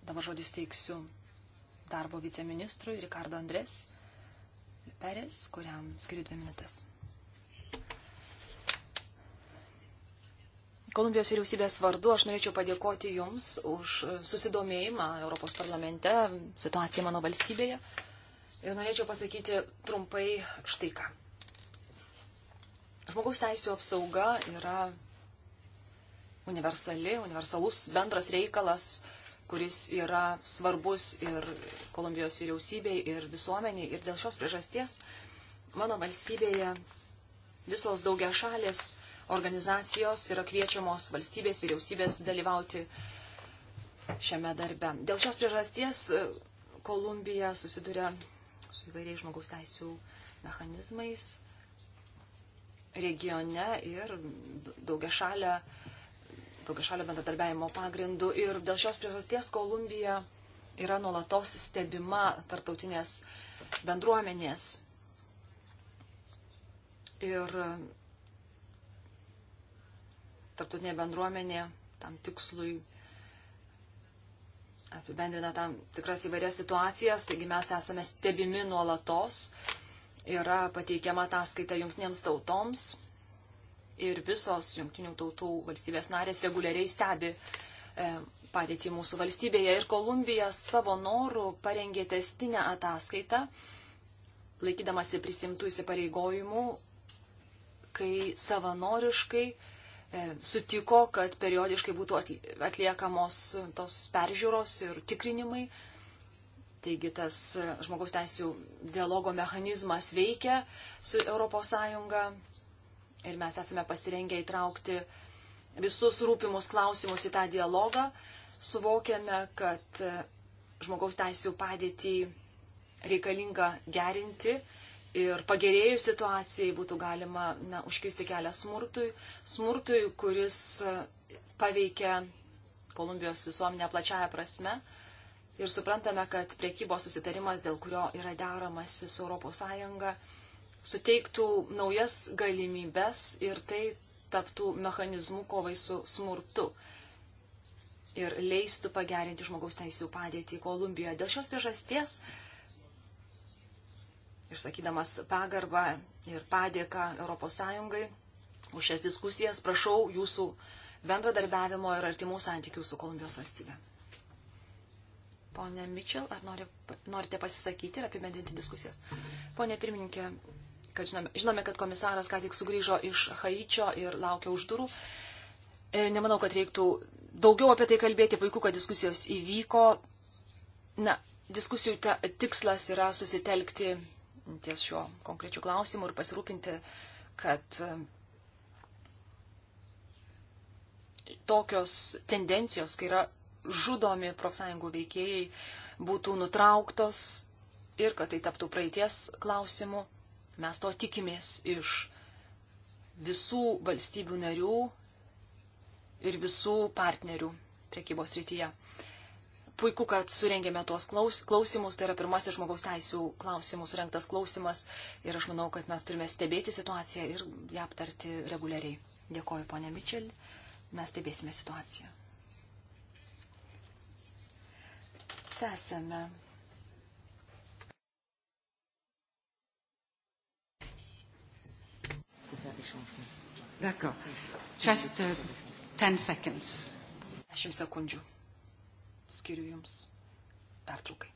Dabar žodis teiksiu darbo viceministrui Ricardo Andrės Perės, kuriam skiriu dvi minutės. Kolumbijos vyriausybės vardu aš norėčiau padėkoti Jums už susidomėjimą Europos parlamente, situaciją mano valstybėje. Ir norėčiau pasakyti trumpai štai ką. Žmogaus teisų apsauga yra universali, universalus bendras reikalas, kuris yra svarbus ir Kolumbijos vyriausybei, ir visuomeniai. Ir dėl šios priežasties mano valstybėje visos daugia šalės organizacijos yra kviečiamos valstybės, vyriausybės dalyvauti šiame darbe. Dėl šios priežasties e, Kolumbija susiduria su įvairiais žmogaus teisų mechanizmais regione ir daugia šalia, daugia šalia bendradarbiavimo pagrindu. Ir dėl šios priežasties Kolumbija yra nuolatos stebima tarptautinės bendruomenės. Ir tarptautinė bendruomenė tam tikslui apibendrina tam tikras įvairias situacijas, taigi mes esame stebimi nuolatos, yra pateikiama ataskaita jungtinėms tautoms ir visos jungtinių tautų valstybės narės reguliariai stebi e, padėtį mūsų valstybėje. Ir Kolumbija savo norų parengė testinę ataskaitą, laikydamasi prisimtų įsipareigojimų, kai savanoriškai E, sutiko, kad periodiškai būtų atliekamos tos peržiūros ir tikrinimai. Taigi tas e, žmogaus teisų dialogo mechanizmas veikia su ES ir mes esame pasirengę įtraukti visus rūpimus klausimus į tą dialogą. Suvokiame, kad e, žmogaus teisų padėtį reikalinga gerinti ir pagerėjus situacijai būtų galima na, užkisti kelią smurtui, smurtui, kuris e, paveikia Kolumbijos visuomenę plačiaja prasme. Ir suprantame, kad priekybos susitarimas, dėl kurio yra deramasi su ES, suteiktų naujas galimybės ir tai taptų mechanizmu kovai su smurtu ir leistų pagerinti žmogaus teisų padėtį Kolumbijoje. Dėl šios priežasties išsakydamas pagarbą ir padėką ES už šias diskusijas, prašau jūsų bendradarbiavimo ir artimų santykių su Kolumbijos valstybe. Pone Mitchell, ar nori, norite pasisakyti ir apibendrinti diskusijas? Pone pirmininkė, kad žinome, žinome, kad komisaras ką tik sugrįžo iš Haičio ir laukia už durų. E, nemanau, kad reiktų daugiau apie tai kalbėti, puiku, kad diskusijos įvyko. Na, diskusijų te, tikslas yra susitelkti ties šiuo konkrečiu klausimu ir pasirūpinti, kad e, tokios tendencijos, kai yra žudomi profsąjungų veikėjai, būtų nutrauktos ir kad tai taptų praeities klausimu. Mes to tikimės iš visų valstybių narių ir visų partnerių priekybos rytyje puiku, kad surengėme tuos klaus, klausimus, tai yra pirmasis žmogaus teisų klausimų surengtas klausimas ir aš manau, kad mes turime stebėti situaciją ir ją aptarti reguliariai. Dėkoju, ponė Mičel, mes stebėsime situaciją. Tęsame. D'accord. Just uh, 10 seconds. 10 sekundžių skiriu Jums pertraukai.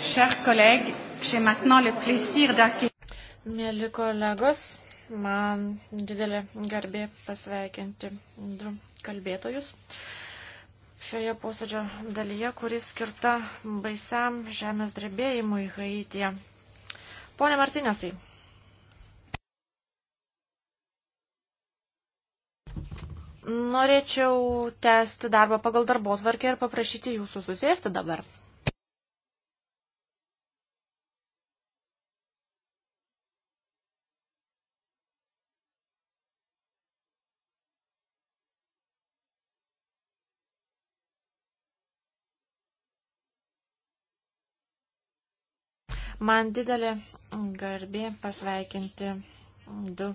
Mėly kolegos, man didelė garbė pasveikinti du kalbėtojus šioje posėdžio dalyje, kuri skirta baisiam žemės drebėjimui Haityje. Pone Martinėsai. Norėčiau tęsti darbą pagal darbo tvarkę ir paprašyti jūsų susėsti dabar. Man didelė garbė pasveikinti du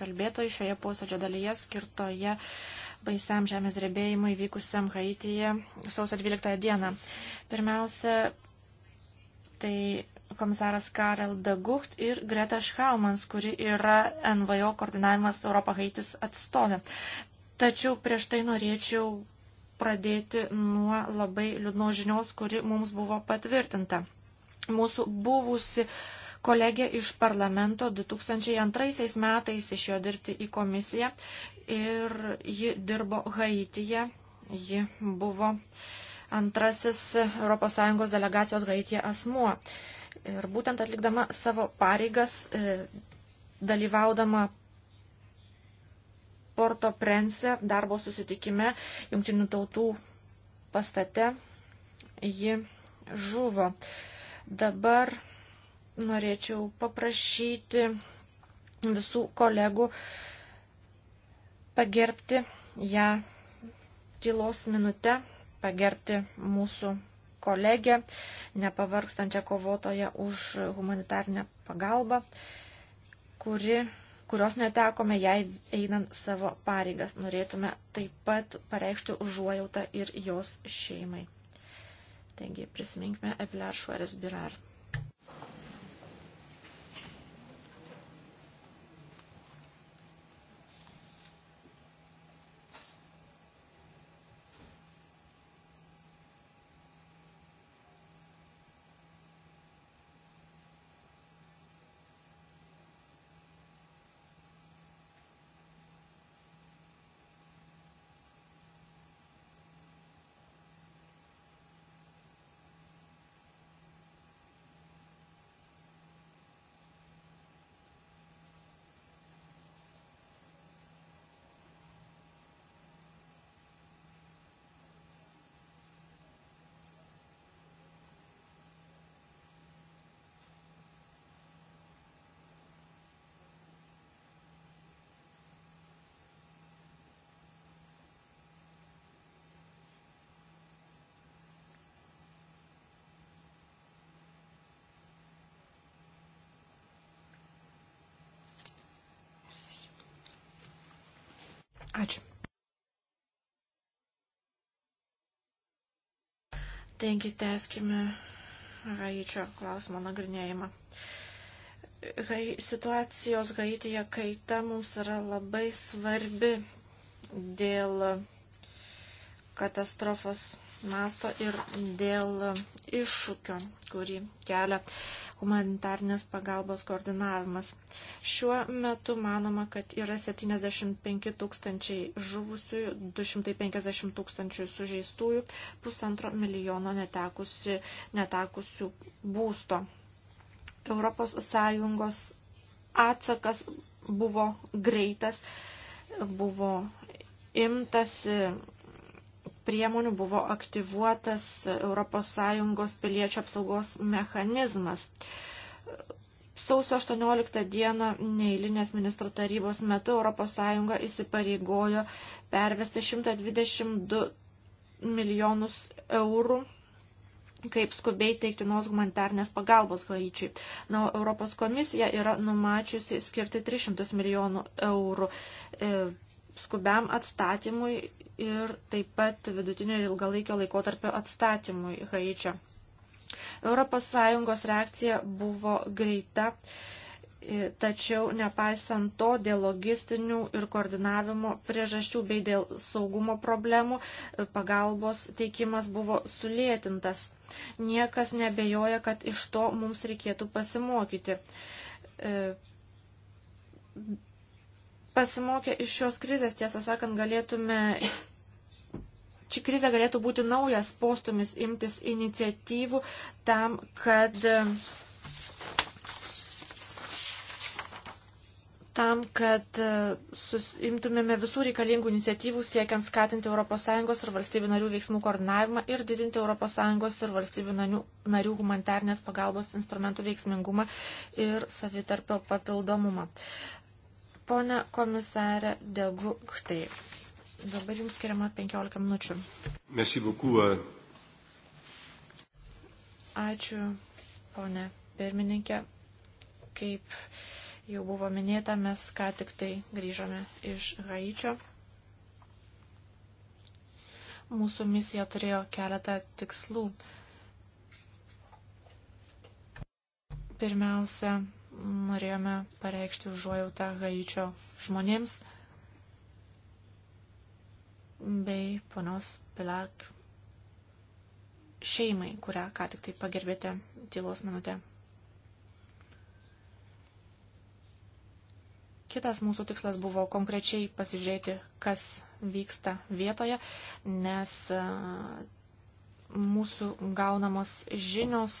kalbėtojai šioje posėdžio dalyje skirtoje baisiam žemės drebėjimui vykusiam Haityje sausio 12 dieną. Pirmiausia, tai komisaras Karel Dagucht ir Greta Škaumans, kuri yra NVO koordinavimas Europą Haitis atstovė. Tačiau prieš tai norėčiau pradėti nuo labai liūdnos žinios, kuri mums buvo patvirtinta mūsų buvusi kolegė iš parlamento 2002 metais išėjo dirbti į komisiją ir ji dirbo Haityje. Ji buvo antrasis ES delegacijos Haityje asmuo. Ir būtent atlikdama savo pareigas, e, dalyvaudama Porto Prense darbo susitikime Junktinių tautų pastate, ji žuvo. Dabar norėčiau paprašyti visų kolegų pagerbti ją tylos minutę, pagerbti mūsų kolegę, nepavarkstančią kovotoją už humanitarnę pagalbą, kuri, kurios netekome jai einant savo pareigas. Norėtume taip pat pareikšti užuojautą ir jos šeimai. Taigi prisiminkime Ebler Šuarės Birar. Ačiū. Taigi, teskime Haičio klausimo nagrinėjimą. Hai, situacijos Haityje kaita mums yra labai svarbi dėl katastrofos masto ir dėl iššūkio, kurį kelia humanitarnės pagalbos koordinavimas. Šiuo metu manoma, kad yra 75 tūkstančiai žuvusiųjų, 250 tūkstančių sužeistųjų, pusantro milijono netekusi, netekusių būsto. Europos Sąjungos atsakas buvo greitas, buvo imtasi priemonių buvo aktyvuotas ES piliečio apsaugos mechanizmas. Sausio 18 dieną neįlinės ministrų tarybos metu ES įsipareigojo pervesti 122 milijonus eurų kaip skubiai teiktinos humanitarnės pagalbos Haičiui. Na, Europos komisija yra numačiusi skirti 300 milijonų eurų e, skubiam atstatymui ir taip pat vidutinio ir ilgalaikio laikotarpio atstatymui Haičio. ES reakcija buvo greita, tačiau nepaisant to dėl logistinių ir koordinavimo priežasčių bei dėl saugumo problemų pagalbos teikimas buvo sulėtintas. Niekas nebejoja, kad iš to mums reikėtų pasimokyti pasimokę iš šios krizės, tiesą sakant, galėtume. Ši krizė galėtų būti naujas postumis imtis iniciatyvų tam, kad tam, kad imtumėme visų reikalingų iniciatyvų siekiant skatinti ES ir valstybių narių veiksmų koordinavimą ir didinti ES ir valstybių narių, narių humanitarnės pagalbos instrumentų veiksmingumą ir savitarpio papildomumą. Pone komisarė Deguktai, dabar jums skiriama 15 minučių. Merci beaucoup. Euh. Ačiū, ponė pirmininkė. Kaip jau buvo minėta, mes ką tik tai grįžome iš Haičio. Mūsų misija turėjo keletą tikslų. Pirmiausia, norėjome pareikšti užuojautą Haičio žmonėms bei ponios Pilak šeimai, kurią ką tik tai pagerbėte tylos minutę. Kitas mūsų tikslas buvo konkrečiai pasižiūrėti, kas vyksta vietoje, nes mūsų gaunamos žinios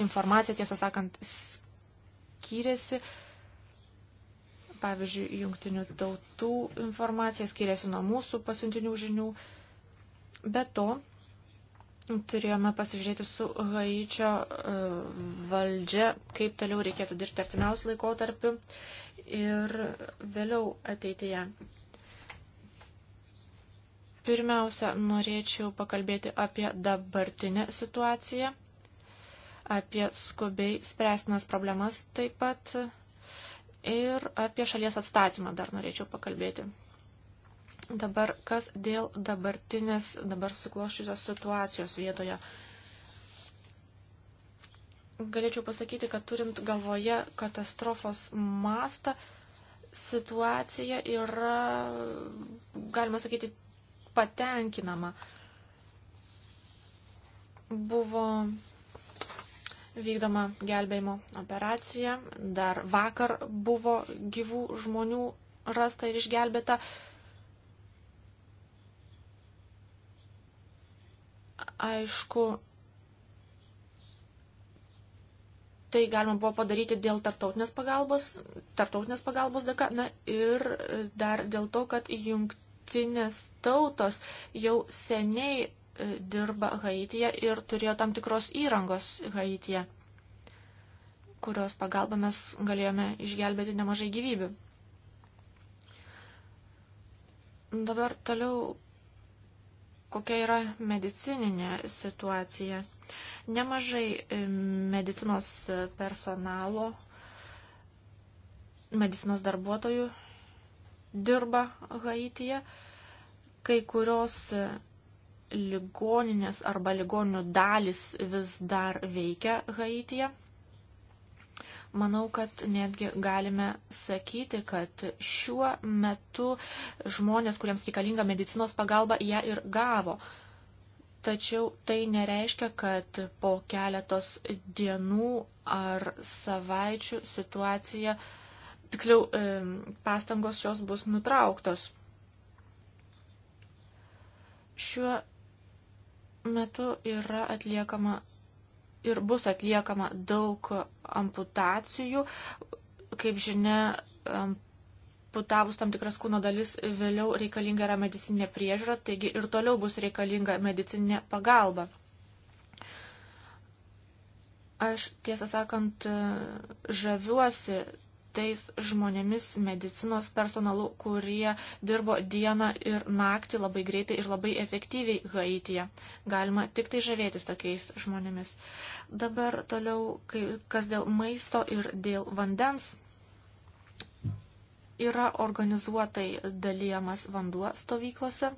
informacija, tiesą sakant, skiriasi. Pavyzdžiui, jungtinių tautų informacija skiriasi nuo mūsų pasiuntinių žinių. Be to, turėjome pasižiūrėti su Haičio e, valdžia, kaip toliau reikėtų dirbti artimiaus laikotarpiu ir vėliau ateityje. Pirmiausia, norėčiau pakalbėti apie dabartinę situaciją apie skubiai spręstinas problemas taip pat ir apie šalies atstatymą dar norėčiau pakalbėti. Dabar kas dėl dabartinės, dabar suklošusios situacijos vietoje. Galėčiau pasakyti, kad turint galvoje katastrofos mastą, situacija yra, galima sakyti, patenkinama. Buvo vykdoma gelbėjimo operacija. Dar vakar buvo gyvų žmonių rasta ir išgelbėta. Aišku, tai galima buvo padaryti dėl tartautinės pagalbos, tartautinės pagalbos dėka, na ir dar dėl to, kad jungtinės tautos jau seniai dirba Haityje ir turėjo tam tikros įrangos Haityje, kurios pagalba mes galėjome išgelbėti nemažai gyvybių. Dabar toliau, kokia yra medicininė situacija. Nemažai e, medicinos personalo, medicinos darbuotojų dirba Haityje kai kurios e, ligoninės arba ligoninių dalis vis dar veikia Haityje. Manau, kad netgi galime sakyti, kad šiuo metu žmonės, kuriems reikalinga medicinos pagalba, ją ir gavo. Tačiau tai nereiškia, kad po keletos dienų ar savaičių situacija, tiksliau, pastangos šios bus nutrauktos. Šiuo metu yra atliekama ir bus atliekama daug amputacijų. Kaip žinia, amputavus tam tikras kūno dalis vėliau reikalinga yra medicinė priežiūra, taigi ir toliau bus reikalinga medicinė pagalba. Aš tiesą sakant žaviuosi tais žmonėmis, medicinos personalu, kurie dirbo dieną ir naktį labai greitai ir labai efektyviai Haityje. Galima tik tai žavėtis tokiais žmonėmis. Dabar toliau, kas dėl maisto ir dėl vandens. Yra organizuotai dalyjamas vanduo stovyklose,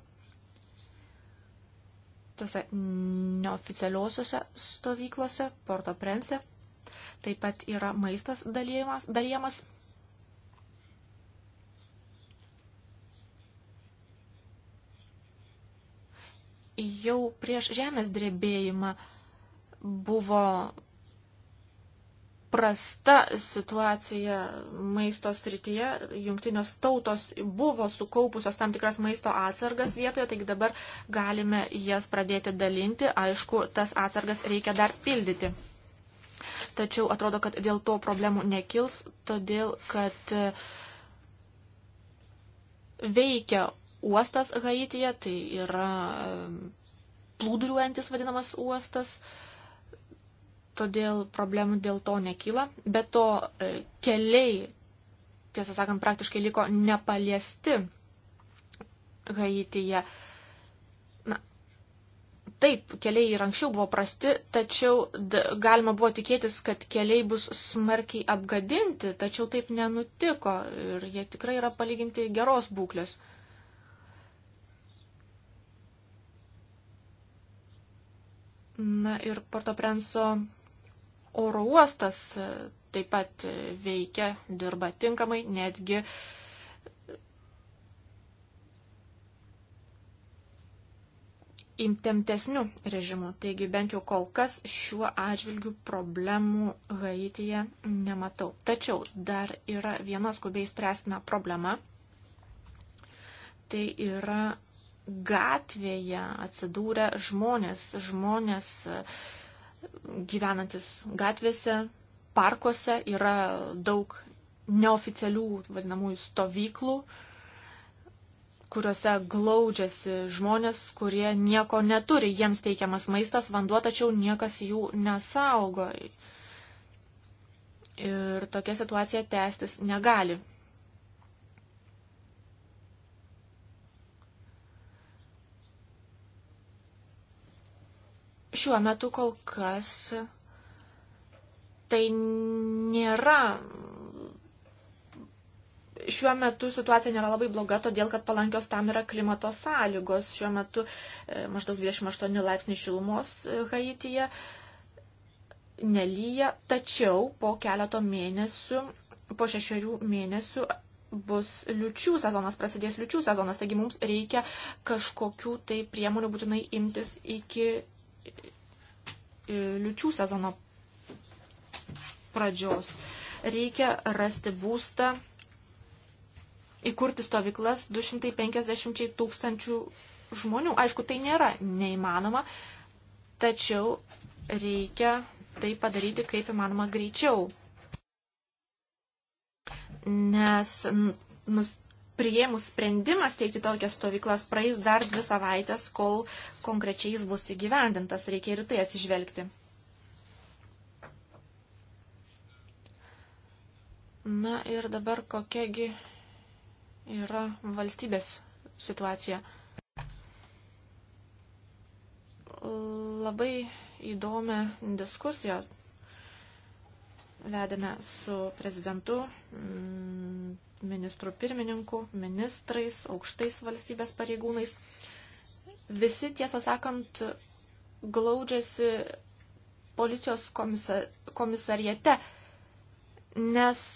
tose neoficialiosiose stovyklose, Porto Prense. Taip pat yra maistas dalyjamas. dalyjamas. Jau prieš žemės drebėjimą buvo prasta situacija maisto srityje. Jungtinės tautos buvo sukaupusios tam tikras maisto atsargas vietoje, taigi dabar galime jas pradėti dalinti. Aišku, tas atsargas reikia dar pildyti tačiau atrodo, kad dėl to problemų nekils, todėl kad e, veikia uostas Haityje, tai yra e, plūduriuojantis vadinamas uostas, todėl problemų dėl to nekyla. Be to e, keliai, tiesą sakant, praktiškai liko nepaliesti Haityje. Taip, keliai ir anksčiau buvo prasti, tačiau galima buvo tikėtis, kad keliai bus smarkiai apgadinti, tačiau taip nenutiko ir jie tikrai yra palyginti geros būklės. Na ir Porto Prenso oro uostas e, taip pat e, veikia, dirba tinkamai, netgi uh, imtemtesniu režimu. Taigi bent jau kol kas šiuo atžvilgiu problemų Haityje nematau. Tačiau dar yra viena skubiai spręstina problema. Tai yra gatvėje atsidūrę žmonės, žmonės e, gyvenantis gatvėse, parkuose yra daug neoficialių vadinamųjų stovyklų, kuriuose glaudžiasi žmonės, kurie nieko neturi. Jiems teikiamas maistas, vanduo, tačiau niekas jų nesaugo. Ir tokia situacija tęstis negali. Šiuo metu kol kas tai nėra šiuo metu situacija nėra labai bloga, todėl kad palankios tam yra klimato sąlygos. Šiuo metu e, maždaug 28 laipsnių šilumos e, Haityje nelyja, tačiau po keleto mėnesių, po šešiarių mėnesių bus liučių sezonas, prasidės liučių sezonas, taigi mums reikia kažkokių tai priemonių būtinai imtis iki e, liučių sezono pradžios. Reikia rasti būstą įkurti stovyklas 250 tūkstančių žmonių. Aišku, tai nėra neįmanoma, tačiau reikia tai padaryti kaip įmanoma greičiau. Nes nus, priėmus sprendimą steigti tokias stovyklas praeis dar dvi savaitės, kol konkrečiai jis bus įgyvendintas. Reikia ir tai atsižvelgti. Na ir dabar kokiagi yra valstybės situacija. Labai įdomią diskusiją vedėme su prezidentu, mm, ministru pirmininku, ministrais, aukštais valstybės pareigūnais. Visi, tiesą sakant, glaudžiasi policijos komisa, komisariete, nes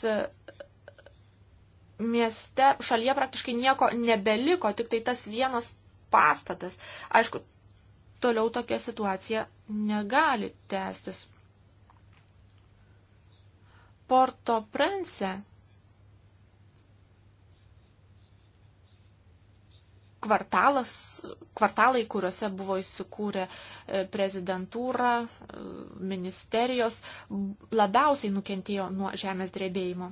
mieste, šalyje praktiškai nieko nebeliko, tik tai tas vienas pastatas. Aišku, toliau tokia situacija negali tęstis. Porto Prense kvartalas, kvartalai, kuriuose buvo įsikūrę e, prezidentūra, e, ministerijos, labiausiai nukentėjo nuo žemės drebėjimo.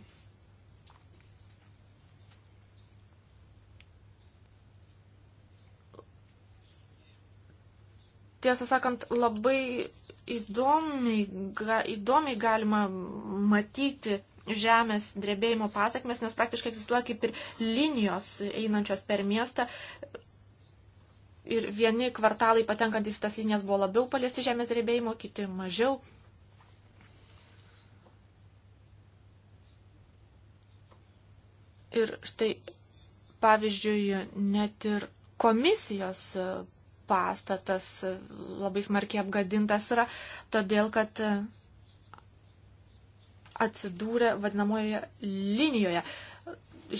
tiesą sakant, labai įdomiai, ga, įdomiai galima matyti žemės drebėjimo pasakmes, nes praktiškai egzistuoja kaip ir linijos einančios per miestą. Ir vieni kvartalai patenkantys tas linijas buvo labiau paliesti žemės drebėjimo, kiti mažiau. Ir štai, pavyzdžiui, net ir komisijos pastatas labai smarkiai apgadintas yra, todėl kad atsidūrė vadinamoje linijoje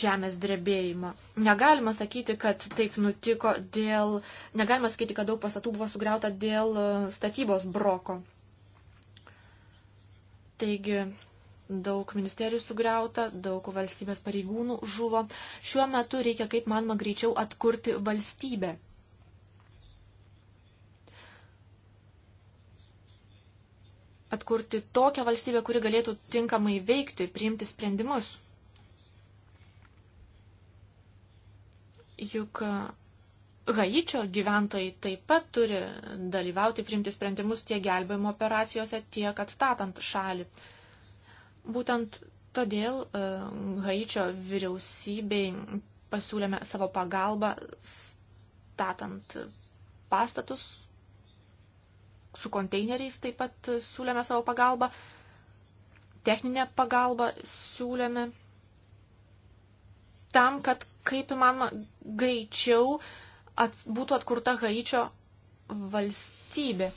žemės drebėjimo. Negalima sakyti, kad taip nutiko dėl, negalima sakyti, kad daug pastatų buvo sugriauta dėl statybos broko. Taigi daug ministerijų sugriauta, daug valstybės pareigūnų žuvo. Šiuo metu reikia kaip manoma greičiau atkurti valstybę. atkurti tokią valstybę, kuri galėtų tinkamai veikti, priimti sprendimus. Juk e, Haičio gyventojai taip pat turi dalyvauti, priimti sprendimus tiek gelbėjimo operacijose, tiek atstatant šalį. Būtent todėl e, Haičio vyriausybei pasiūlėme savo pagalbą statant pastatus, su konteineriais taip pat siūlėme savo pagalbą, techninę pagalbą siūlėme tam, kad kaip įmanoma greičiau at, būtų atkurta Haičio valstybė.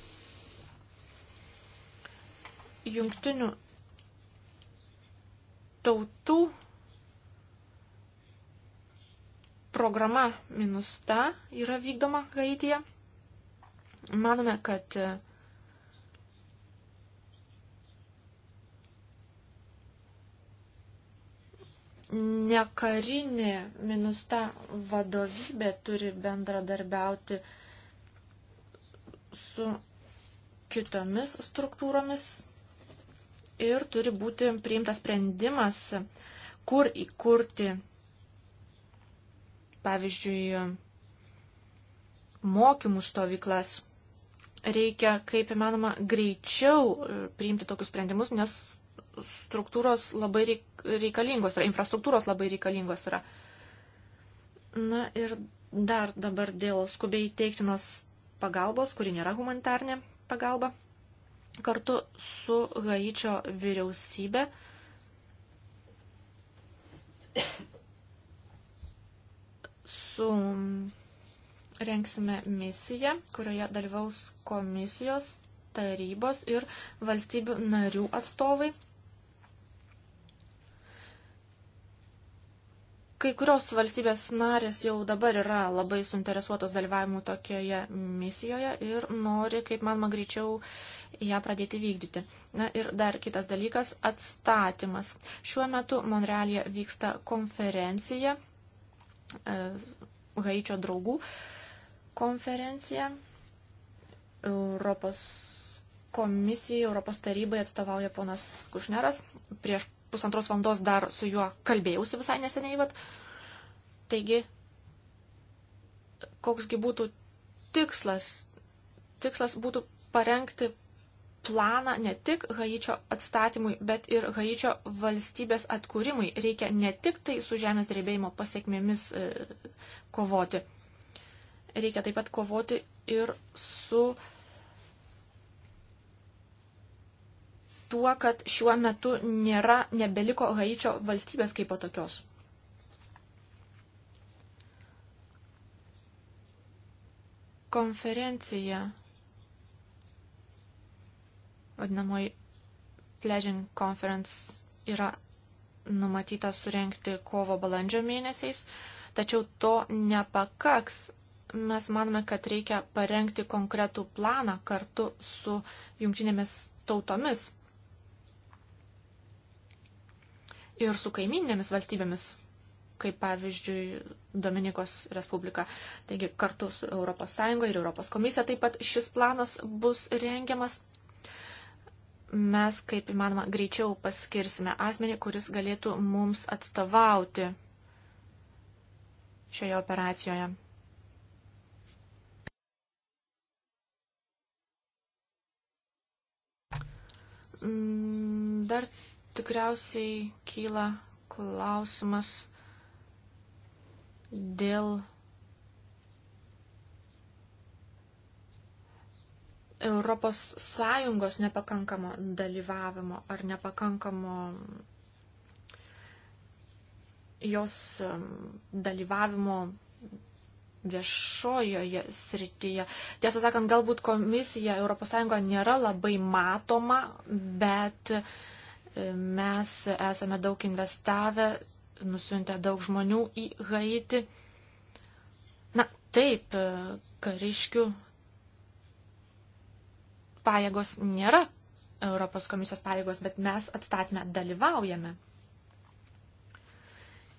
Jungtinių tautų programa Minusta yra vykdoma Haityje. Manome, kad e, nekarinė minusta vadovybė turi bendradarbiauti su kitomis struktūromis ir turi būti priimtas sprendimas, kur įkurti, pavyzdžiui, mokymų stovyklas reikia kaip įmanoma greičiau e, priimti tokius sprendimus, nes struktūros labai reikalingos yra, infrastruktūros labai reikalingos yra. Na ir dar dabar dėl skubiai teiktinos pagalbos, kuri nėra humanitarnė pagalba, kartu su Haičio vyriausybė. su rengsime misiją, kurioje dalyvaus komisijos, tarybos ir valstybių narių atstovai. Kai kurios valstybės narės jau dabar yra labai suinteresuotos dalyvavimu tokioje misijoje ir nori, kaip manoma, greičiau ją pradėti vykdyti. Na ir dar kitas dalykas - atstatymas. Šiuo metu Monrealėje vyksta konferencija e, Haičio draugų. E, konferencija. Europos komisijai, Europos tarybai atstovauja ponas Kušneras. Prieš pusantros valandos dar su juo kalbėjausi visai neseniai, bet. Taigi, koksgi būtų tikslas? Tikslas būtų parengti planą ne tik Haičio atstatymui, bet ir Haičio valstybės atkūrimui. Reikia ne tik tai su žemės drebėjimo pasiekmėmis e, kovoti reikia taip pat kovoti ir su tuo, kad šiuo metu nėra, nebeliko Haičio valstybės kaip tokios. Konferencija, vadinamoji Pledging Conference, yra numatyta surenkti kovo balandžio mėnesiais, tačiau to nepakaks mes manome, kad reikia parengti konkretų planą kartu su jungtinėmis tautomis ir su kaiminėmis valstybėmis, kaip pavyzdžiui Dominikos Respublika. Taigi kartu su ES ir ES komisija taip pat šis planas bus rengiamas. Mes kaip įmanoma greičiau paskirsime asmenį, kuris galėtų mums atstovauti šioje operacijoje. Mm, dar tikriausiai kyla klausimas dėl Europos Sąjungos nepakankamo dalyvavimo ar nepakankamo jos dalyvavimo viešojoje srityje. Tiesą sakant, galbūt komisija ES nėra labai matoma, bet e, mes esame daug investavę, nusiuntę daug žmonių į Haiti. Na, taip, e, kariškių pajėgos nėra Europos komisijos pajėgos, bet mes atstatme dalyvaujame.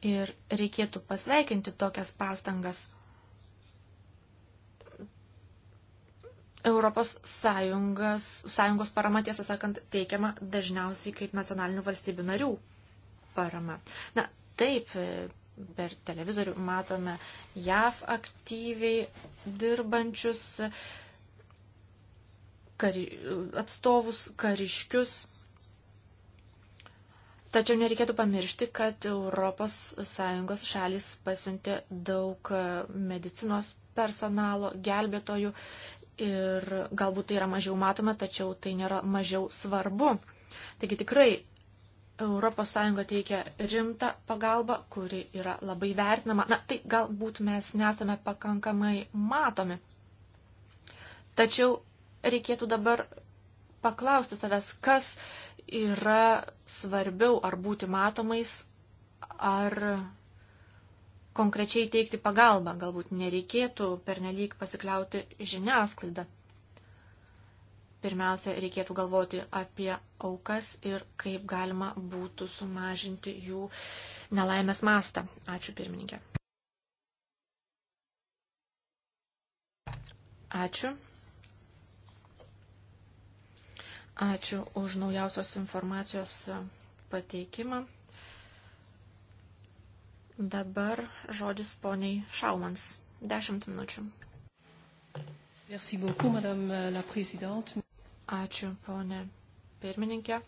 Ir reikėtų pasveikinti tokias pastangas Europos Sąjungas, Sąjungos parama, tiesą sakant, teikiama dažniausiai kaip nacionalinių valstybių narių parama. Na, taip, e, per televizorių matome JAV aktyviai dirbančius kari, atstovus, kariškius. Tačiau nereikėtų pamiršti, kad ES šalis pasiuntė daug medicinos personalo, gelbėtojų ir galbūt tai yra mažiau matoma, tačiau tai nėra mažiau svarbu. Taigi tikrai ES teikia rimtą pagalbą, kuri yra labai vertinama. Na, tai galbūt mes nesame pakankamai matomi. Tačiau reikėtų dabar paklausti savęs, kas yra svarbiau ar būti matomais, ar konkrečiai teikti pagalbą, galbūt nereikėtų pernelyg pasikliauti žiniasklaidą. Pirmiausia, reikėtų galvoti apie aukas ir kaip galima būtų sumažinti jų nelaimės mastą. Ačiū pirmininkė. Ačiū. Ačiū už naujausios informacijos pateikimą. Dabar žodis poniai Šaumans. Dešimt minučių. Merci beaucoup, madame la présidente. Ačiū, ponė pirmininkė.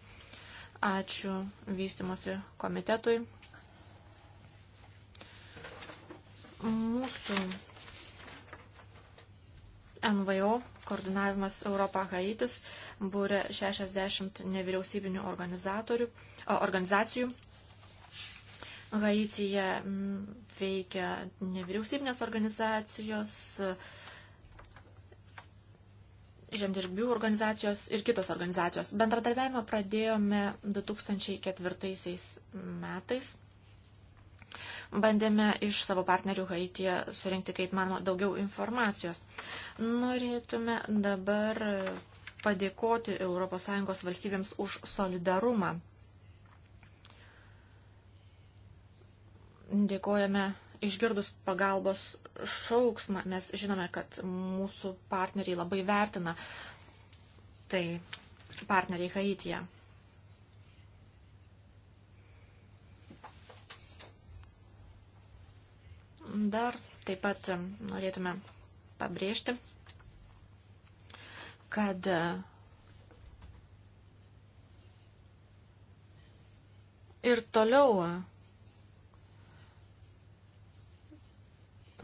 Ačiū vystimosi komitetui. Mūsų NVO koordinavimas Europa Haitis būrė 60 nevyriausybinių organizatorių, organizacijų Haityje veikia nevyriausybinės organizacijos, žemdirbių organizacijos ir kitos organizacijos. Bendradarbiavimą pradėjome 2004 metais. Bandėme iš savo partnerių Haityje surinkti, kaip manoma, daugiau informacijos. Norėtume dabar padėkoti ES valstybėms už solidarumą Dėkojame išgirdus pagalbos šauksmą. Mes žinome, kad mūsų partneriai labai vertina tai partneriai Haityje. Dar taip pat norėtume pabrėžti, kad ir toliau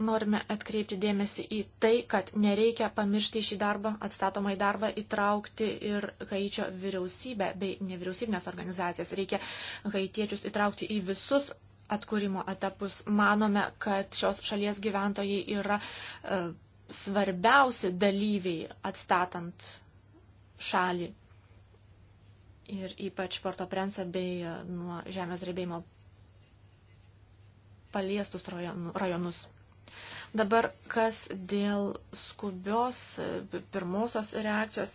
norime atkreipti dėmesį į tai, kad nereikia pamiršti šį darbą, atstatomą į darbą įtraukti ir Haičio vyriausybę bei nevyriausybinės organizacijas. Reikia haitiečius įtraukti į visus atkūrimo etapus. Manome, kad šios šalies gyventojai yra e, svarbiausi dalyviai atstatant šalį. Ir ypač Porto Prensą bei e, nuo žemės drebėjimo paliestus rajonus. Dabar kas dėl skubios e, pirmosios reakcijos,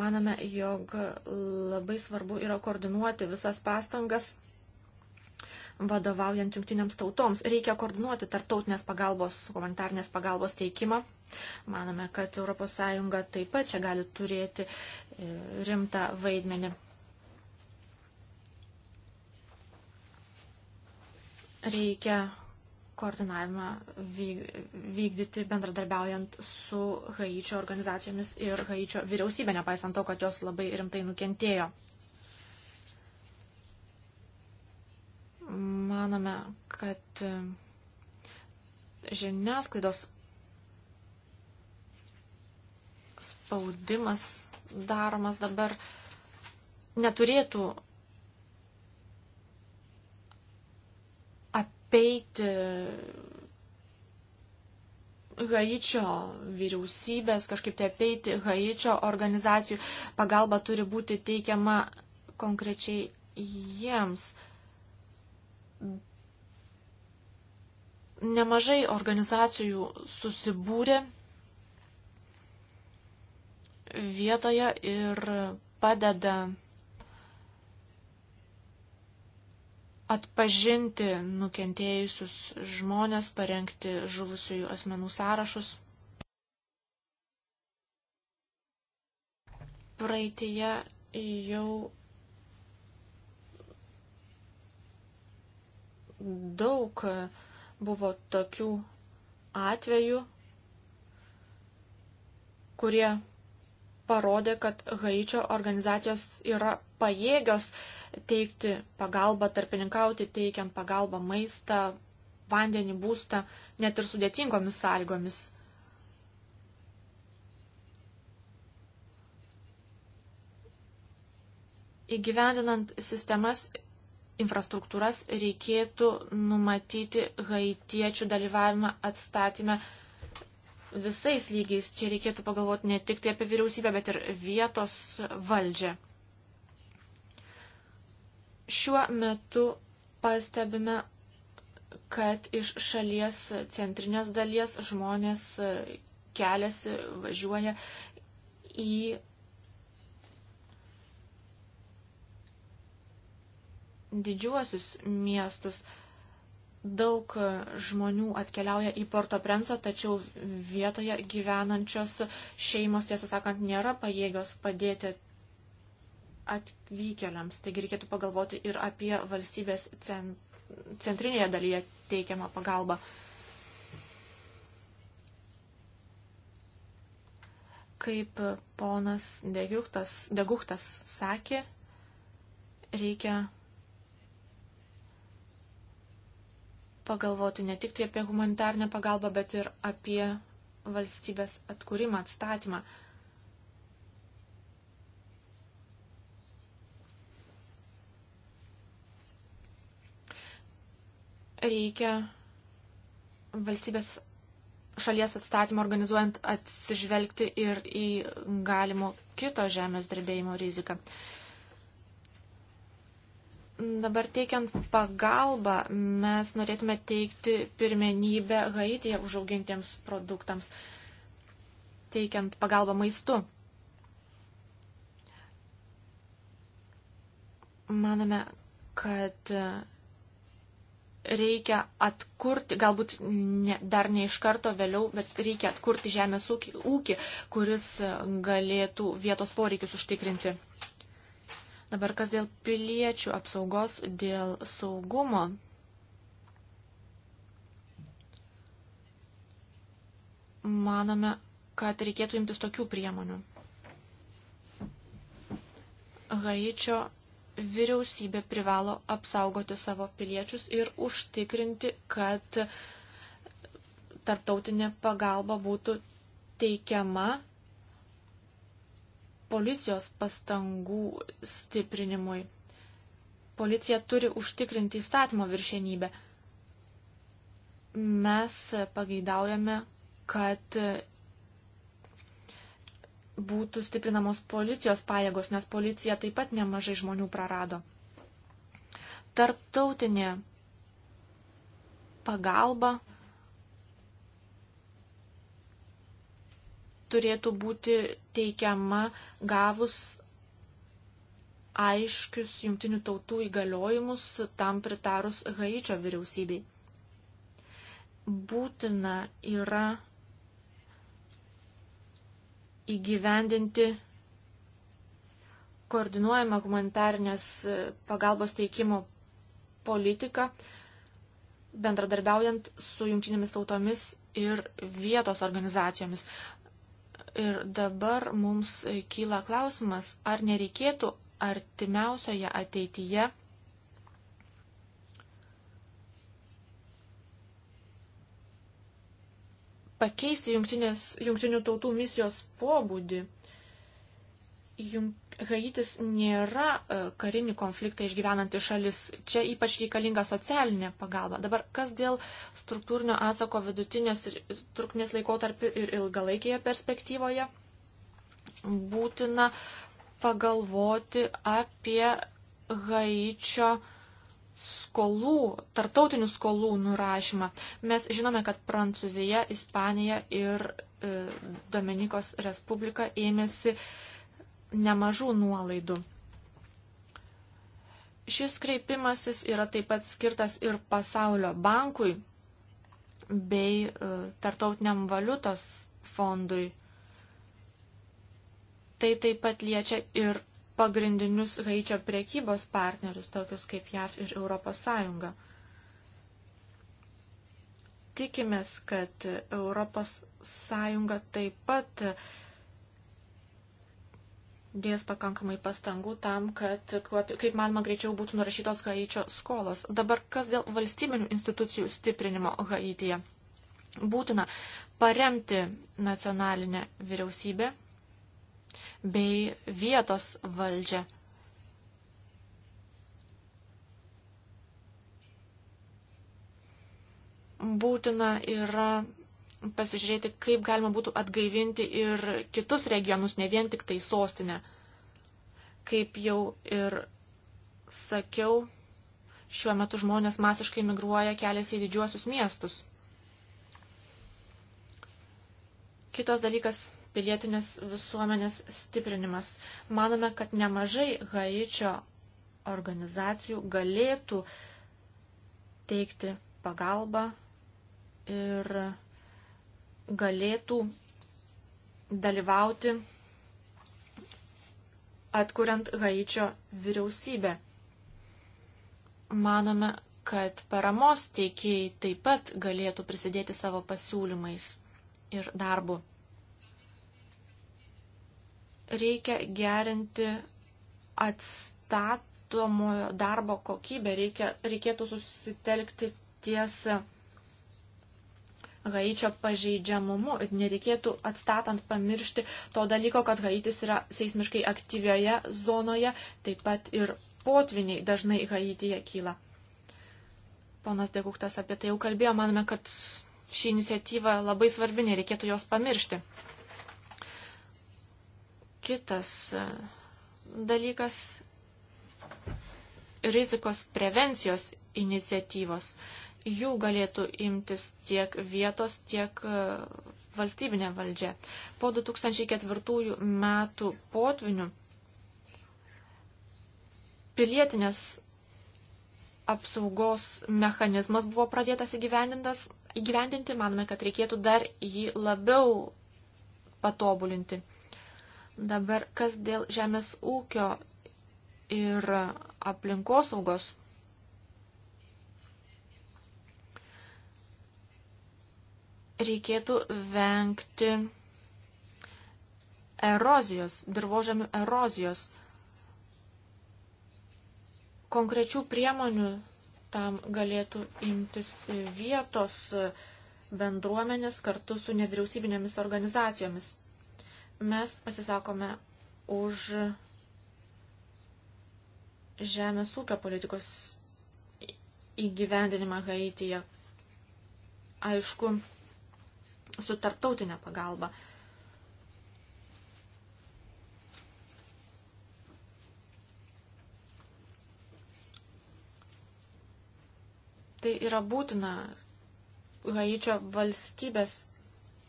manome, jog labai svarbu yra koordinuoti visas pastangas vadovaujant jungtiniams tautoms. Reikia koordinuoti tarptautinės pagalbos, humanitarnės pagalbos teikimą. Manome, kad ES taip pat čia gali turėti e, rimtą vaidmenį. Reikia koordinavimą vykdyti bendradarbiaujant su Haičio organizacijomis ir Haičio vyriausybė, nepaisant to, kad jos labai rimtai nukentėjo. Manome, kad e, žiniasklaidos spaudimas daromas dabar neturėtų apeiti Haičio vyriausybės, kažkaip tai apeiti Haičio organizacijų. Pagalba turi būti teikiama konkrečiai jiems. Nemažai organizacijų susibūrė vietoje ir padeda atpažinti nukentėjusius žmonės, parengti žuvusiųjų asmenų sąrašus. Praeitie jau daug buvo tokių atvejų, kurie parodė, kad Haičio organizacijos yra pajėgios teikti pagalbą, tarpininkauti, teikiant pagalbą maistą, vandenį, būstą, net ir sudėtingomis sąlygomis. Įgyvendinant sistemas infrastruktūras reikėtų numatyti haitiečių dalyvavimą atstatymę visais lygiais. Čia reikėtų pagalvoti ne tik tai apie vyriausybę, bet ir vietos valdžią. Šiuo metu pastebime, kad iš šalies centrinės dalies žmonės keliasi, važiuoja į didžiuosius miestus. Daug žmonių atkeliauja į Portoprensą, tačiau vietoje gyvenančios šeimos, tiesą sakant, nėra pajėgios padėti atvykėliams. Taigi reikėtų pagalvoti ir apie valstybės centrinėje dalyje teikiamą pagalbą. Kaip ponas Deguhtas, Deguhtas sakė, reikia pagalvoti ne tik tai apie humanitarnę pagalbą, bet ir apie valstybės atkūrimą, atstatymą. Reikia valstybės šalies atstatymą organizuojant atsižvelgti ir į galimo kito žemės drebėjimo riziką. Dabar teikiant pagalbą, mes norėtume teikti pirmenybę Haityje užaugintiems produktams, teikiant pagalbą maistu. Maname, kad reikia atkurti, galbūt ne, dar ne iš karto vėliau, bet reikia atkurti žemės ūkį, ūkį kuris galėtų vietos poreikius užtikrinti. Dabar kas dėl piliečių apsaugos, dėl saugumo. Manome, kad reikėtų imtis tokių priemonių. Haičio vyriausybė privalo apsaugoti savo piliečius ir užtikrinti, kad tarptautinė pagalba būtų teikiama policijos pastangų stiprinimui. Policija turi užtikrinti įstatymo viršenybę. Mes pageidaujame, kad būtų stiprinamos policijos pajėgos, nes policija taip pat nemažai žmonių prarado. Tarptautinė pagalba turėtų būti teikiama gavus aiškius jungtinių tautų įgaliojimus tam pritarus Haičio vyriausybei. Būtina yra įgyvendinti koordinuojamą humanitarnės pagalbos teikimo politiką, bendradarbiaujant su jungtinėmis tautomis ir vietos organizacijomis. Ir dabar mums kyla klausimas, ar nereikėtų artimiausioje ateityje pakeisti jungtinių tautų misijos pobūdį Haitis nėra e, karinį konfliktą išgyvenanti šalis. Čia ypač reikalinga socialinė pagalba. Dabar kas dėl struktūrinio atsako vidutinės trukmės laikotarpių ir ilgalaikėje perspektyvoje? Būtina pagalvoti apie Haičio skolų, tartautinių skolų nurašymą. Mes žinome, kad Prancūzija, Ispanija ir e, Dominikos Respublika ėmėsi e, nemažų nuolaidų. Šis kreipimasis yra taip pat skirtas ir pasaulio bankui bei e, tartautiniam valiutos fondui. Tai taip pat liečia ir pagrindinius Haičio priekybos partnerius, tokius kaip JAV ir ES. Tikimės, kad ES taip pat dės pakankamai pastangų tam, kad kaip manoma greičiau būtų nurašytos Haičio skolos. Dabar kas dėl valstybinių institucijų stiprinimo Haityje? Būtina paremti nacionalinę vyriausybę bei vietos valdžią. Būtina yra pasižiūrėti, kaip galima būtų atgaivinti ir kitus regionus, ne vien tik tai sostinę. Kaip jau ir sakiau, šiuo metu žmonės masiškai migruoja keliasi į didžiuosius miestus. Kitas dalykas - pilietinės visuomenės stiprinimas. Manome, kad nemažai Haičio organizacijų galėtų teikti pagalbą ir galėtų dalyvauti atkuriant Haičio vyriausybę. Manome, kad paramos teikėjai taip pat galėtų prisidėti savo pasiūlymais ir darbu. Reikia gerinti atstatomojo darbo kokybę, reikia, reikėtų susitelkti ties Haičio pažeidžiamumu ir nereikėtų atstatant pamiršti to dalyko, kad Haitis yra seismiškai aktyvioje zonoje, taip pat ir potviniai dažnai Haityje kyla. Ponas Deguktas apie tai jau kalbėjo, manome, kad ši iniciatyva labai svarbi, nereikėtų jos pamiršti. Kitas e, dalykas - rizikos prevencijos iniciatyvos. Uh, jų galėtų imtis tiek vietos, tiek e, valstybinė valdžia. Po 2004 metų potvinių pilietinės apsaugos mechanizmas buvo pradėtas įgyvendintas, įgyvendinti, manome, kad reikėtų dar jį labiau patobulinti. Dabar kas dėl žemės ūkio ir aplinkosaugos reikėtų vengti erozijos, dirbožėmių erozijos. Konkrečių priemonių tam galėtų imtis vietos bendruomenės kartu su nevyriausybinėmis organizacijomis. Mes pasisakome už žemės ūkio politikos įgyvendinimą Haityje. Aišku, su tarptautinė pagalba. Tai yra būtina Haičio valstybės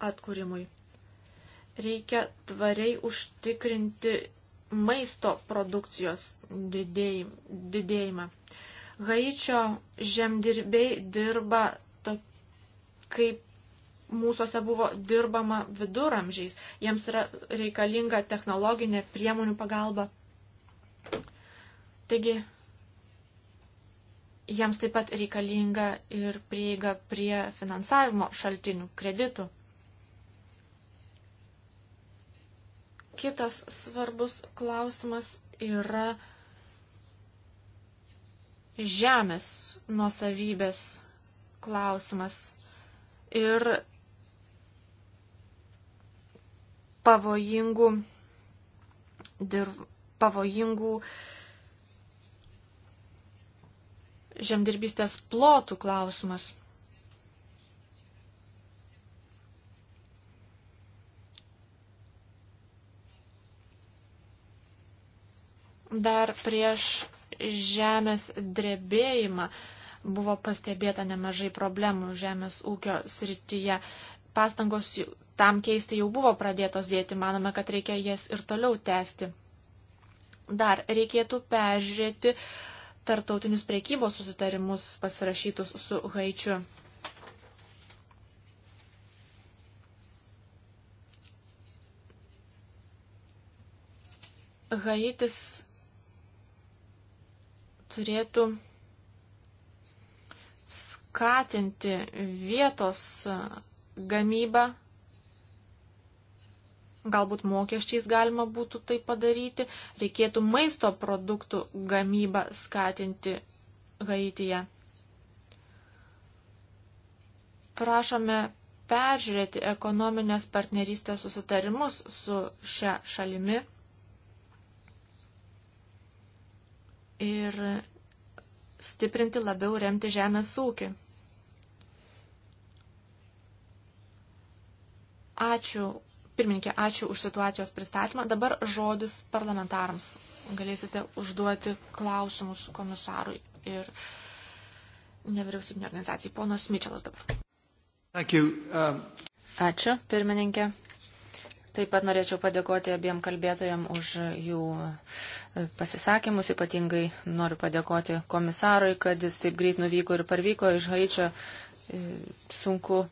atkūrimui. Reikia tvariai užtikrinti maisto produkcijos didėjimą. Haičio žemdirbiai dirba to, kaip mūsųose buvo dirbama viduramžiais. Jiems yra reikalinga technologinė priemonių pagalba. Taigi, jiems taip pat reikalinga ir prieiga prie finansavimo šaltinių, kreditų. Kitas svarbus klausimas yra žemės nuosavybės klausimas. Ir pavojingų, dirv, pavojingų žemdirbystės plotų klausimas. Dar prieš žemės drebėjimą buvo pastebėta nemažai problemų žemės ūkio srityje. Pastangos tam keisti jau buvo pradėtos dėti, manome, kad reikia jas ir toliau tęsti. Dar reikėtų peržiūrėti tartautinius priekybos susitarimus pasirašytus su Haičiu. Haitis turėtų skatinti vietos gamybą Galbūt mokesčiais galima būtų tai padaryti. Reikėtų maisto produktų gamybą skatinti Haityje. Prašome peržiūrėti ekonominės partnerystės susitarimus su šia šalimi. Ir stiprinti labiau remti žemės ūkį. Ačiū Pirmininkė, ačiū už situacijos pristatymą. Dabar žodis parlamentarams. Galėsite užduoti klausimus komisarui ir nevyriausybinė organizacija. Ponas Mičelas dabar. Um... Ačiū, pirmininkė. Taip pat norėčiau padėkoti abiem kalbėtojam už jų pasisakymus. Ypatingai noriu padėkoti komisarui, kad jis taip greit nuvyko ir parvyko iš Haičio E, sunku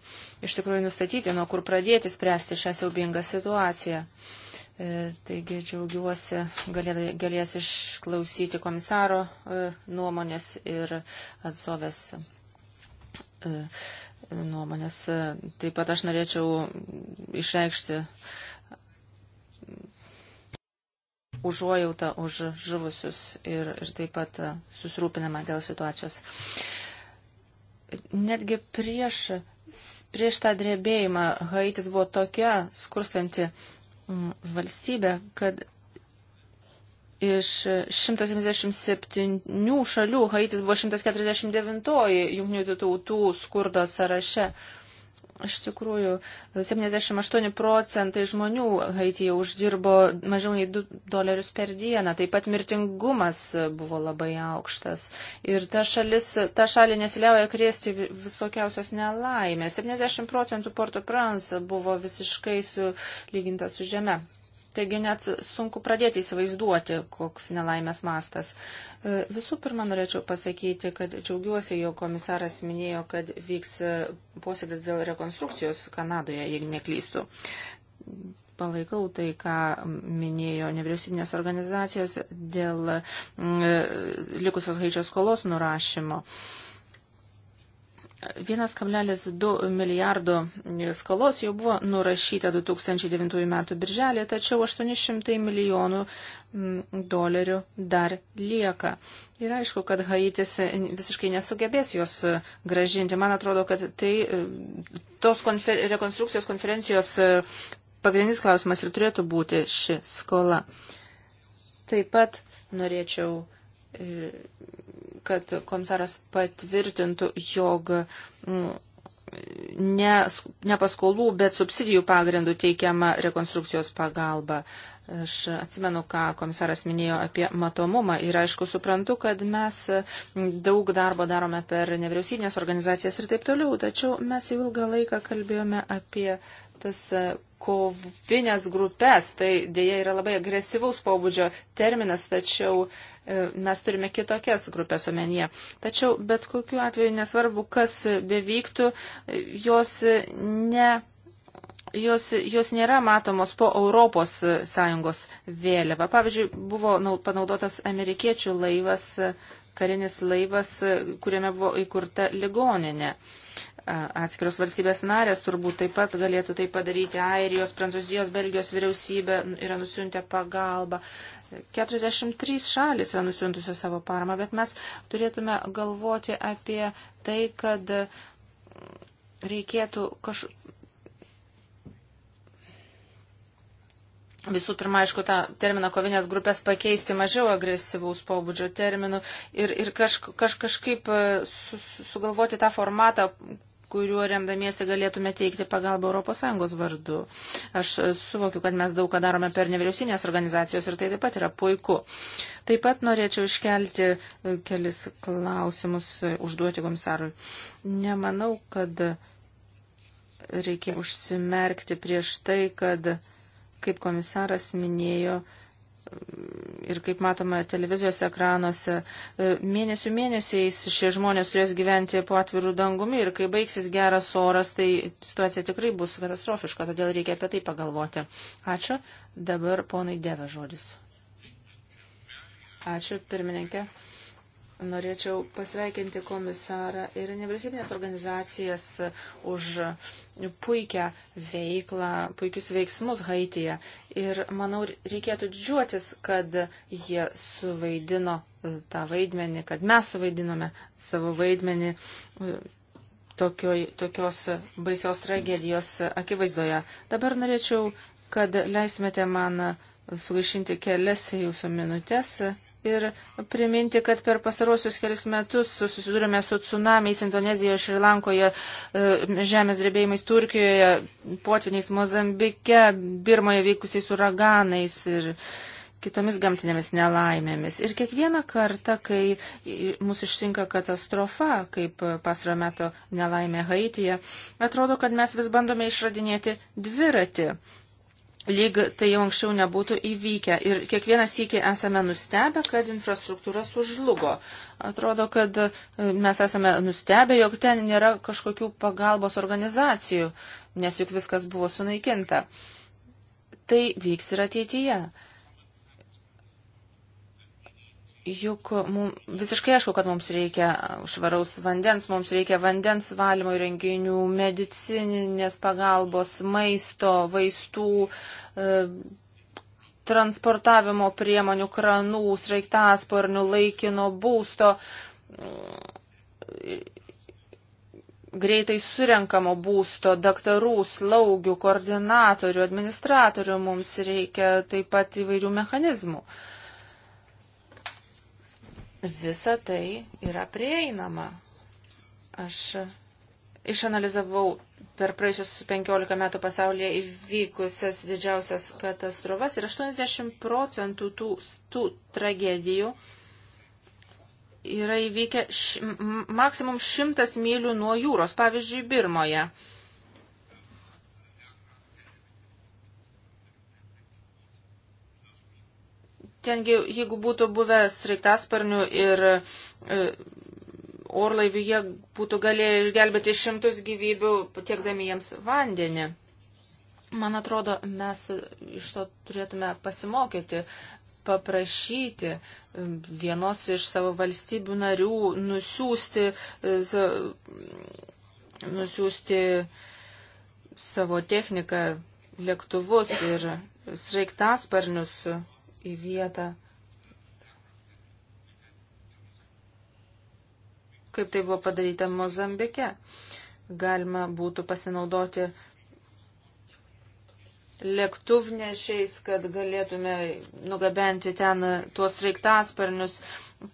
iš tikrųjų nustatyti, nuo kur pradėti spręsti šią siaubingą situaciją. E, taigi džiaugiuosi galės išklausyti komisaro e, nuomonės ir atsovės nuomonės. Taip pat aš norėčiau išreikšti užuojautą už žuvusius ir, ir taip pat susirūpinimą dėl situacijos. Uh, netgi prieš, prieš tą drebėjimą Haitis buvo tokia skurstanti mm, valstybė, kad iš 177 šalių Haitis buvo 149 jungtinių tautų skurdo sąraše. Iš tikrųjų, 78 procentai žmonių Haityje uždirbo mažiau nei 2 dolerius per dieną. Taip pat mirtingumas buvo labai aukštas. Ir ta, šalis, ta šalį nesiliauja krėsti visokiausios nelaimės. 70 procentų Porto Prans buvo visiškai sulyginta su žeme. Taigi net sunku pradėti įsivaizduoti, koks nelaimės mastas. E, visų pirma, norėčiau pasakyti, kad džiaugiuosi, jo komisaras minėjo, kad vyks e, posėdis dėl rekonstrukcijos Kanadoje, jeigu neklystų. Palaikau tai, ką minėjo nevyriausybinės organizacijos dėl mm, e, likusios haičio skolos nurašymo. Mm, 1,2 milijardo skolos jau buvo nurašyta 2009 metų birželį, tačiau 800 milijonų mm, dolerių dar lieka. Ir aišku, kad Haitis visiškai nesugebės jos e, gražinti. Man atrodo, kad tai e, tos konfer rekonstrukcijos konferencijos e, pagrindinis klausimas ir turėtų būti ši skola. Taip pat norėčiau kad komisaras patvirtintų, jog mm, ne, ne paskolų, bet subsidijų pagrindų teikiama rekonstrukcijos pagalba. Aš atsimenu, ką komisaras minėjo apie matomumą ir aišku suprantu, kad mes daug darbo darome per nevyriausybinės organizacijas ir taip toliau, tačiau mes jau ilgą laiką kalbėjome apie tas kovinės grupės. Tai dėja yra labai agresyvaus pobūdžio terminas, tačiau e, mes turime kitokias grupės omenyje. Tačiau bet kokiu atveju nesvarbu, kas bevyktų, jos, ne, jos, jos nėra matomos po Europos Sąjungos vėliava. Pavyzdžiui, buvo panaudotas amerikiečių laivas, karinis laivas, kuriame buvo įkurta ligoninė. Atskiros valstybės narės turbūt taip pat galėtų tai padaryti. Airijos, Prancūzijos, Belgijos vyriausybė yra nusiuntę pagalbą. 43 šalis yra nusiuntusios savo paramą, bet mes turėtume galvoti apie tai, kad reikėtų kažkokiu. Visų pirma, aišku, tą terminą kovinės grupės pakeisti mažiau agresyvaus pobūdžio terminų ir, ir kaž, kaž, kažkaip e, su, su, sugalvoti tą formatą, kuriuo remdamiesi galėtume teikti pagalbą ES vardu. Aš suvokiu, kad mes daug ką darome per nevyriausinės organizacijos ir tai taip pat yra puiku. Taip pat norėčiau iškelti e, kelis klausimus e, užduoti komisarui. Nemanau, kad reikia užsimerkti prieš tai, kad, kaip komisaras minėjo, ir kaip matome televizijos ekranuose, e, mėnesių mėnesiais šie žmonės turės gyventi po atvirų dangumi ir kai baigsis geras oras, tai situacija tikrai bus katastrofiška, todėl reikia apie tai pagalvoti. Ačiū. Dabar ponai Deve žodis. Ačiū, pirmininkė. Norėčiau pasveikinti komisarą ir nevyriausybinės organizacijas už puikią veiklą, puikius veiksmus Haityje. Ir manau, reikėtų džiuotis, kad jie suvaidino e, tą vaidmenį, kad mes suvaidinome savo vaidmenį e, tokio, tokios baisios tragedijos akivaizdoje. Dabar norėčiau, kad leistumėte man sugaišinti kelias jūsų minutės ir priminti, kad per pasarosius kelis metus susidūrėme su tsunamiais Indonezijoje, Šrilankoje, e, žemės drebėjimais Turkijoje, potviniais Mozambike, Birmoje vykusiais uraganais ir kitomis gamtinėmis nelaimėmis. Ir kiekvieną kartą, kai mus ištinka katastrofa, kaip pasaro meto nelaimė Haityje, atrodo, kad mes vis bandome išradinėti dviratį lyg tai jau anksčiau nebūtų įvykę. Ir kiekvieną sykį esame nustebę, kad infrastruktūra sužlugo. Atrodo, kad e, mes esame nustebę, jog ten nėra kažkokių pagalbos organizacijų, nes juk viskas buvo sunaikinta. Tai vyks ir ateityje. Juk mums, visiškai aišku, kad mums reikia švaraus vandens, mums reikia vandens valymo įrenginių, medicininės pagalbos, maisto, vaistų, e, transportavimo priemonių, kranų, sraigtasparnių, laikino būsto, e, greitai surenkamo būsto, daktarų, slaugių, koordinatorių, administratorių mums reikia taip pat įvairių mechanizmų. E, visa tai yra prieinama. Aš išanalizavau per praėjusius 15 metų pasaulyje įvykusias didžiausias katastrofas ir 80 procentų tų, tų tragedijų yra įvykę š, maksimum 100 mylių nuo jūros, pavyzdžiui, Birmoje. Tengi, jeigu būtų buvęs reiktasparnių ir e, orlaivių, jie būtų galėję išgelbėti šimtus gyvybių, patiekdami jiems vandenį. Man atrodo, mes iš to turėtume pasimokyti, paprašyti e, vienos iš savo valstybių narių nusiųsti, e, nusiųsti savo techniką, lėktuvus ir sraigtasparnius į vietą, kaip tai buvo padaryta Mozambike. Galima būtų pasinaudoti lėktuvnešiais, kad galėtume nugabenti ten tuos reiktasparnius.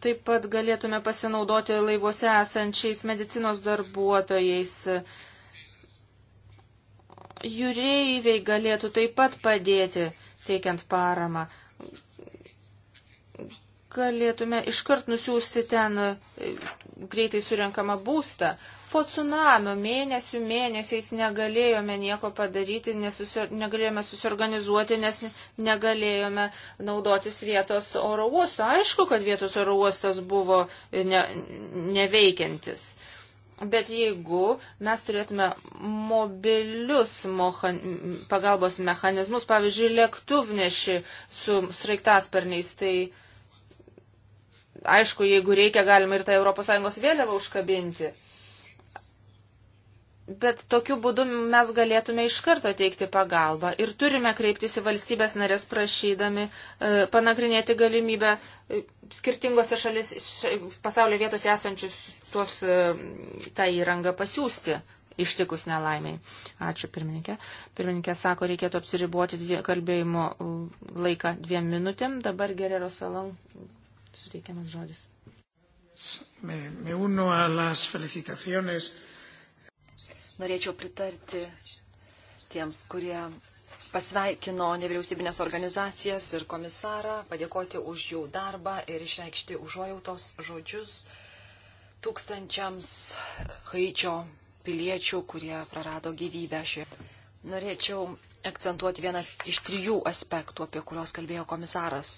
Taip pat galėtume pasinaudoti laivuose esančiais medicinos darbuotojais. Jūreiviai galėtų taip pat padėti, teikiant paramą galėtume iškart nusiųsti ten e, greitai surinkamą būstą. Po tsunamio mėnesių mėnesiais negalėjome nieko padaryti, nesusir, negalėjome susiorganizuoti, nes negalėjome naudotis vietos oro uosto. Aišku, kad vietos oro uostas buvo e, ne, neveikiantis. Bet jeigu mes turėtume mobilius mohan, pagalbos mechanizmus, pavyzdžiui, lėktuvneši su sraigtasparniais, tai aišku, jeigu reikia, galima ir tą ES vėliavą užkabinti. Bet tokiu būdu mes galėtume iš karto teikti pagalbą ir turime kreiptis į valstybės narės prašydami e, panagrinėti galimybę e, skirtingose šalis š, pasaulio vietose esančius tuos e, tą įrangą pasiūsti ištikus nelaimiai. Ačiū pirmininkė. Pirmininkė sako, reikėtų apsiriboti dvie, kalbėjimo laiką dviem minutėm. Dabar Gerero salon suteikiamas žodis. Me, me uno a las felicitaciones. Norėčiau pritarti tiems, kurie pasveikino nevyriausybinės organizacijas ir komisarą, padėkoti už jų darbą ir išreikšti užuojautos žodžius tūkstančiams haičio piliečių, kurie prarado gyvybę šioje. Norėčiau akcentuoti vieną iš trijų aspektų, apie kuriuos kalbėjo komisaras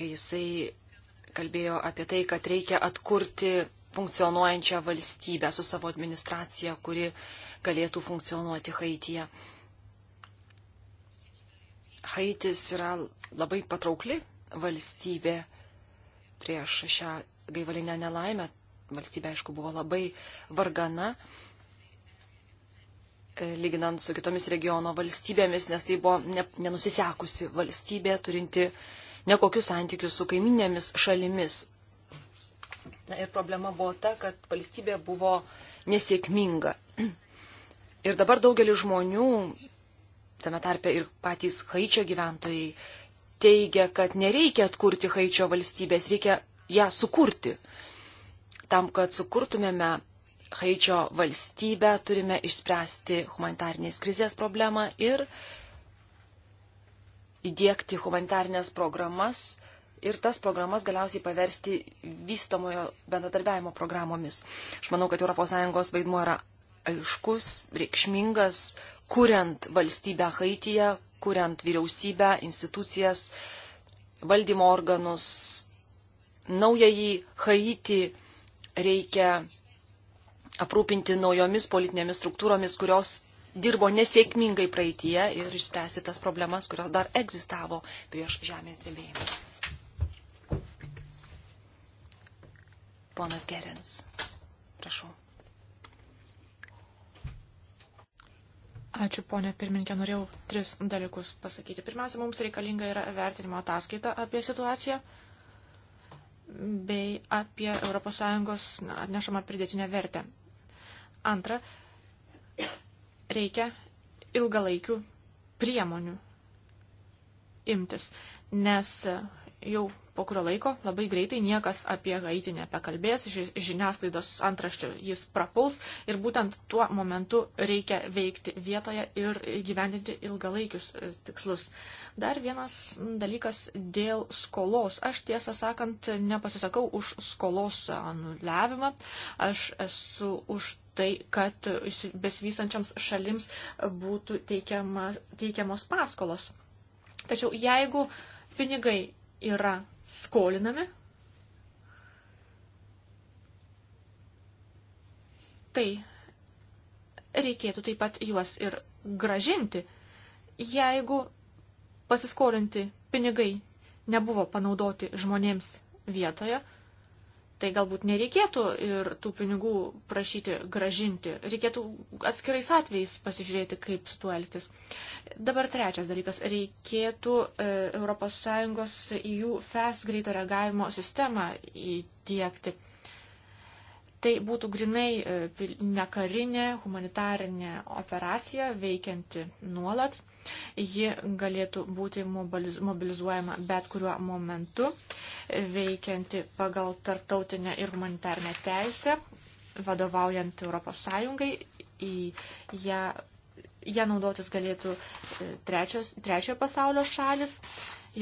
kai jisai kalbėjo apie tai, kad reikia atkurti funkcionuojančią valstybę su savo administracija, kuri galėtų funkcionuoti Haityje. Haitis yra labai patraukli valstybė prieš šią gaivalinę nelaimę. Valstybė, aišku, buvo labai vargana, e, lyginant su kitomis regiono valstybėmis, nes tai buvo nenusisekusi valstybė, turinti uh, nekokius santykius su kaiminėmis šalimis. Na, ir problema buvo ta, kad valstybė buvo nesėkminga. Ir dabar daugelis žmonių, tame tarpe ir patys Haičio gyventojai, teigia, kad nereikia atkurti Haičio valstybės, reikia ją sukurti. Tam, kad sukurtumėme Haičio valstybę, turime išspręsti humanitarnės krizės problemą ir įdėkti humanitarnės programas ir tas programas galiausiai paversti vystomojo bendradarbiavimo programomis. Aš manau, kad ES vaidmuo yra aiškus, reikšmingas, kuriant valstybę Haityje, kuriant vyriausybę, institucijas, valdymo organus. Naująjį Haitį reikia aprūpinti naujomis politinėmis struktūromis, kurios dirbo nesėkmingai praeitie ir išspręsti tas problemas, kurios dar egzistavo prieš žemės drebėjimą. Ponas Gerins, prašau. Ačiū, ponė pirmininkė, norėjau tris dalykus pasakyti. Pirmiausia, mums reikalinga yra vertinimo ataskaita apie situaciją bei apie ES atnešamą pridėtinę vertę. Antra, reikia ilgalaikių priemonių imtis, nes jau po kurio laiko labai greitai niekas apie Haitį nebekalbės, žiniasklaidos antraščių jis prapuls ir būtent tuo momentu reikia veikti vietoje ir gyvendinti ilgalaikius e, tikslus. Dar vienas dalykas dėl skolos. Aš tiesą sakant nepasisakau už skolos anuliavimą, aš esu už tai, kad besivystančiams šalims būtų teikiama, teikiamos paskolos. Tačiau jeigu pinigai yra skolinami. Tai reikėtų taip pat juos ir gražinti. Jeigu pasiskolinti pinigai nebuvo panaudoti žmonėms vietoje, tai galbūt nereikėtų ir tų pinigų prašyti gražinti. Reikėtų atskirais atvejais pasižiūrėti, kaip su tuo elgtis. Dabar trečias dalykas. Reikėtų ES į jų fast greito reagavimo sistemą įdėkti. Tai būtų grinai e, nekarinė humanitarinė operacija veikianti nuolat. Ji galėtų būti mobilizuojama bet kuriuo momentu, veikianti pagal tarptautinę ir humanitarinę teisę, vadovaujant ES, į ją, ją naudotis galėtų e, trečios, trečiojo pasaulio šalis,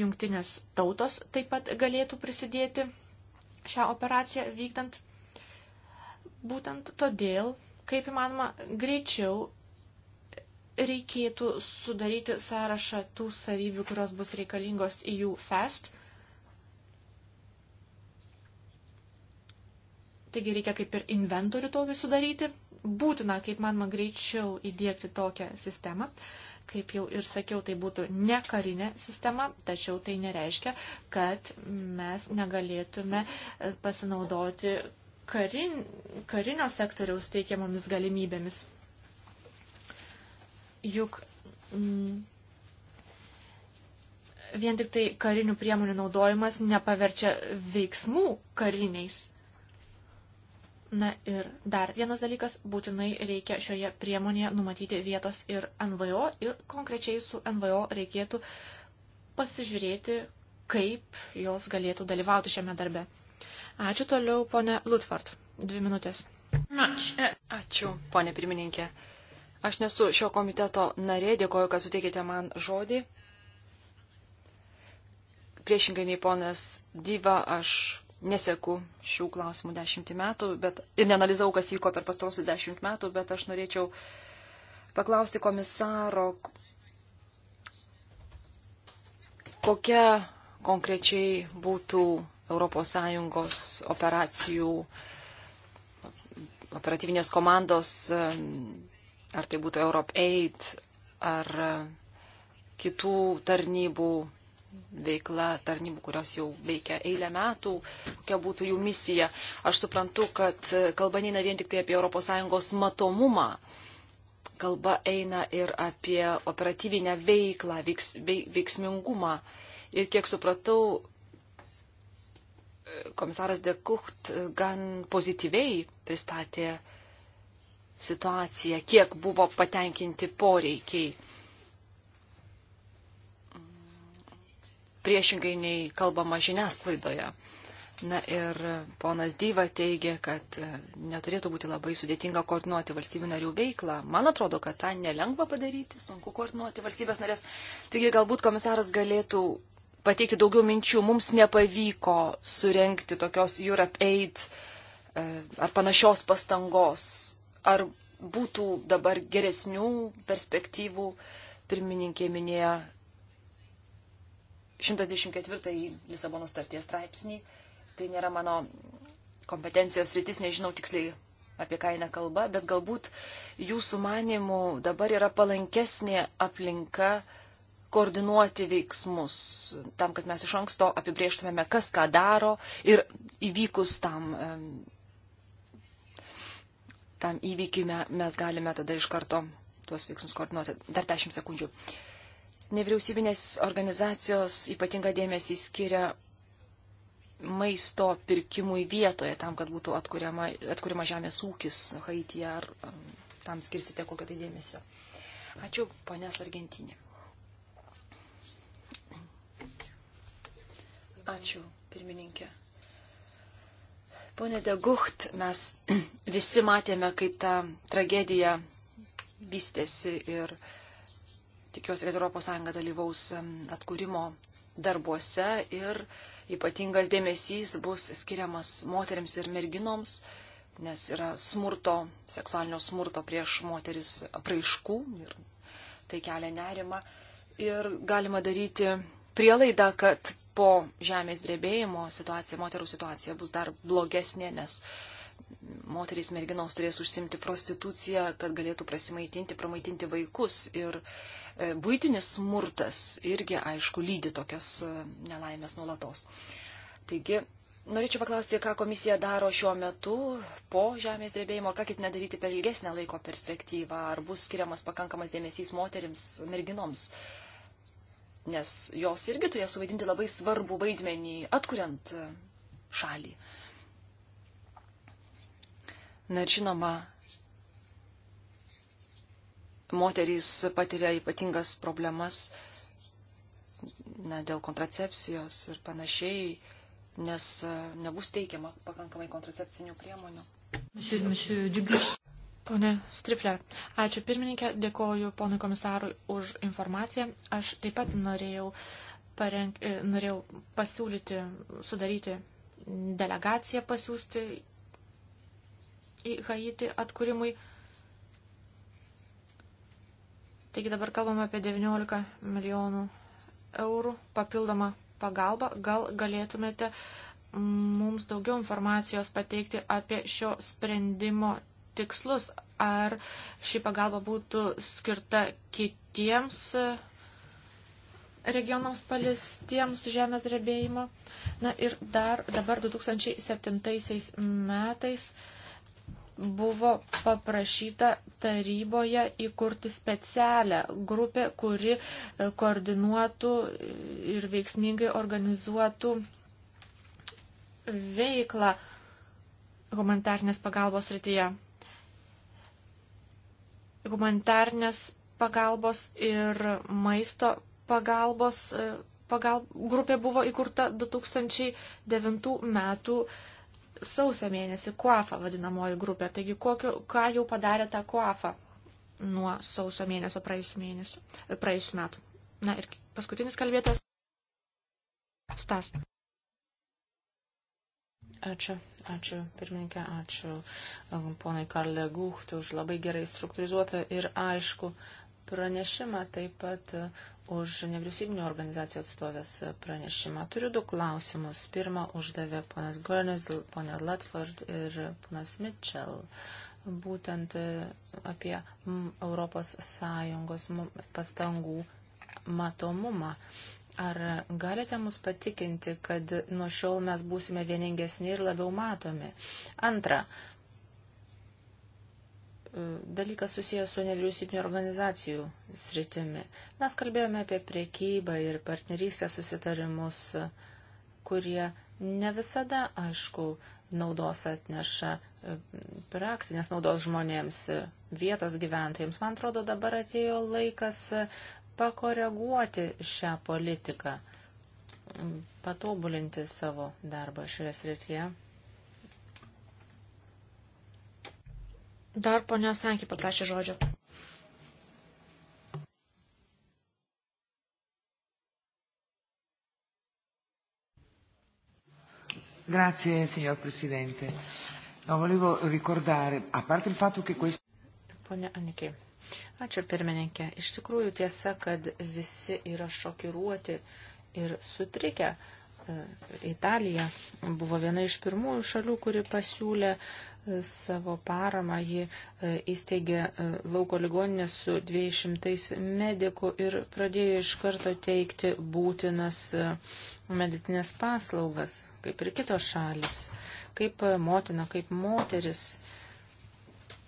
jungtinės tautos taip pat galėtų prisidėti šią operaciją vykdant Būtent todėl, kaip įmanoma, greičiau reikėtų sudaryti sąrašą tų savybių, kurios bus reikalingos į jų fest. Taigi reikia kaip ir inventorių tokį sudaryti. Būtina, kaip manoma, greičiau įdėkti tokią sistemą. Kaip jau ir sakiau, tai būtų ne karinė sistema, tačiau tai nereiškia, kad mes negalėtume e, pasinaudoti karin, karinio sektoriaus teikiamomis galimybėmis. Juk mm, vien tik tai karinių priemonių naudojimas nepaverčia veiksmų kariniais. Na ir dar vienas dalykas, būtinai reikia šioje priemonėje numatyti vietos ir NVO ir konkrečiai su NVO reikėtų pasižiūrėti, kaip jos galėtų dalyvauti šiame darbe. Ačiū toliau, ponė Lutford. Dvi minutės. Ačiū, ponė pirmininkė. Aš nesu šio komiteto narė, dėkoju, kad suteikėte man žodį. Priešingai nei ponas Dyva, aš neseku šių klausimų dešimtį metų bet, ir neanalizau, kas vyko per pastarosius dešimt metų, bet aš norėčiau paklausti komisaro, kokia konkrečiai būtų ES operacijų, operatyvinės komandos, ar tai būtų Europe 8, ar kitų tarnybų veikla, tarnybų, kurios jau veikia eilę metų, kokia būtų jų misija. Aš suprantu, kad kalba neina vien tik tai apie ES matomumą. Kalba eina ir apie operatyvinę veiklą, veiks, veiksmingumą. Ir kiek supratau, komisaras Dekucht gan pozityviai pristatė situaciją, kiek buvo patenkinti poreikiai. Priešingai nei kalbama žiniasklaidoje. Na ir ponas Dyva teigia, kad neturėtų būti labai sudėtinga koordinuoti valstybių narių veiklą. Man atrodo, kad tą nelengva padaryti, sunku koordinuoti valstybės narės. Taigi galbūt komisaras galėtų pateikti daugiau minčių. Mums nepavyko surenkti tokios Europe Aid e, ar panašios pastangos. Ar būtų dabar geresnių perspektyvų, pirmininkė minėjo 124 Lisabono starties straipsnį. Tai nėra mano kompetencijos rytis, nežinau tiksliai apie ką eina kalba, bet galbūt jūsų manimų dabar yra palankesnė aplinka koordinuoti veiksmus, tam, kad mes iš anksto apibrieštumėme, kas ką daro ir įvykus tam, tam įvykime mes galime tada iš karto tuos veiksmus koordinuoti. Dar 10 sekundžių. Nevyriausybinės organizacijos ypatinga dėmesį skiria maisto pirkimui vietoje, tam, kad būtų atkuriama, atkuriama žemės ūkis Haityje, ar tam skirsite kokią tai dėmesį. Ačiū, ponės Argentinė. Ačiū, pirmininkė. Pone Degucht, mes visi matėme, kaip ta tragedija vystėsi ir tikiuosi, kad ES dalyvaus atkūrimo darbuose ir ypatingas dėmesys bus skiriamas moteriams ir merginoms, nes yra smurto, seksualinio smurto prieš moteris apraiškų ir tai kelia nerima. Ir galima daryti prielaidą, kad po žemės drebėjimo situacija, moterų situacija bus dar blogesnė, nes moterys merginos turės užsimti prostituciją, kad galėtų prasimaitinti, pramaitinti vaikus. Ir e, būtinis smurtas irgi, aišku, lydi tokios e, nelaimės nuolatos. Taigi, norėčiau paklausti, ką komisija daro šiuo metu po žemės drebėjimo, ar ką ketina daryti per ilgesnę laiko perspektyvą, ar bus skiriamas pakankamas dėmesys moterims, merginoms nes jos irgi turėjo suvaidinti labai svarbų vaidmenį atkuriant e, šalį. Na ir žinoma, moterys patiria ypatingas problemas na, dėl kontracepcijos ir panašiai, nes e, nebus teikiama pakankamai kontracepcinių priemonių. Monsieur, monsieur Pone Strifler, ačiū pirmininkė, dėkoju ponui komisarui už informaciją. Aš taip pat norėjau, parenk, e, norėjau pasiūlyti, sudaryti delegaciją pasiūsti į Haiti atkūrimui. Taigi dabar kalbame apie 19 milijonų eurų papildomą pagalbą. Gal galėtumėte mums daugiau informacijos pateikti apie šio sprendimo tikslus, ar ši pagalba būtų skirta kitiems e, regionams palistiems žemės drebėjimo. Na ir dar dabar 2007 metais buvo paprašyta taryboje įkurti specialią grupę, kuri e, koordinuotų e, ir veiksmingai organizuotų veiklą humanitarnės pagalbos rytyje humanitarnės pagalbos ir maisto pagalbos e, pagal, grupė buvo įkurta 2009 metų sausio mėnesį, kuafa vadinamoji grupė. Taigi, kokio, ką jau padarė ta kuafa nuo sausio mėnesio praėjusiu mėnesiu, praėjusiu metu. Na ir paskutinis kalbėtas. Stas. Ačiū, ačiū pirmininkė, ačiū um, ponai Karle Gucht už labai gerai struktūrizuotą ir aišku pranešimą, taip pat uh, už nevyriausybinio organizacijų atstovės uh, pranešimą. Turiu du klausimus. Pirmą uždavė ponas Gornis, ponė Latford ir ponas Mitchell būtent uh, apie mm, Europos Sąjungos mm, pastangų matomumą. Ar galite mus patikinti, kad nuo šiol mes būsime vieningesni ir labiau matomi? Antra, e, dalykas susijęs su nevyriausybinio organizacijų sritimi. Mes kalbėjome apie priekybą ir partnerystę susitarimus, kurie ne visada, aišku, naudos atneša e, praktinės naudos žmonėms, vietos gyventojams. Man atrodo, dabar atėjo laikas pakoreguoti šią politiką, patobulinti savo darbą šioje srityje. Dar ponios Sankį paprašė žodžio. Grazie, signor Presidente. No, volevo ricordare, a parte il fatto che questo... Pone Annichè. Ačiū pirmininkė. Iš tikrųjų tiesa, kad visi yra šokiruoti ir sutrikę. E, Italija buvo viena iš pirmųjų šalių, kuri pasiūlė e, savo paramą. Ji e, įsteigė lauko ligoninę su 200 medikų ir pradėjo iš karto teikti būtinas medicinės paslaugas, kaip ir kitos šalis. Kaip motina, kaip moteris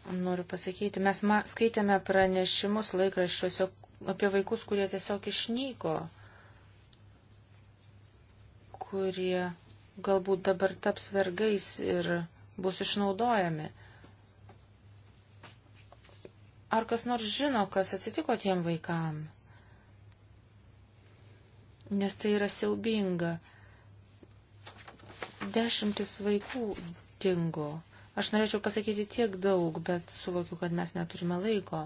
noriu pasakyti. Mes ma, skaitėme pranešimus laikraščiuose apie vaikus, kurie tiesiog išnyko, kurie galbūt dabar taps vergais ir bus išnaudojami. Ar kas nors žino, kas atsitiko tiem vaikam? Nes tai yra siaubinga. Dešimtis vaikų dingo. Aš norėčiau pasakyti tiek daug, bet suvokiu, kad mes neturime laiko.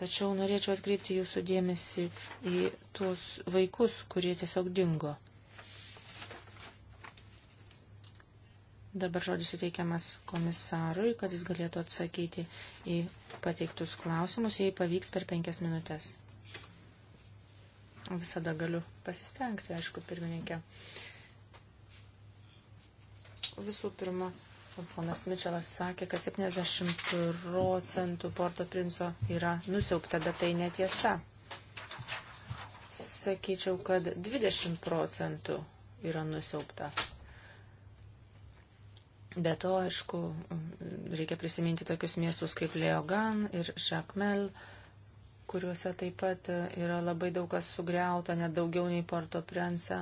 Tačiau norėčiau atkreipti jūsų dėmesį į tuos vaikus, kurie tiesiog dingo. Dabar žodis suteikiamas komisarui, kad jis galėtų atsakyti į pateiktus klausimus, jei pavyks per penkias minutės. Visada galiu pasistengti, aišku, pirmininkė. Visų pirma, Ponas Mičelas sakė, kad 70 procentų Porto Princo yra nusiaupta, bet tai netiesa. Sakyčiau, kad 20 procentų yra nusiaupta. Be to, aišku, reikia prisiminti tokius miestus kaip Leogan ir Šakmel, kuriuose taip pat yra labai daug kas sugriauta, net daugiau nei Porto Prince,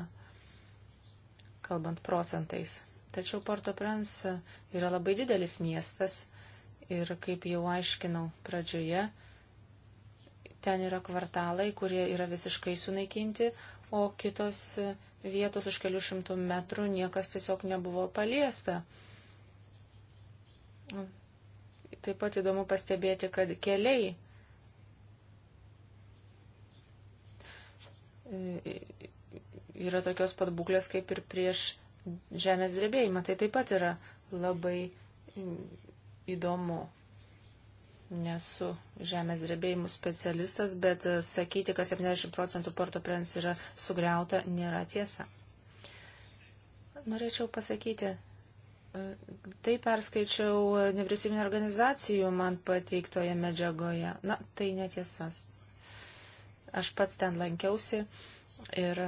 kalbant procentais. Tačiau Porto Prens yra labai didelis miestas ir, kaip jau aiškinau pradžioje, ten yra kvartalai, kurie yra visiškai sunaikinti, o kitos vietos už kelių šimtų metrų niekas tiesiog nebuvo paliesta. Taip pat įdomu pastebėti, kad keliai e, yra tokios pat būklės kaip ir prieš žemės drebėjimą. Tai taip pat yra labai įdomu. Nesu žemės drebėjimų specialistas, bet sakyti, kad 70 procentų Porto Prens yra sugriauta, nėra tiesa. Norėčiau pasakyti, e, tai perskaičiau nevyriausybinio organizacijų man pateiktoje medžiagoje. Na, tai netiesas. Aš pats ten lankiausi ir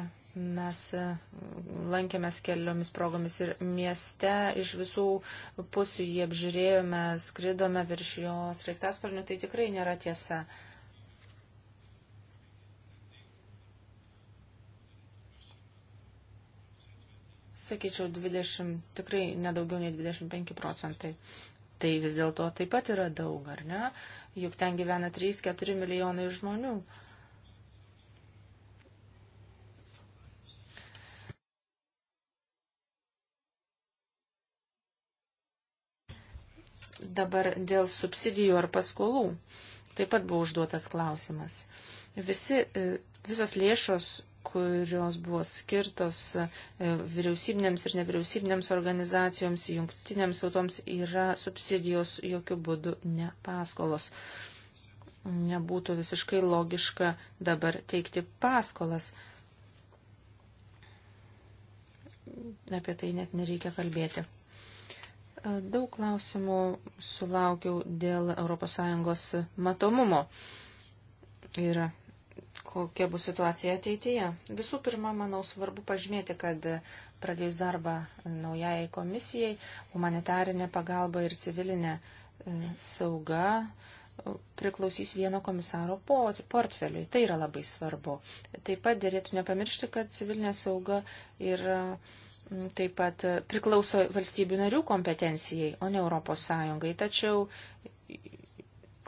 Mes e, lankėmės keliomis progomis ir mieste iš visų pusių jį apžiūrėjome, skridome virš jo sraigtasparnių, tai tikrai nėra tiesa. Sakyčiau, 20, tikrai nedaugiau nei 25 procentai. Tai vis dėlto taip pat yra daug, ar ne? Juk ten gyvena 3-4 milijonai žmonių. Uh, Dabar dėl subsidijų ar paskolų. Taip pat buvo užduotas klausimas. Visi, e, visos lėšos, kurios buvo skirtos e, vyriausybinėms ir nevyriausybinėms organizacijoms, jungtinėms tautoms, yra subsidijos jokių būdų ne paskolos. Nebūtų visiškai logiška dabar teikti paskolas. Apie tai net nereikia kalbėti. Daug klausimų sulaukiau dėl ES matomumo ir kokia bus situacija ateityje. Visų pirma, manau, svarbu pažymėti, kad pradėjus darbą naujai komisijai, humanitarinė pagalba ir civilinė e, sauga e, priklausys vieno komisaro portfeliui. Tai yra labai svarbu. Taip pat dėlėtų nepamiršti, kad civilinė sauga yra. Ir taip pat priklauso valstybių narių kompetencijai, o ne Europos Sąjungai. Tačiau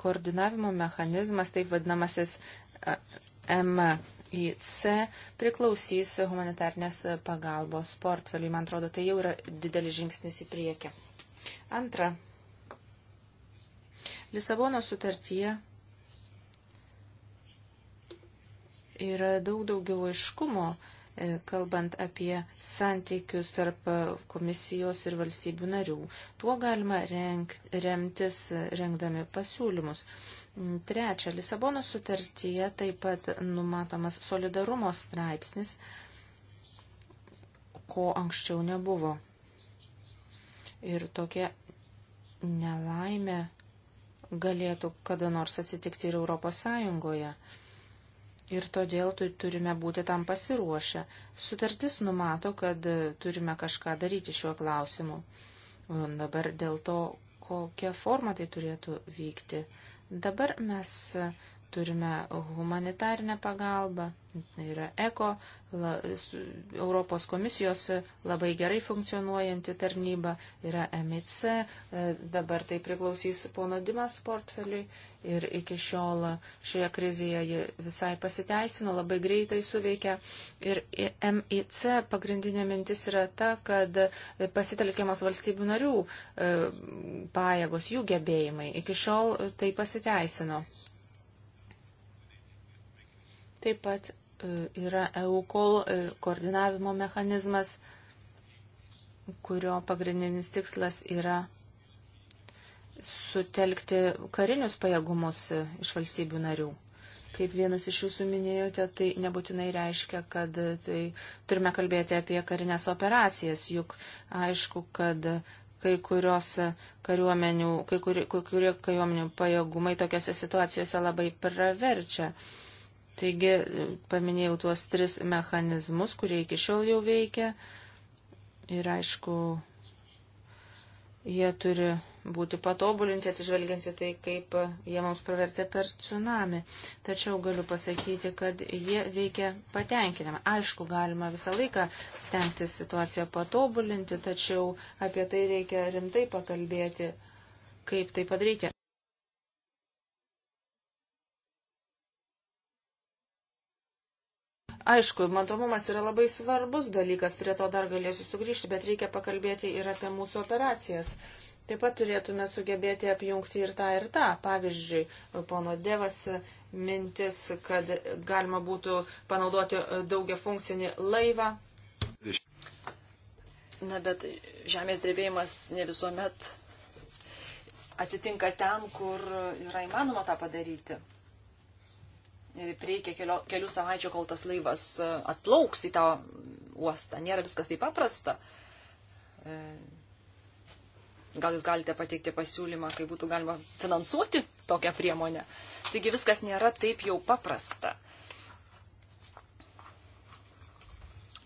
koordinavimo mechanizmas, taip vadinamasis MIC, priklausys humanitarnės pagalbos portfeliui. Man atrodo, tai jau yra didelis žingsnis į priekį. Antra. Lisabono sutartyje yra daug daugiau aiškumo E, kalbant apie santykius tarp komisijos ir valstybių narių. Tuo galima renk, remtis rengdami pasiūlymus. Trečia, Lisabono sutartyje taip pat numatomas solidarumo straipsnis, ko anksčiau nebuvo. Ir tokia nelaimė galėtų kada nors atsitikti ir Europos Sąjungoje. Ir todėl turime būti tam pasiruošę. Sutartis numato, kad turime kažką daryti šiuo klausimu. Dabar dėl to, kokia forma tai turėtų vykti. Dabar mes turime humanitarinę pagalbą, tai yra ECO, la, Europos komisijos labai gerai funkcionuojanti tarnyba, yra MIC, e, dabar tai priklausys pono Dimas portfeliui ir iki šiol šioje krizėje ji visai pasiteisino, labai greitai suveikia. Ir MIC pagrindinė mintis yra ta, kad pasitelkiamos valstybių narių e, pajėgos, jų gebėjimai. Iki šiol tai pasiteisino. Taip pat e, yra EUCOL e, koordinavimo mechanizmas, kurio pagrindinis tikslas yra sutelkti karinius pajėgumus e, iš valstybių narių. Kaip vienas iš jūsų minėjote, tai nebūtinai reiškia, kad tai turime kalbėti apie karinės operacijas, juk aišku, kad kai kurios kariuomenių, kai, kur, kai kurie kariuomenių pajėgumai tokiose situacijose labai praverčia. Uh, Taigi paminėjau tuos tris mechanizmus, kurie iki šiol jau veikia. Ir aišku, jie turi būti patobulinti atsižvelgiant į tai, kaip jie mums pravertė per tsunami. Tačiau galiu pasakyti, kad jie veikia patenkinamą. Aišku, galima visą laiką stengtis situaciją patobulinti, tačiau apie tai reikia rimtai pakalbėti, kaip tai padaryti. Aišku, matomumas yra labai svarbus dalykas, prie to dar galėsiu sugrįžti, bet reikia pakalbėti ir apie mūsų operacijas. Taip pat turėtume sugebėti apjungti ir tą, ir tą. Pavyzdžiui, pono Devas mintis, kad galima būtų panaudoti daugia funkcinį laivą. Na, bet žemės drebėjimas ne visuomet atsitinka ten, kur yra įmanoma tą padaryti. Reikia kelio, kelių savaičių, kol tas laivas e, atplauks į tą uostą. Nėra viskas taip paprasta. E, gal jūs galite pateikti pasiūlymą, kaip būtų galima finansuoti tokią priemonę. Taigi viskas nėra taip jau paprasta.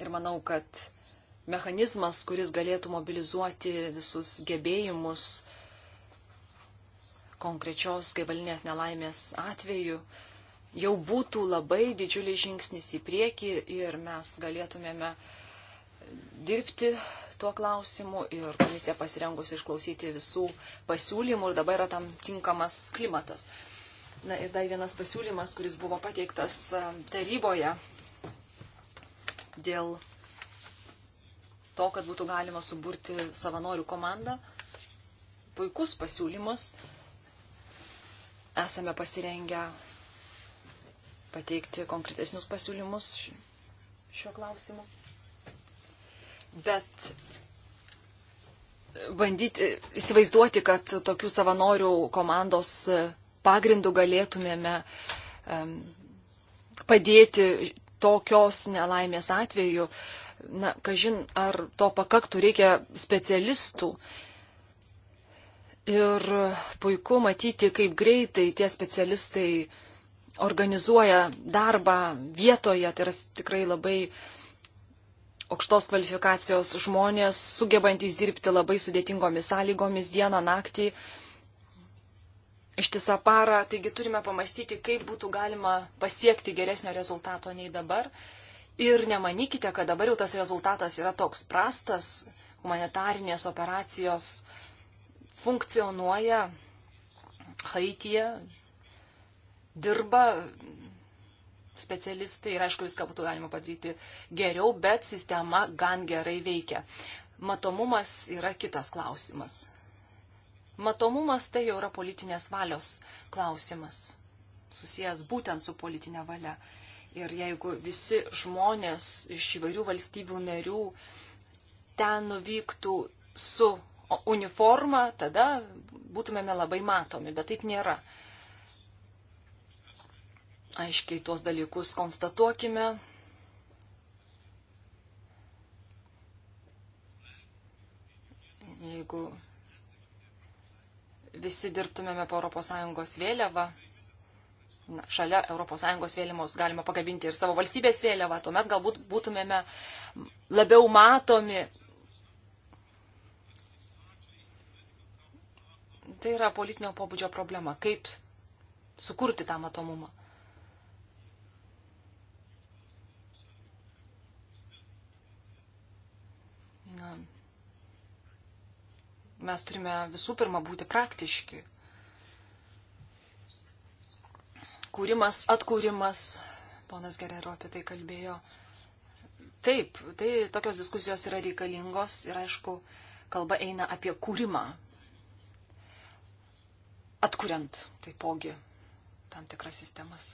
Ir manau, kad mechanizmas, kuris galėtų mobilizuoti visus gebėjimus konkrečios gaivalinės nelaimės atveju, uh, jau būtų labai didžiulis žingsnis į priekį ir mes galėtumėme dirbti tuo klausimu ir komisija pasirengusi išklausyti visų pasiūlymų ir dabar yra tam tinkamas klimatas. Na ir dar vienas pasiūlymas, kuris buvo pateiktas taryboje dėl to, kad būtų galima suburti savanorių komandą. Puikus pasiūlymas. Esame pasirengę pateikti konkretesnius pasiūlymus šiuo klausimu. Bet bandyti įsivaizduoti, kad tokių savanorių komandos pagrindų galėtumėme um, padėti tokios nelaimės atveju, na, kažin, ar to pakaktų, reikia specialistų. Ir puiku matyti, kaip greitai tie specialistai uh, organizuoja darbą vietoje, tai yra tikrai labai aukštos kvalifikacijos žmonės, sugebantys dirbti labai sudėtingomis sąlygomis dieną, naktį, ištisą parą. Taigi turime pamastyti, kaip būtų galima pasiekti geresnio rezultato nei dabar. Ir nemanykite, kad dabar jau tas rezultatas yra toks prastas, humanitarinės operacijos funkcionuoja Haityje, dirba specialistai ir aišku viską būtų galima padaryti geriau, bet sistema gan gerai veikia. Matomumas yra kitas klausimas. Matomumas tai jau yra politinės valios klausimas, susijęs būtent su politinė valia. Ir jeigu visi žmonės iš įvairių valstybių narių ten nuvyktų su uniforma, tada būtumėme labai matomi, bet taip nėra. Uh, aiškiai tuos dalykus konstatuokime. Jeigu visi dirbtumėme po ES vėliavą, na, šalia ES vėliavos galima pagabinti ir savo valstybės vėliavą, tuomet galbūt būtumėme labiau matomi. Tai yra politinio pobūdžio problema, kaip sukurti tą matomumą. mes turime visų pirma būti praktiški. Kūrimas, atkūrimas, ponas Gerero apie tai kalbėjo. Taip, tai tokios diskusijos yra reikalingos ir aišku, kalba eina apie kūrimą. Atkuriant taipogi tam tikras sistemas.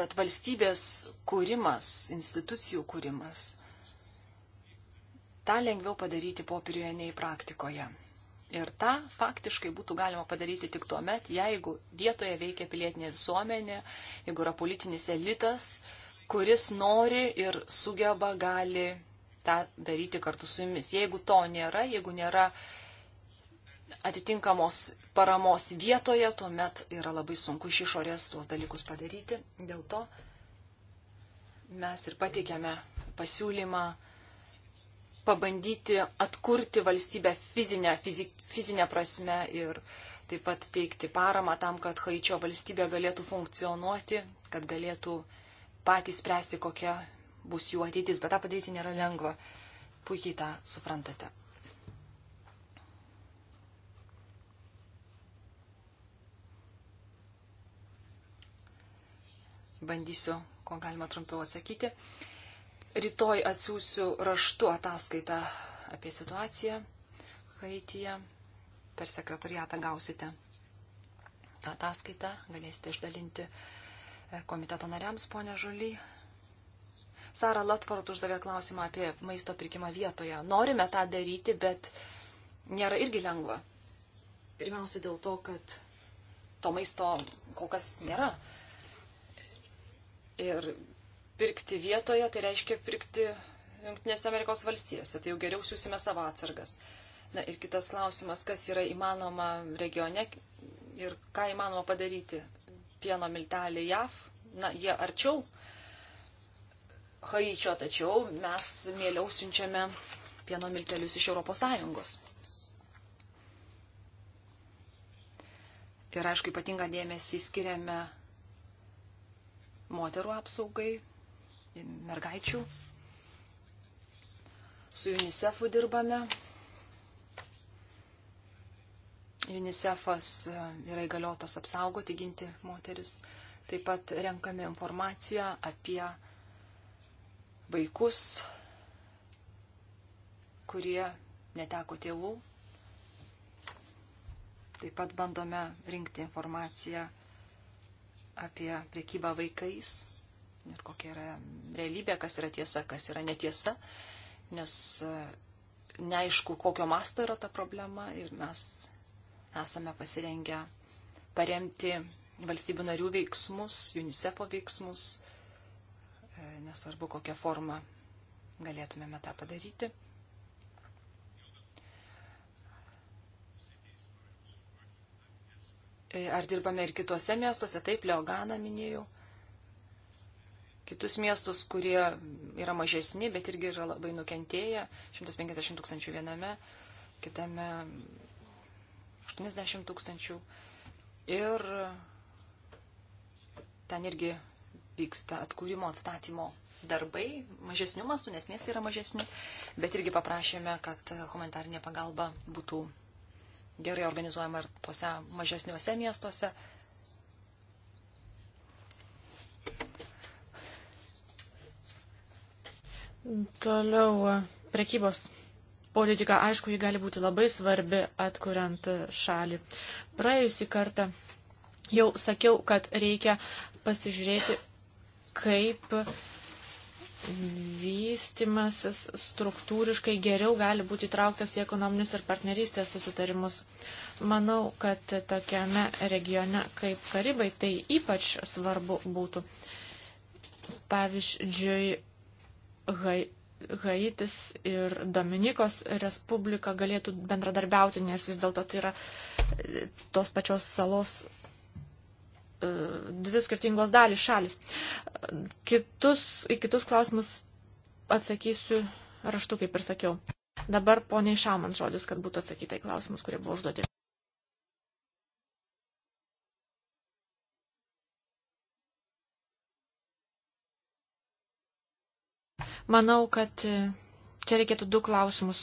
Bet valstybės kūrimas, institucijų kūrimas tą lengviau padaryti popieriuje nei praktikoje. Ir tą faktiškai būtų galima padaryti tik tuo met, jeigu vietoje veikia pilietinė visuomenė, jeigu yra politinis elitas, kuris nori ir sugeba, gali tą daryti kartu su jumis. Jeigu to nėra, jeigu nėra atitinkamos paramos vietoje, tuomet yra labai sunku iš išorės tuos dalykus padaryti. Dėl to mes ir pateikėme pasiūlymą pabandyti atkurti valstybę fizinę, fizik, fizinę prasme ir taip pat teikti paramą tam, kad Haičio valstybė galėtų funkcionuoti, kad galėtų patys spręsti, kokia bus jų ateitis, bet tą padaryti nėra lengva. Puikiai tą suprantate. Bandysiu, ko galima trumpiau atsakyti. Uh, Rytoj atsiųsiu raštu ataskaitą apie situaciją Haityje. Per sekretariatą gausite tą ataskaitą, galėsite išdalinti e, komiteto nariams, ponė Žuly. Sara Latvart uždavė klausimą apie maisto pirkimą vietoje. Norime tą daryti, bet nėra irgi lengva. Pirmiausia dėl to, kad to maisto kol kas nėra. Ir pirkti vietoje, tai reiškia pirkti Junktinėse Amerikos valstijose, tai jau geriau siūsime savo atsargas. Na ir kitas klausimas, kas yra įmanoma regione ir ką įmanoma padaryti. Pieno milteliai JAV, na jie arčiau Haičio, tačiau mes mieliau siunčiame pieno miltelius iš ES. Ir aišku, ypatingą dėmesį skiriame moterų apsaugai, mergaičių. Su UNICEF'u dirbame. UNICEF'as e, yra įgaliotas apsaugoti, ginti moteris. Taip pat renkame informaciją apie vaikus, kurie neteko tėvų. Taip pat bandome rinkti informaciją apie priekybą vaikais, ir kokia yra realybė, kas yra tiesa, kas yra netiesa, nes e, neaišku, kokio masto yra ta problema ir mes esame pasirengę paremti valstybių narių veiksmus, UNICEF'o veiksmus, e, nesvarbu, kokią formą galėtumėme tą padaryti. E, ar dirbame ir kitose miestuose, taip, Leoganą minėjau kitus miestus, kurie yra mažesni, bet irgi yra labai nukentėję. 150 tūkstančių viename, kitame 80 tūkstančių. Ir ten irgi vyksta atkūrimo atstatymo darbai mažesnių mastų, nes miestai yra mažesni, bet irgi paprašėme, kad humanitarinė pagalba būtų gerai organizuojama ir tuose mažesniuose miestuose. Toliau prekybos politika, aišku, ji gali būti labai svarbi atkuriant šalį. Praėjusį kartą jau sakiau, kad reikia pasižiūrėti, kaip vystimasis struktūriškai geriau gali būti įtrauktas į ekonominius ir partnerystės susitarimus. Manau, kad tokiame regione kaip Karibai tai ypač svarbu būtų. Pavyzdžiui, Haitis ir Dominikos Respublika galėtų bendradarbiauti, nes vis dėlto tai yra e, tos pačios salos e, dvi skirtingos dalys šalis. Kitus, į kitus klausimus atsakysiu raštu, kaip ir sakiau. Dabar poniai Šamans žodis, kad būtų atsakyta į klausimus, kurie buvo užduoti. Manau, kad e, čia reikėtų du klausimus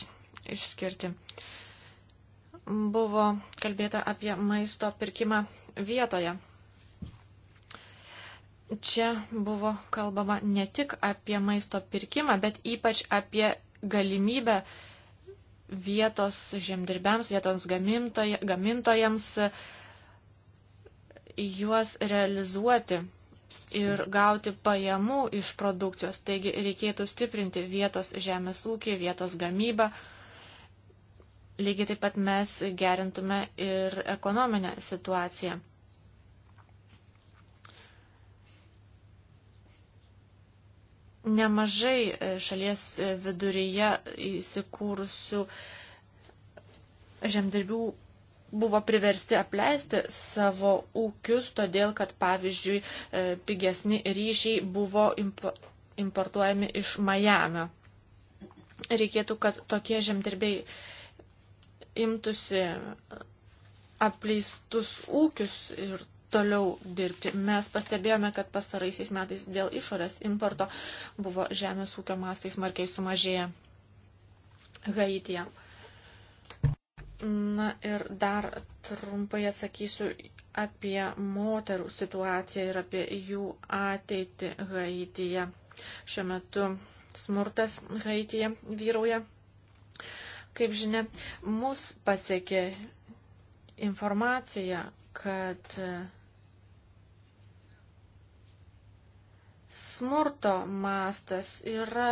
išskirti. Buvo kalbėta apie maisto pirkimą vietoje. Čia buvo kalbama ne tik apie maisto pirkimą, bet ypač apie galimybę vietos žemdirbiams, vietos gamintojams e, juos realizuoti ir gauti pajamų iš produkcijos. Taigi reikėtų stiprinti vietos žemės ūkį, vietos gamybą. Lygiai taip pat mes gerintume ir ekonominę situaciją. Nemažai e, šalies e, viduryje įsikūrusių žemdirbių buvo priversti apleisti savo ūkius, todėl kad, pavyzdžiui, e, pigesni ryžiai buvo importuojami iš Majamio. Reikėtų, kad tokie žemdirbiai imtųsi apleistus ūkius ir toliau dirbti. Mes pastebėjome, kad pastaraisiais metais dėl išorės importo buvo žemės ūkio mastai smarkiai sumažėję Haityje. Na ir dar trumpai atsakysiu apie moterų situaciją ir apie jų ateitį Haityje. Šiuo metu smurtas Haityje vyrauja. Kaip žinia, mus pasiekė informacija, kad smurto mastas yra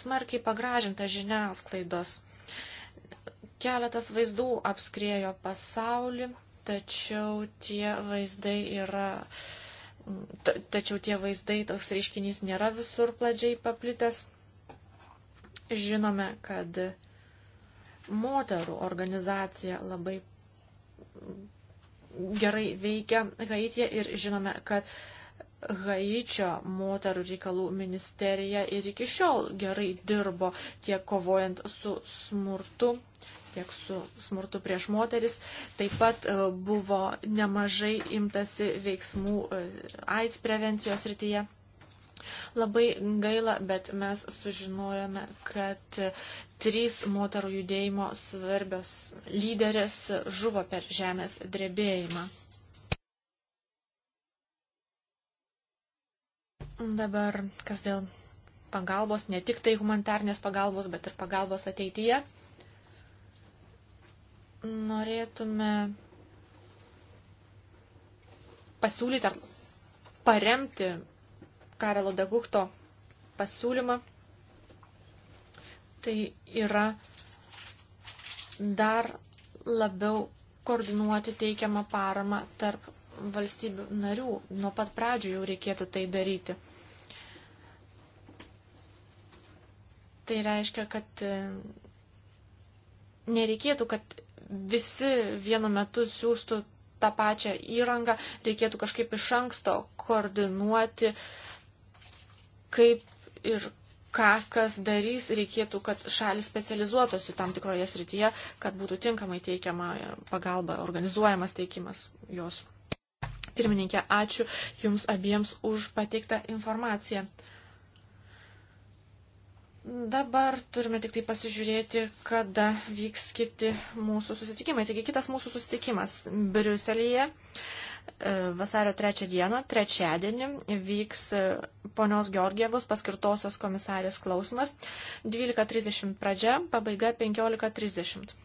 smarkiai pagražinta žiniasklaidos. Keletas vaizdų apskriejo pasaulį, tačiau tie vaizdai yra. Tačiau tie vaizdai, toks reiškinys nėra visur plačiai paplitęs. Žinome, kad moterų organizacija labai gerai veikia Haityje ir žinome, kad Haičio moterų reikalų ministerija ir iki šiol gerai dirbo tiek kovojant su smurtu, tiek su smurtu prieš moteris. Taip pat e, buvo nemažai imtasi veiksmų e, AIDS prevencijos rytyje. Labai gaila, bet mes sužinojome, kad trys moterų judėjimo svarbios lyderės žuvo per žemės drebėjimą. Dabar kas dėl pagalbos, ne tik tai humanitarnės pagalbos, bet ir pagalbos ateityje norėtume pasiūlyti ar paremti Karelo Degukto pasiūlymą. Tai yra dar labiau koordinuoti teikiamą paramą tarp valstybių narių. Nuo pat pradžių jau reikėtų tai daryti. Tai reiškia, kad e, nereikėtų, kad visi vienu metu siūstų tą pačią įrangą, reikėtų kažkaip iš anksto koordinuoti, kaip ir ką kas darys, reikėtų, kad šalis specializuotųsi tam tikroje srityje, kad būtų tinkamai teikiama pagalba, organizuojamas teikimas jos. Pirmininkė, ačiū Jums abiems už pateiktą informaciją. Dabar turime tik tai pasižiūrėti, kada vyks kiti mūsų susitikimai. Taigi kitas mūsų susitikimas Briuselėje e, vasario 3 dieną, trečiadienį, vyks e, ponios Georgievos paskirtosios komisarės klausimas. 12.30 pradžia, pabaiga 15.30.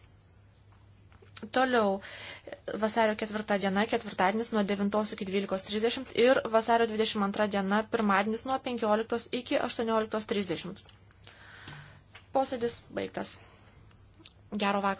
Toliau e, vasario 4 diena, ketvirtadienis nuo 9 iki 12.30 ir vasario 22 diena, pirmadienis nuo 15 iki 18.30. Posėdis baigtas. Gero vakaro.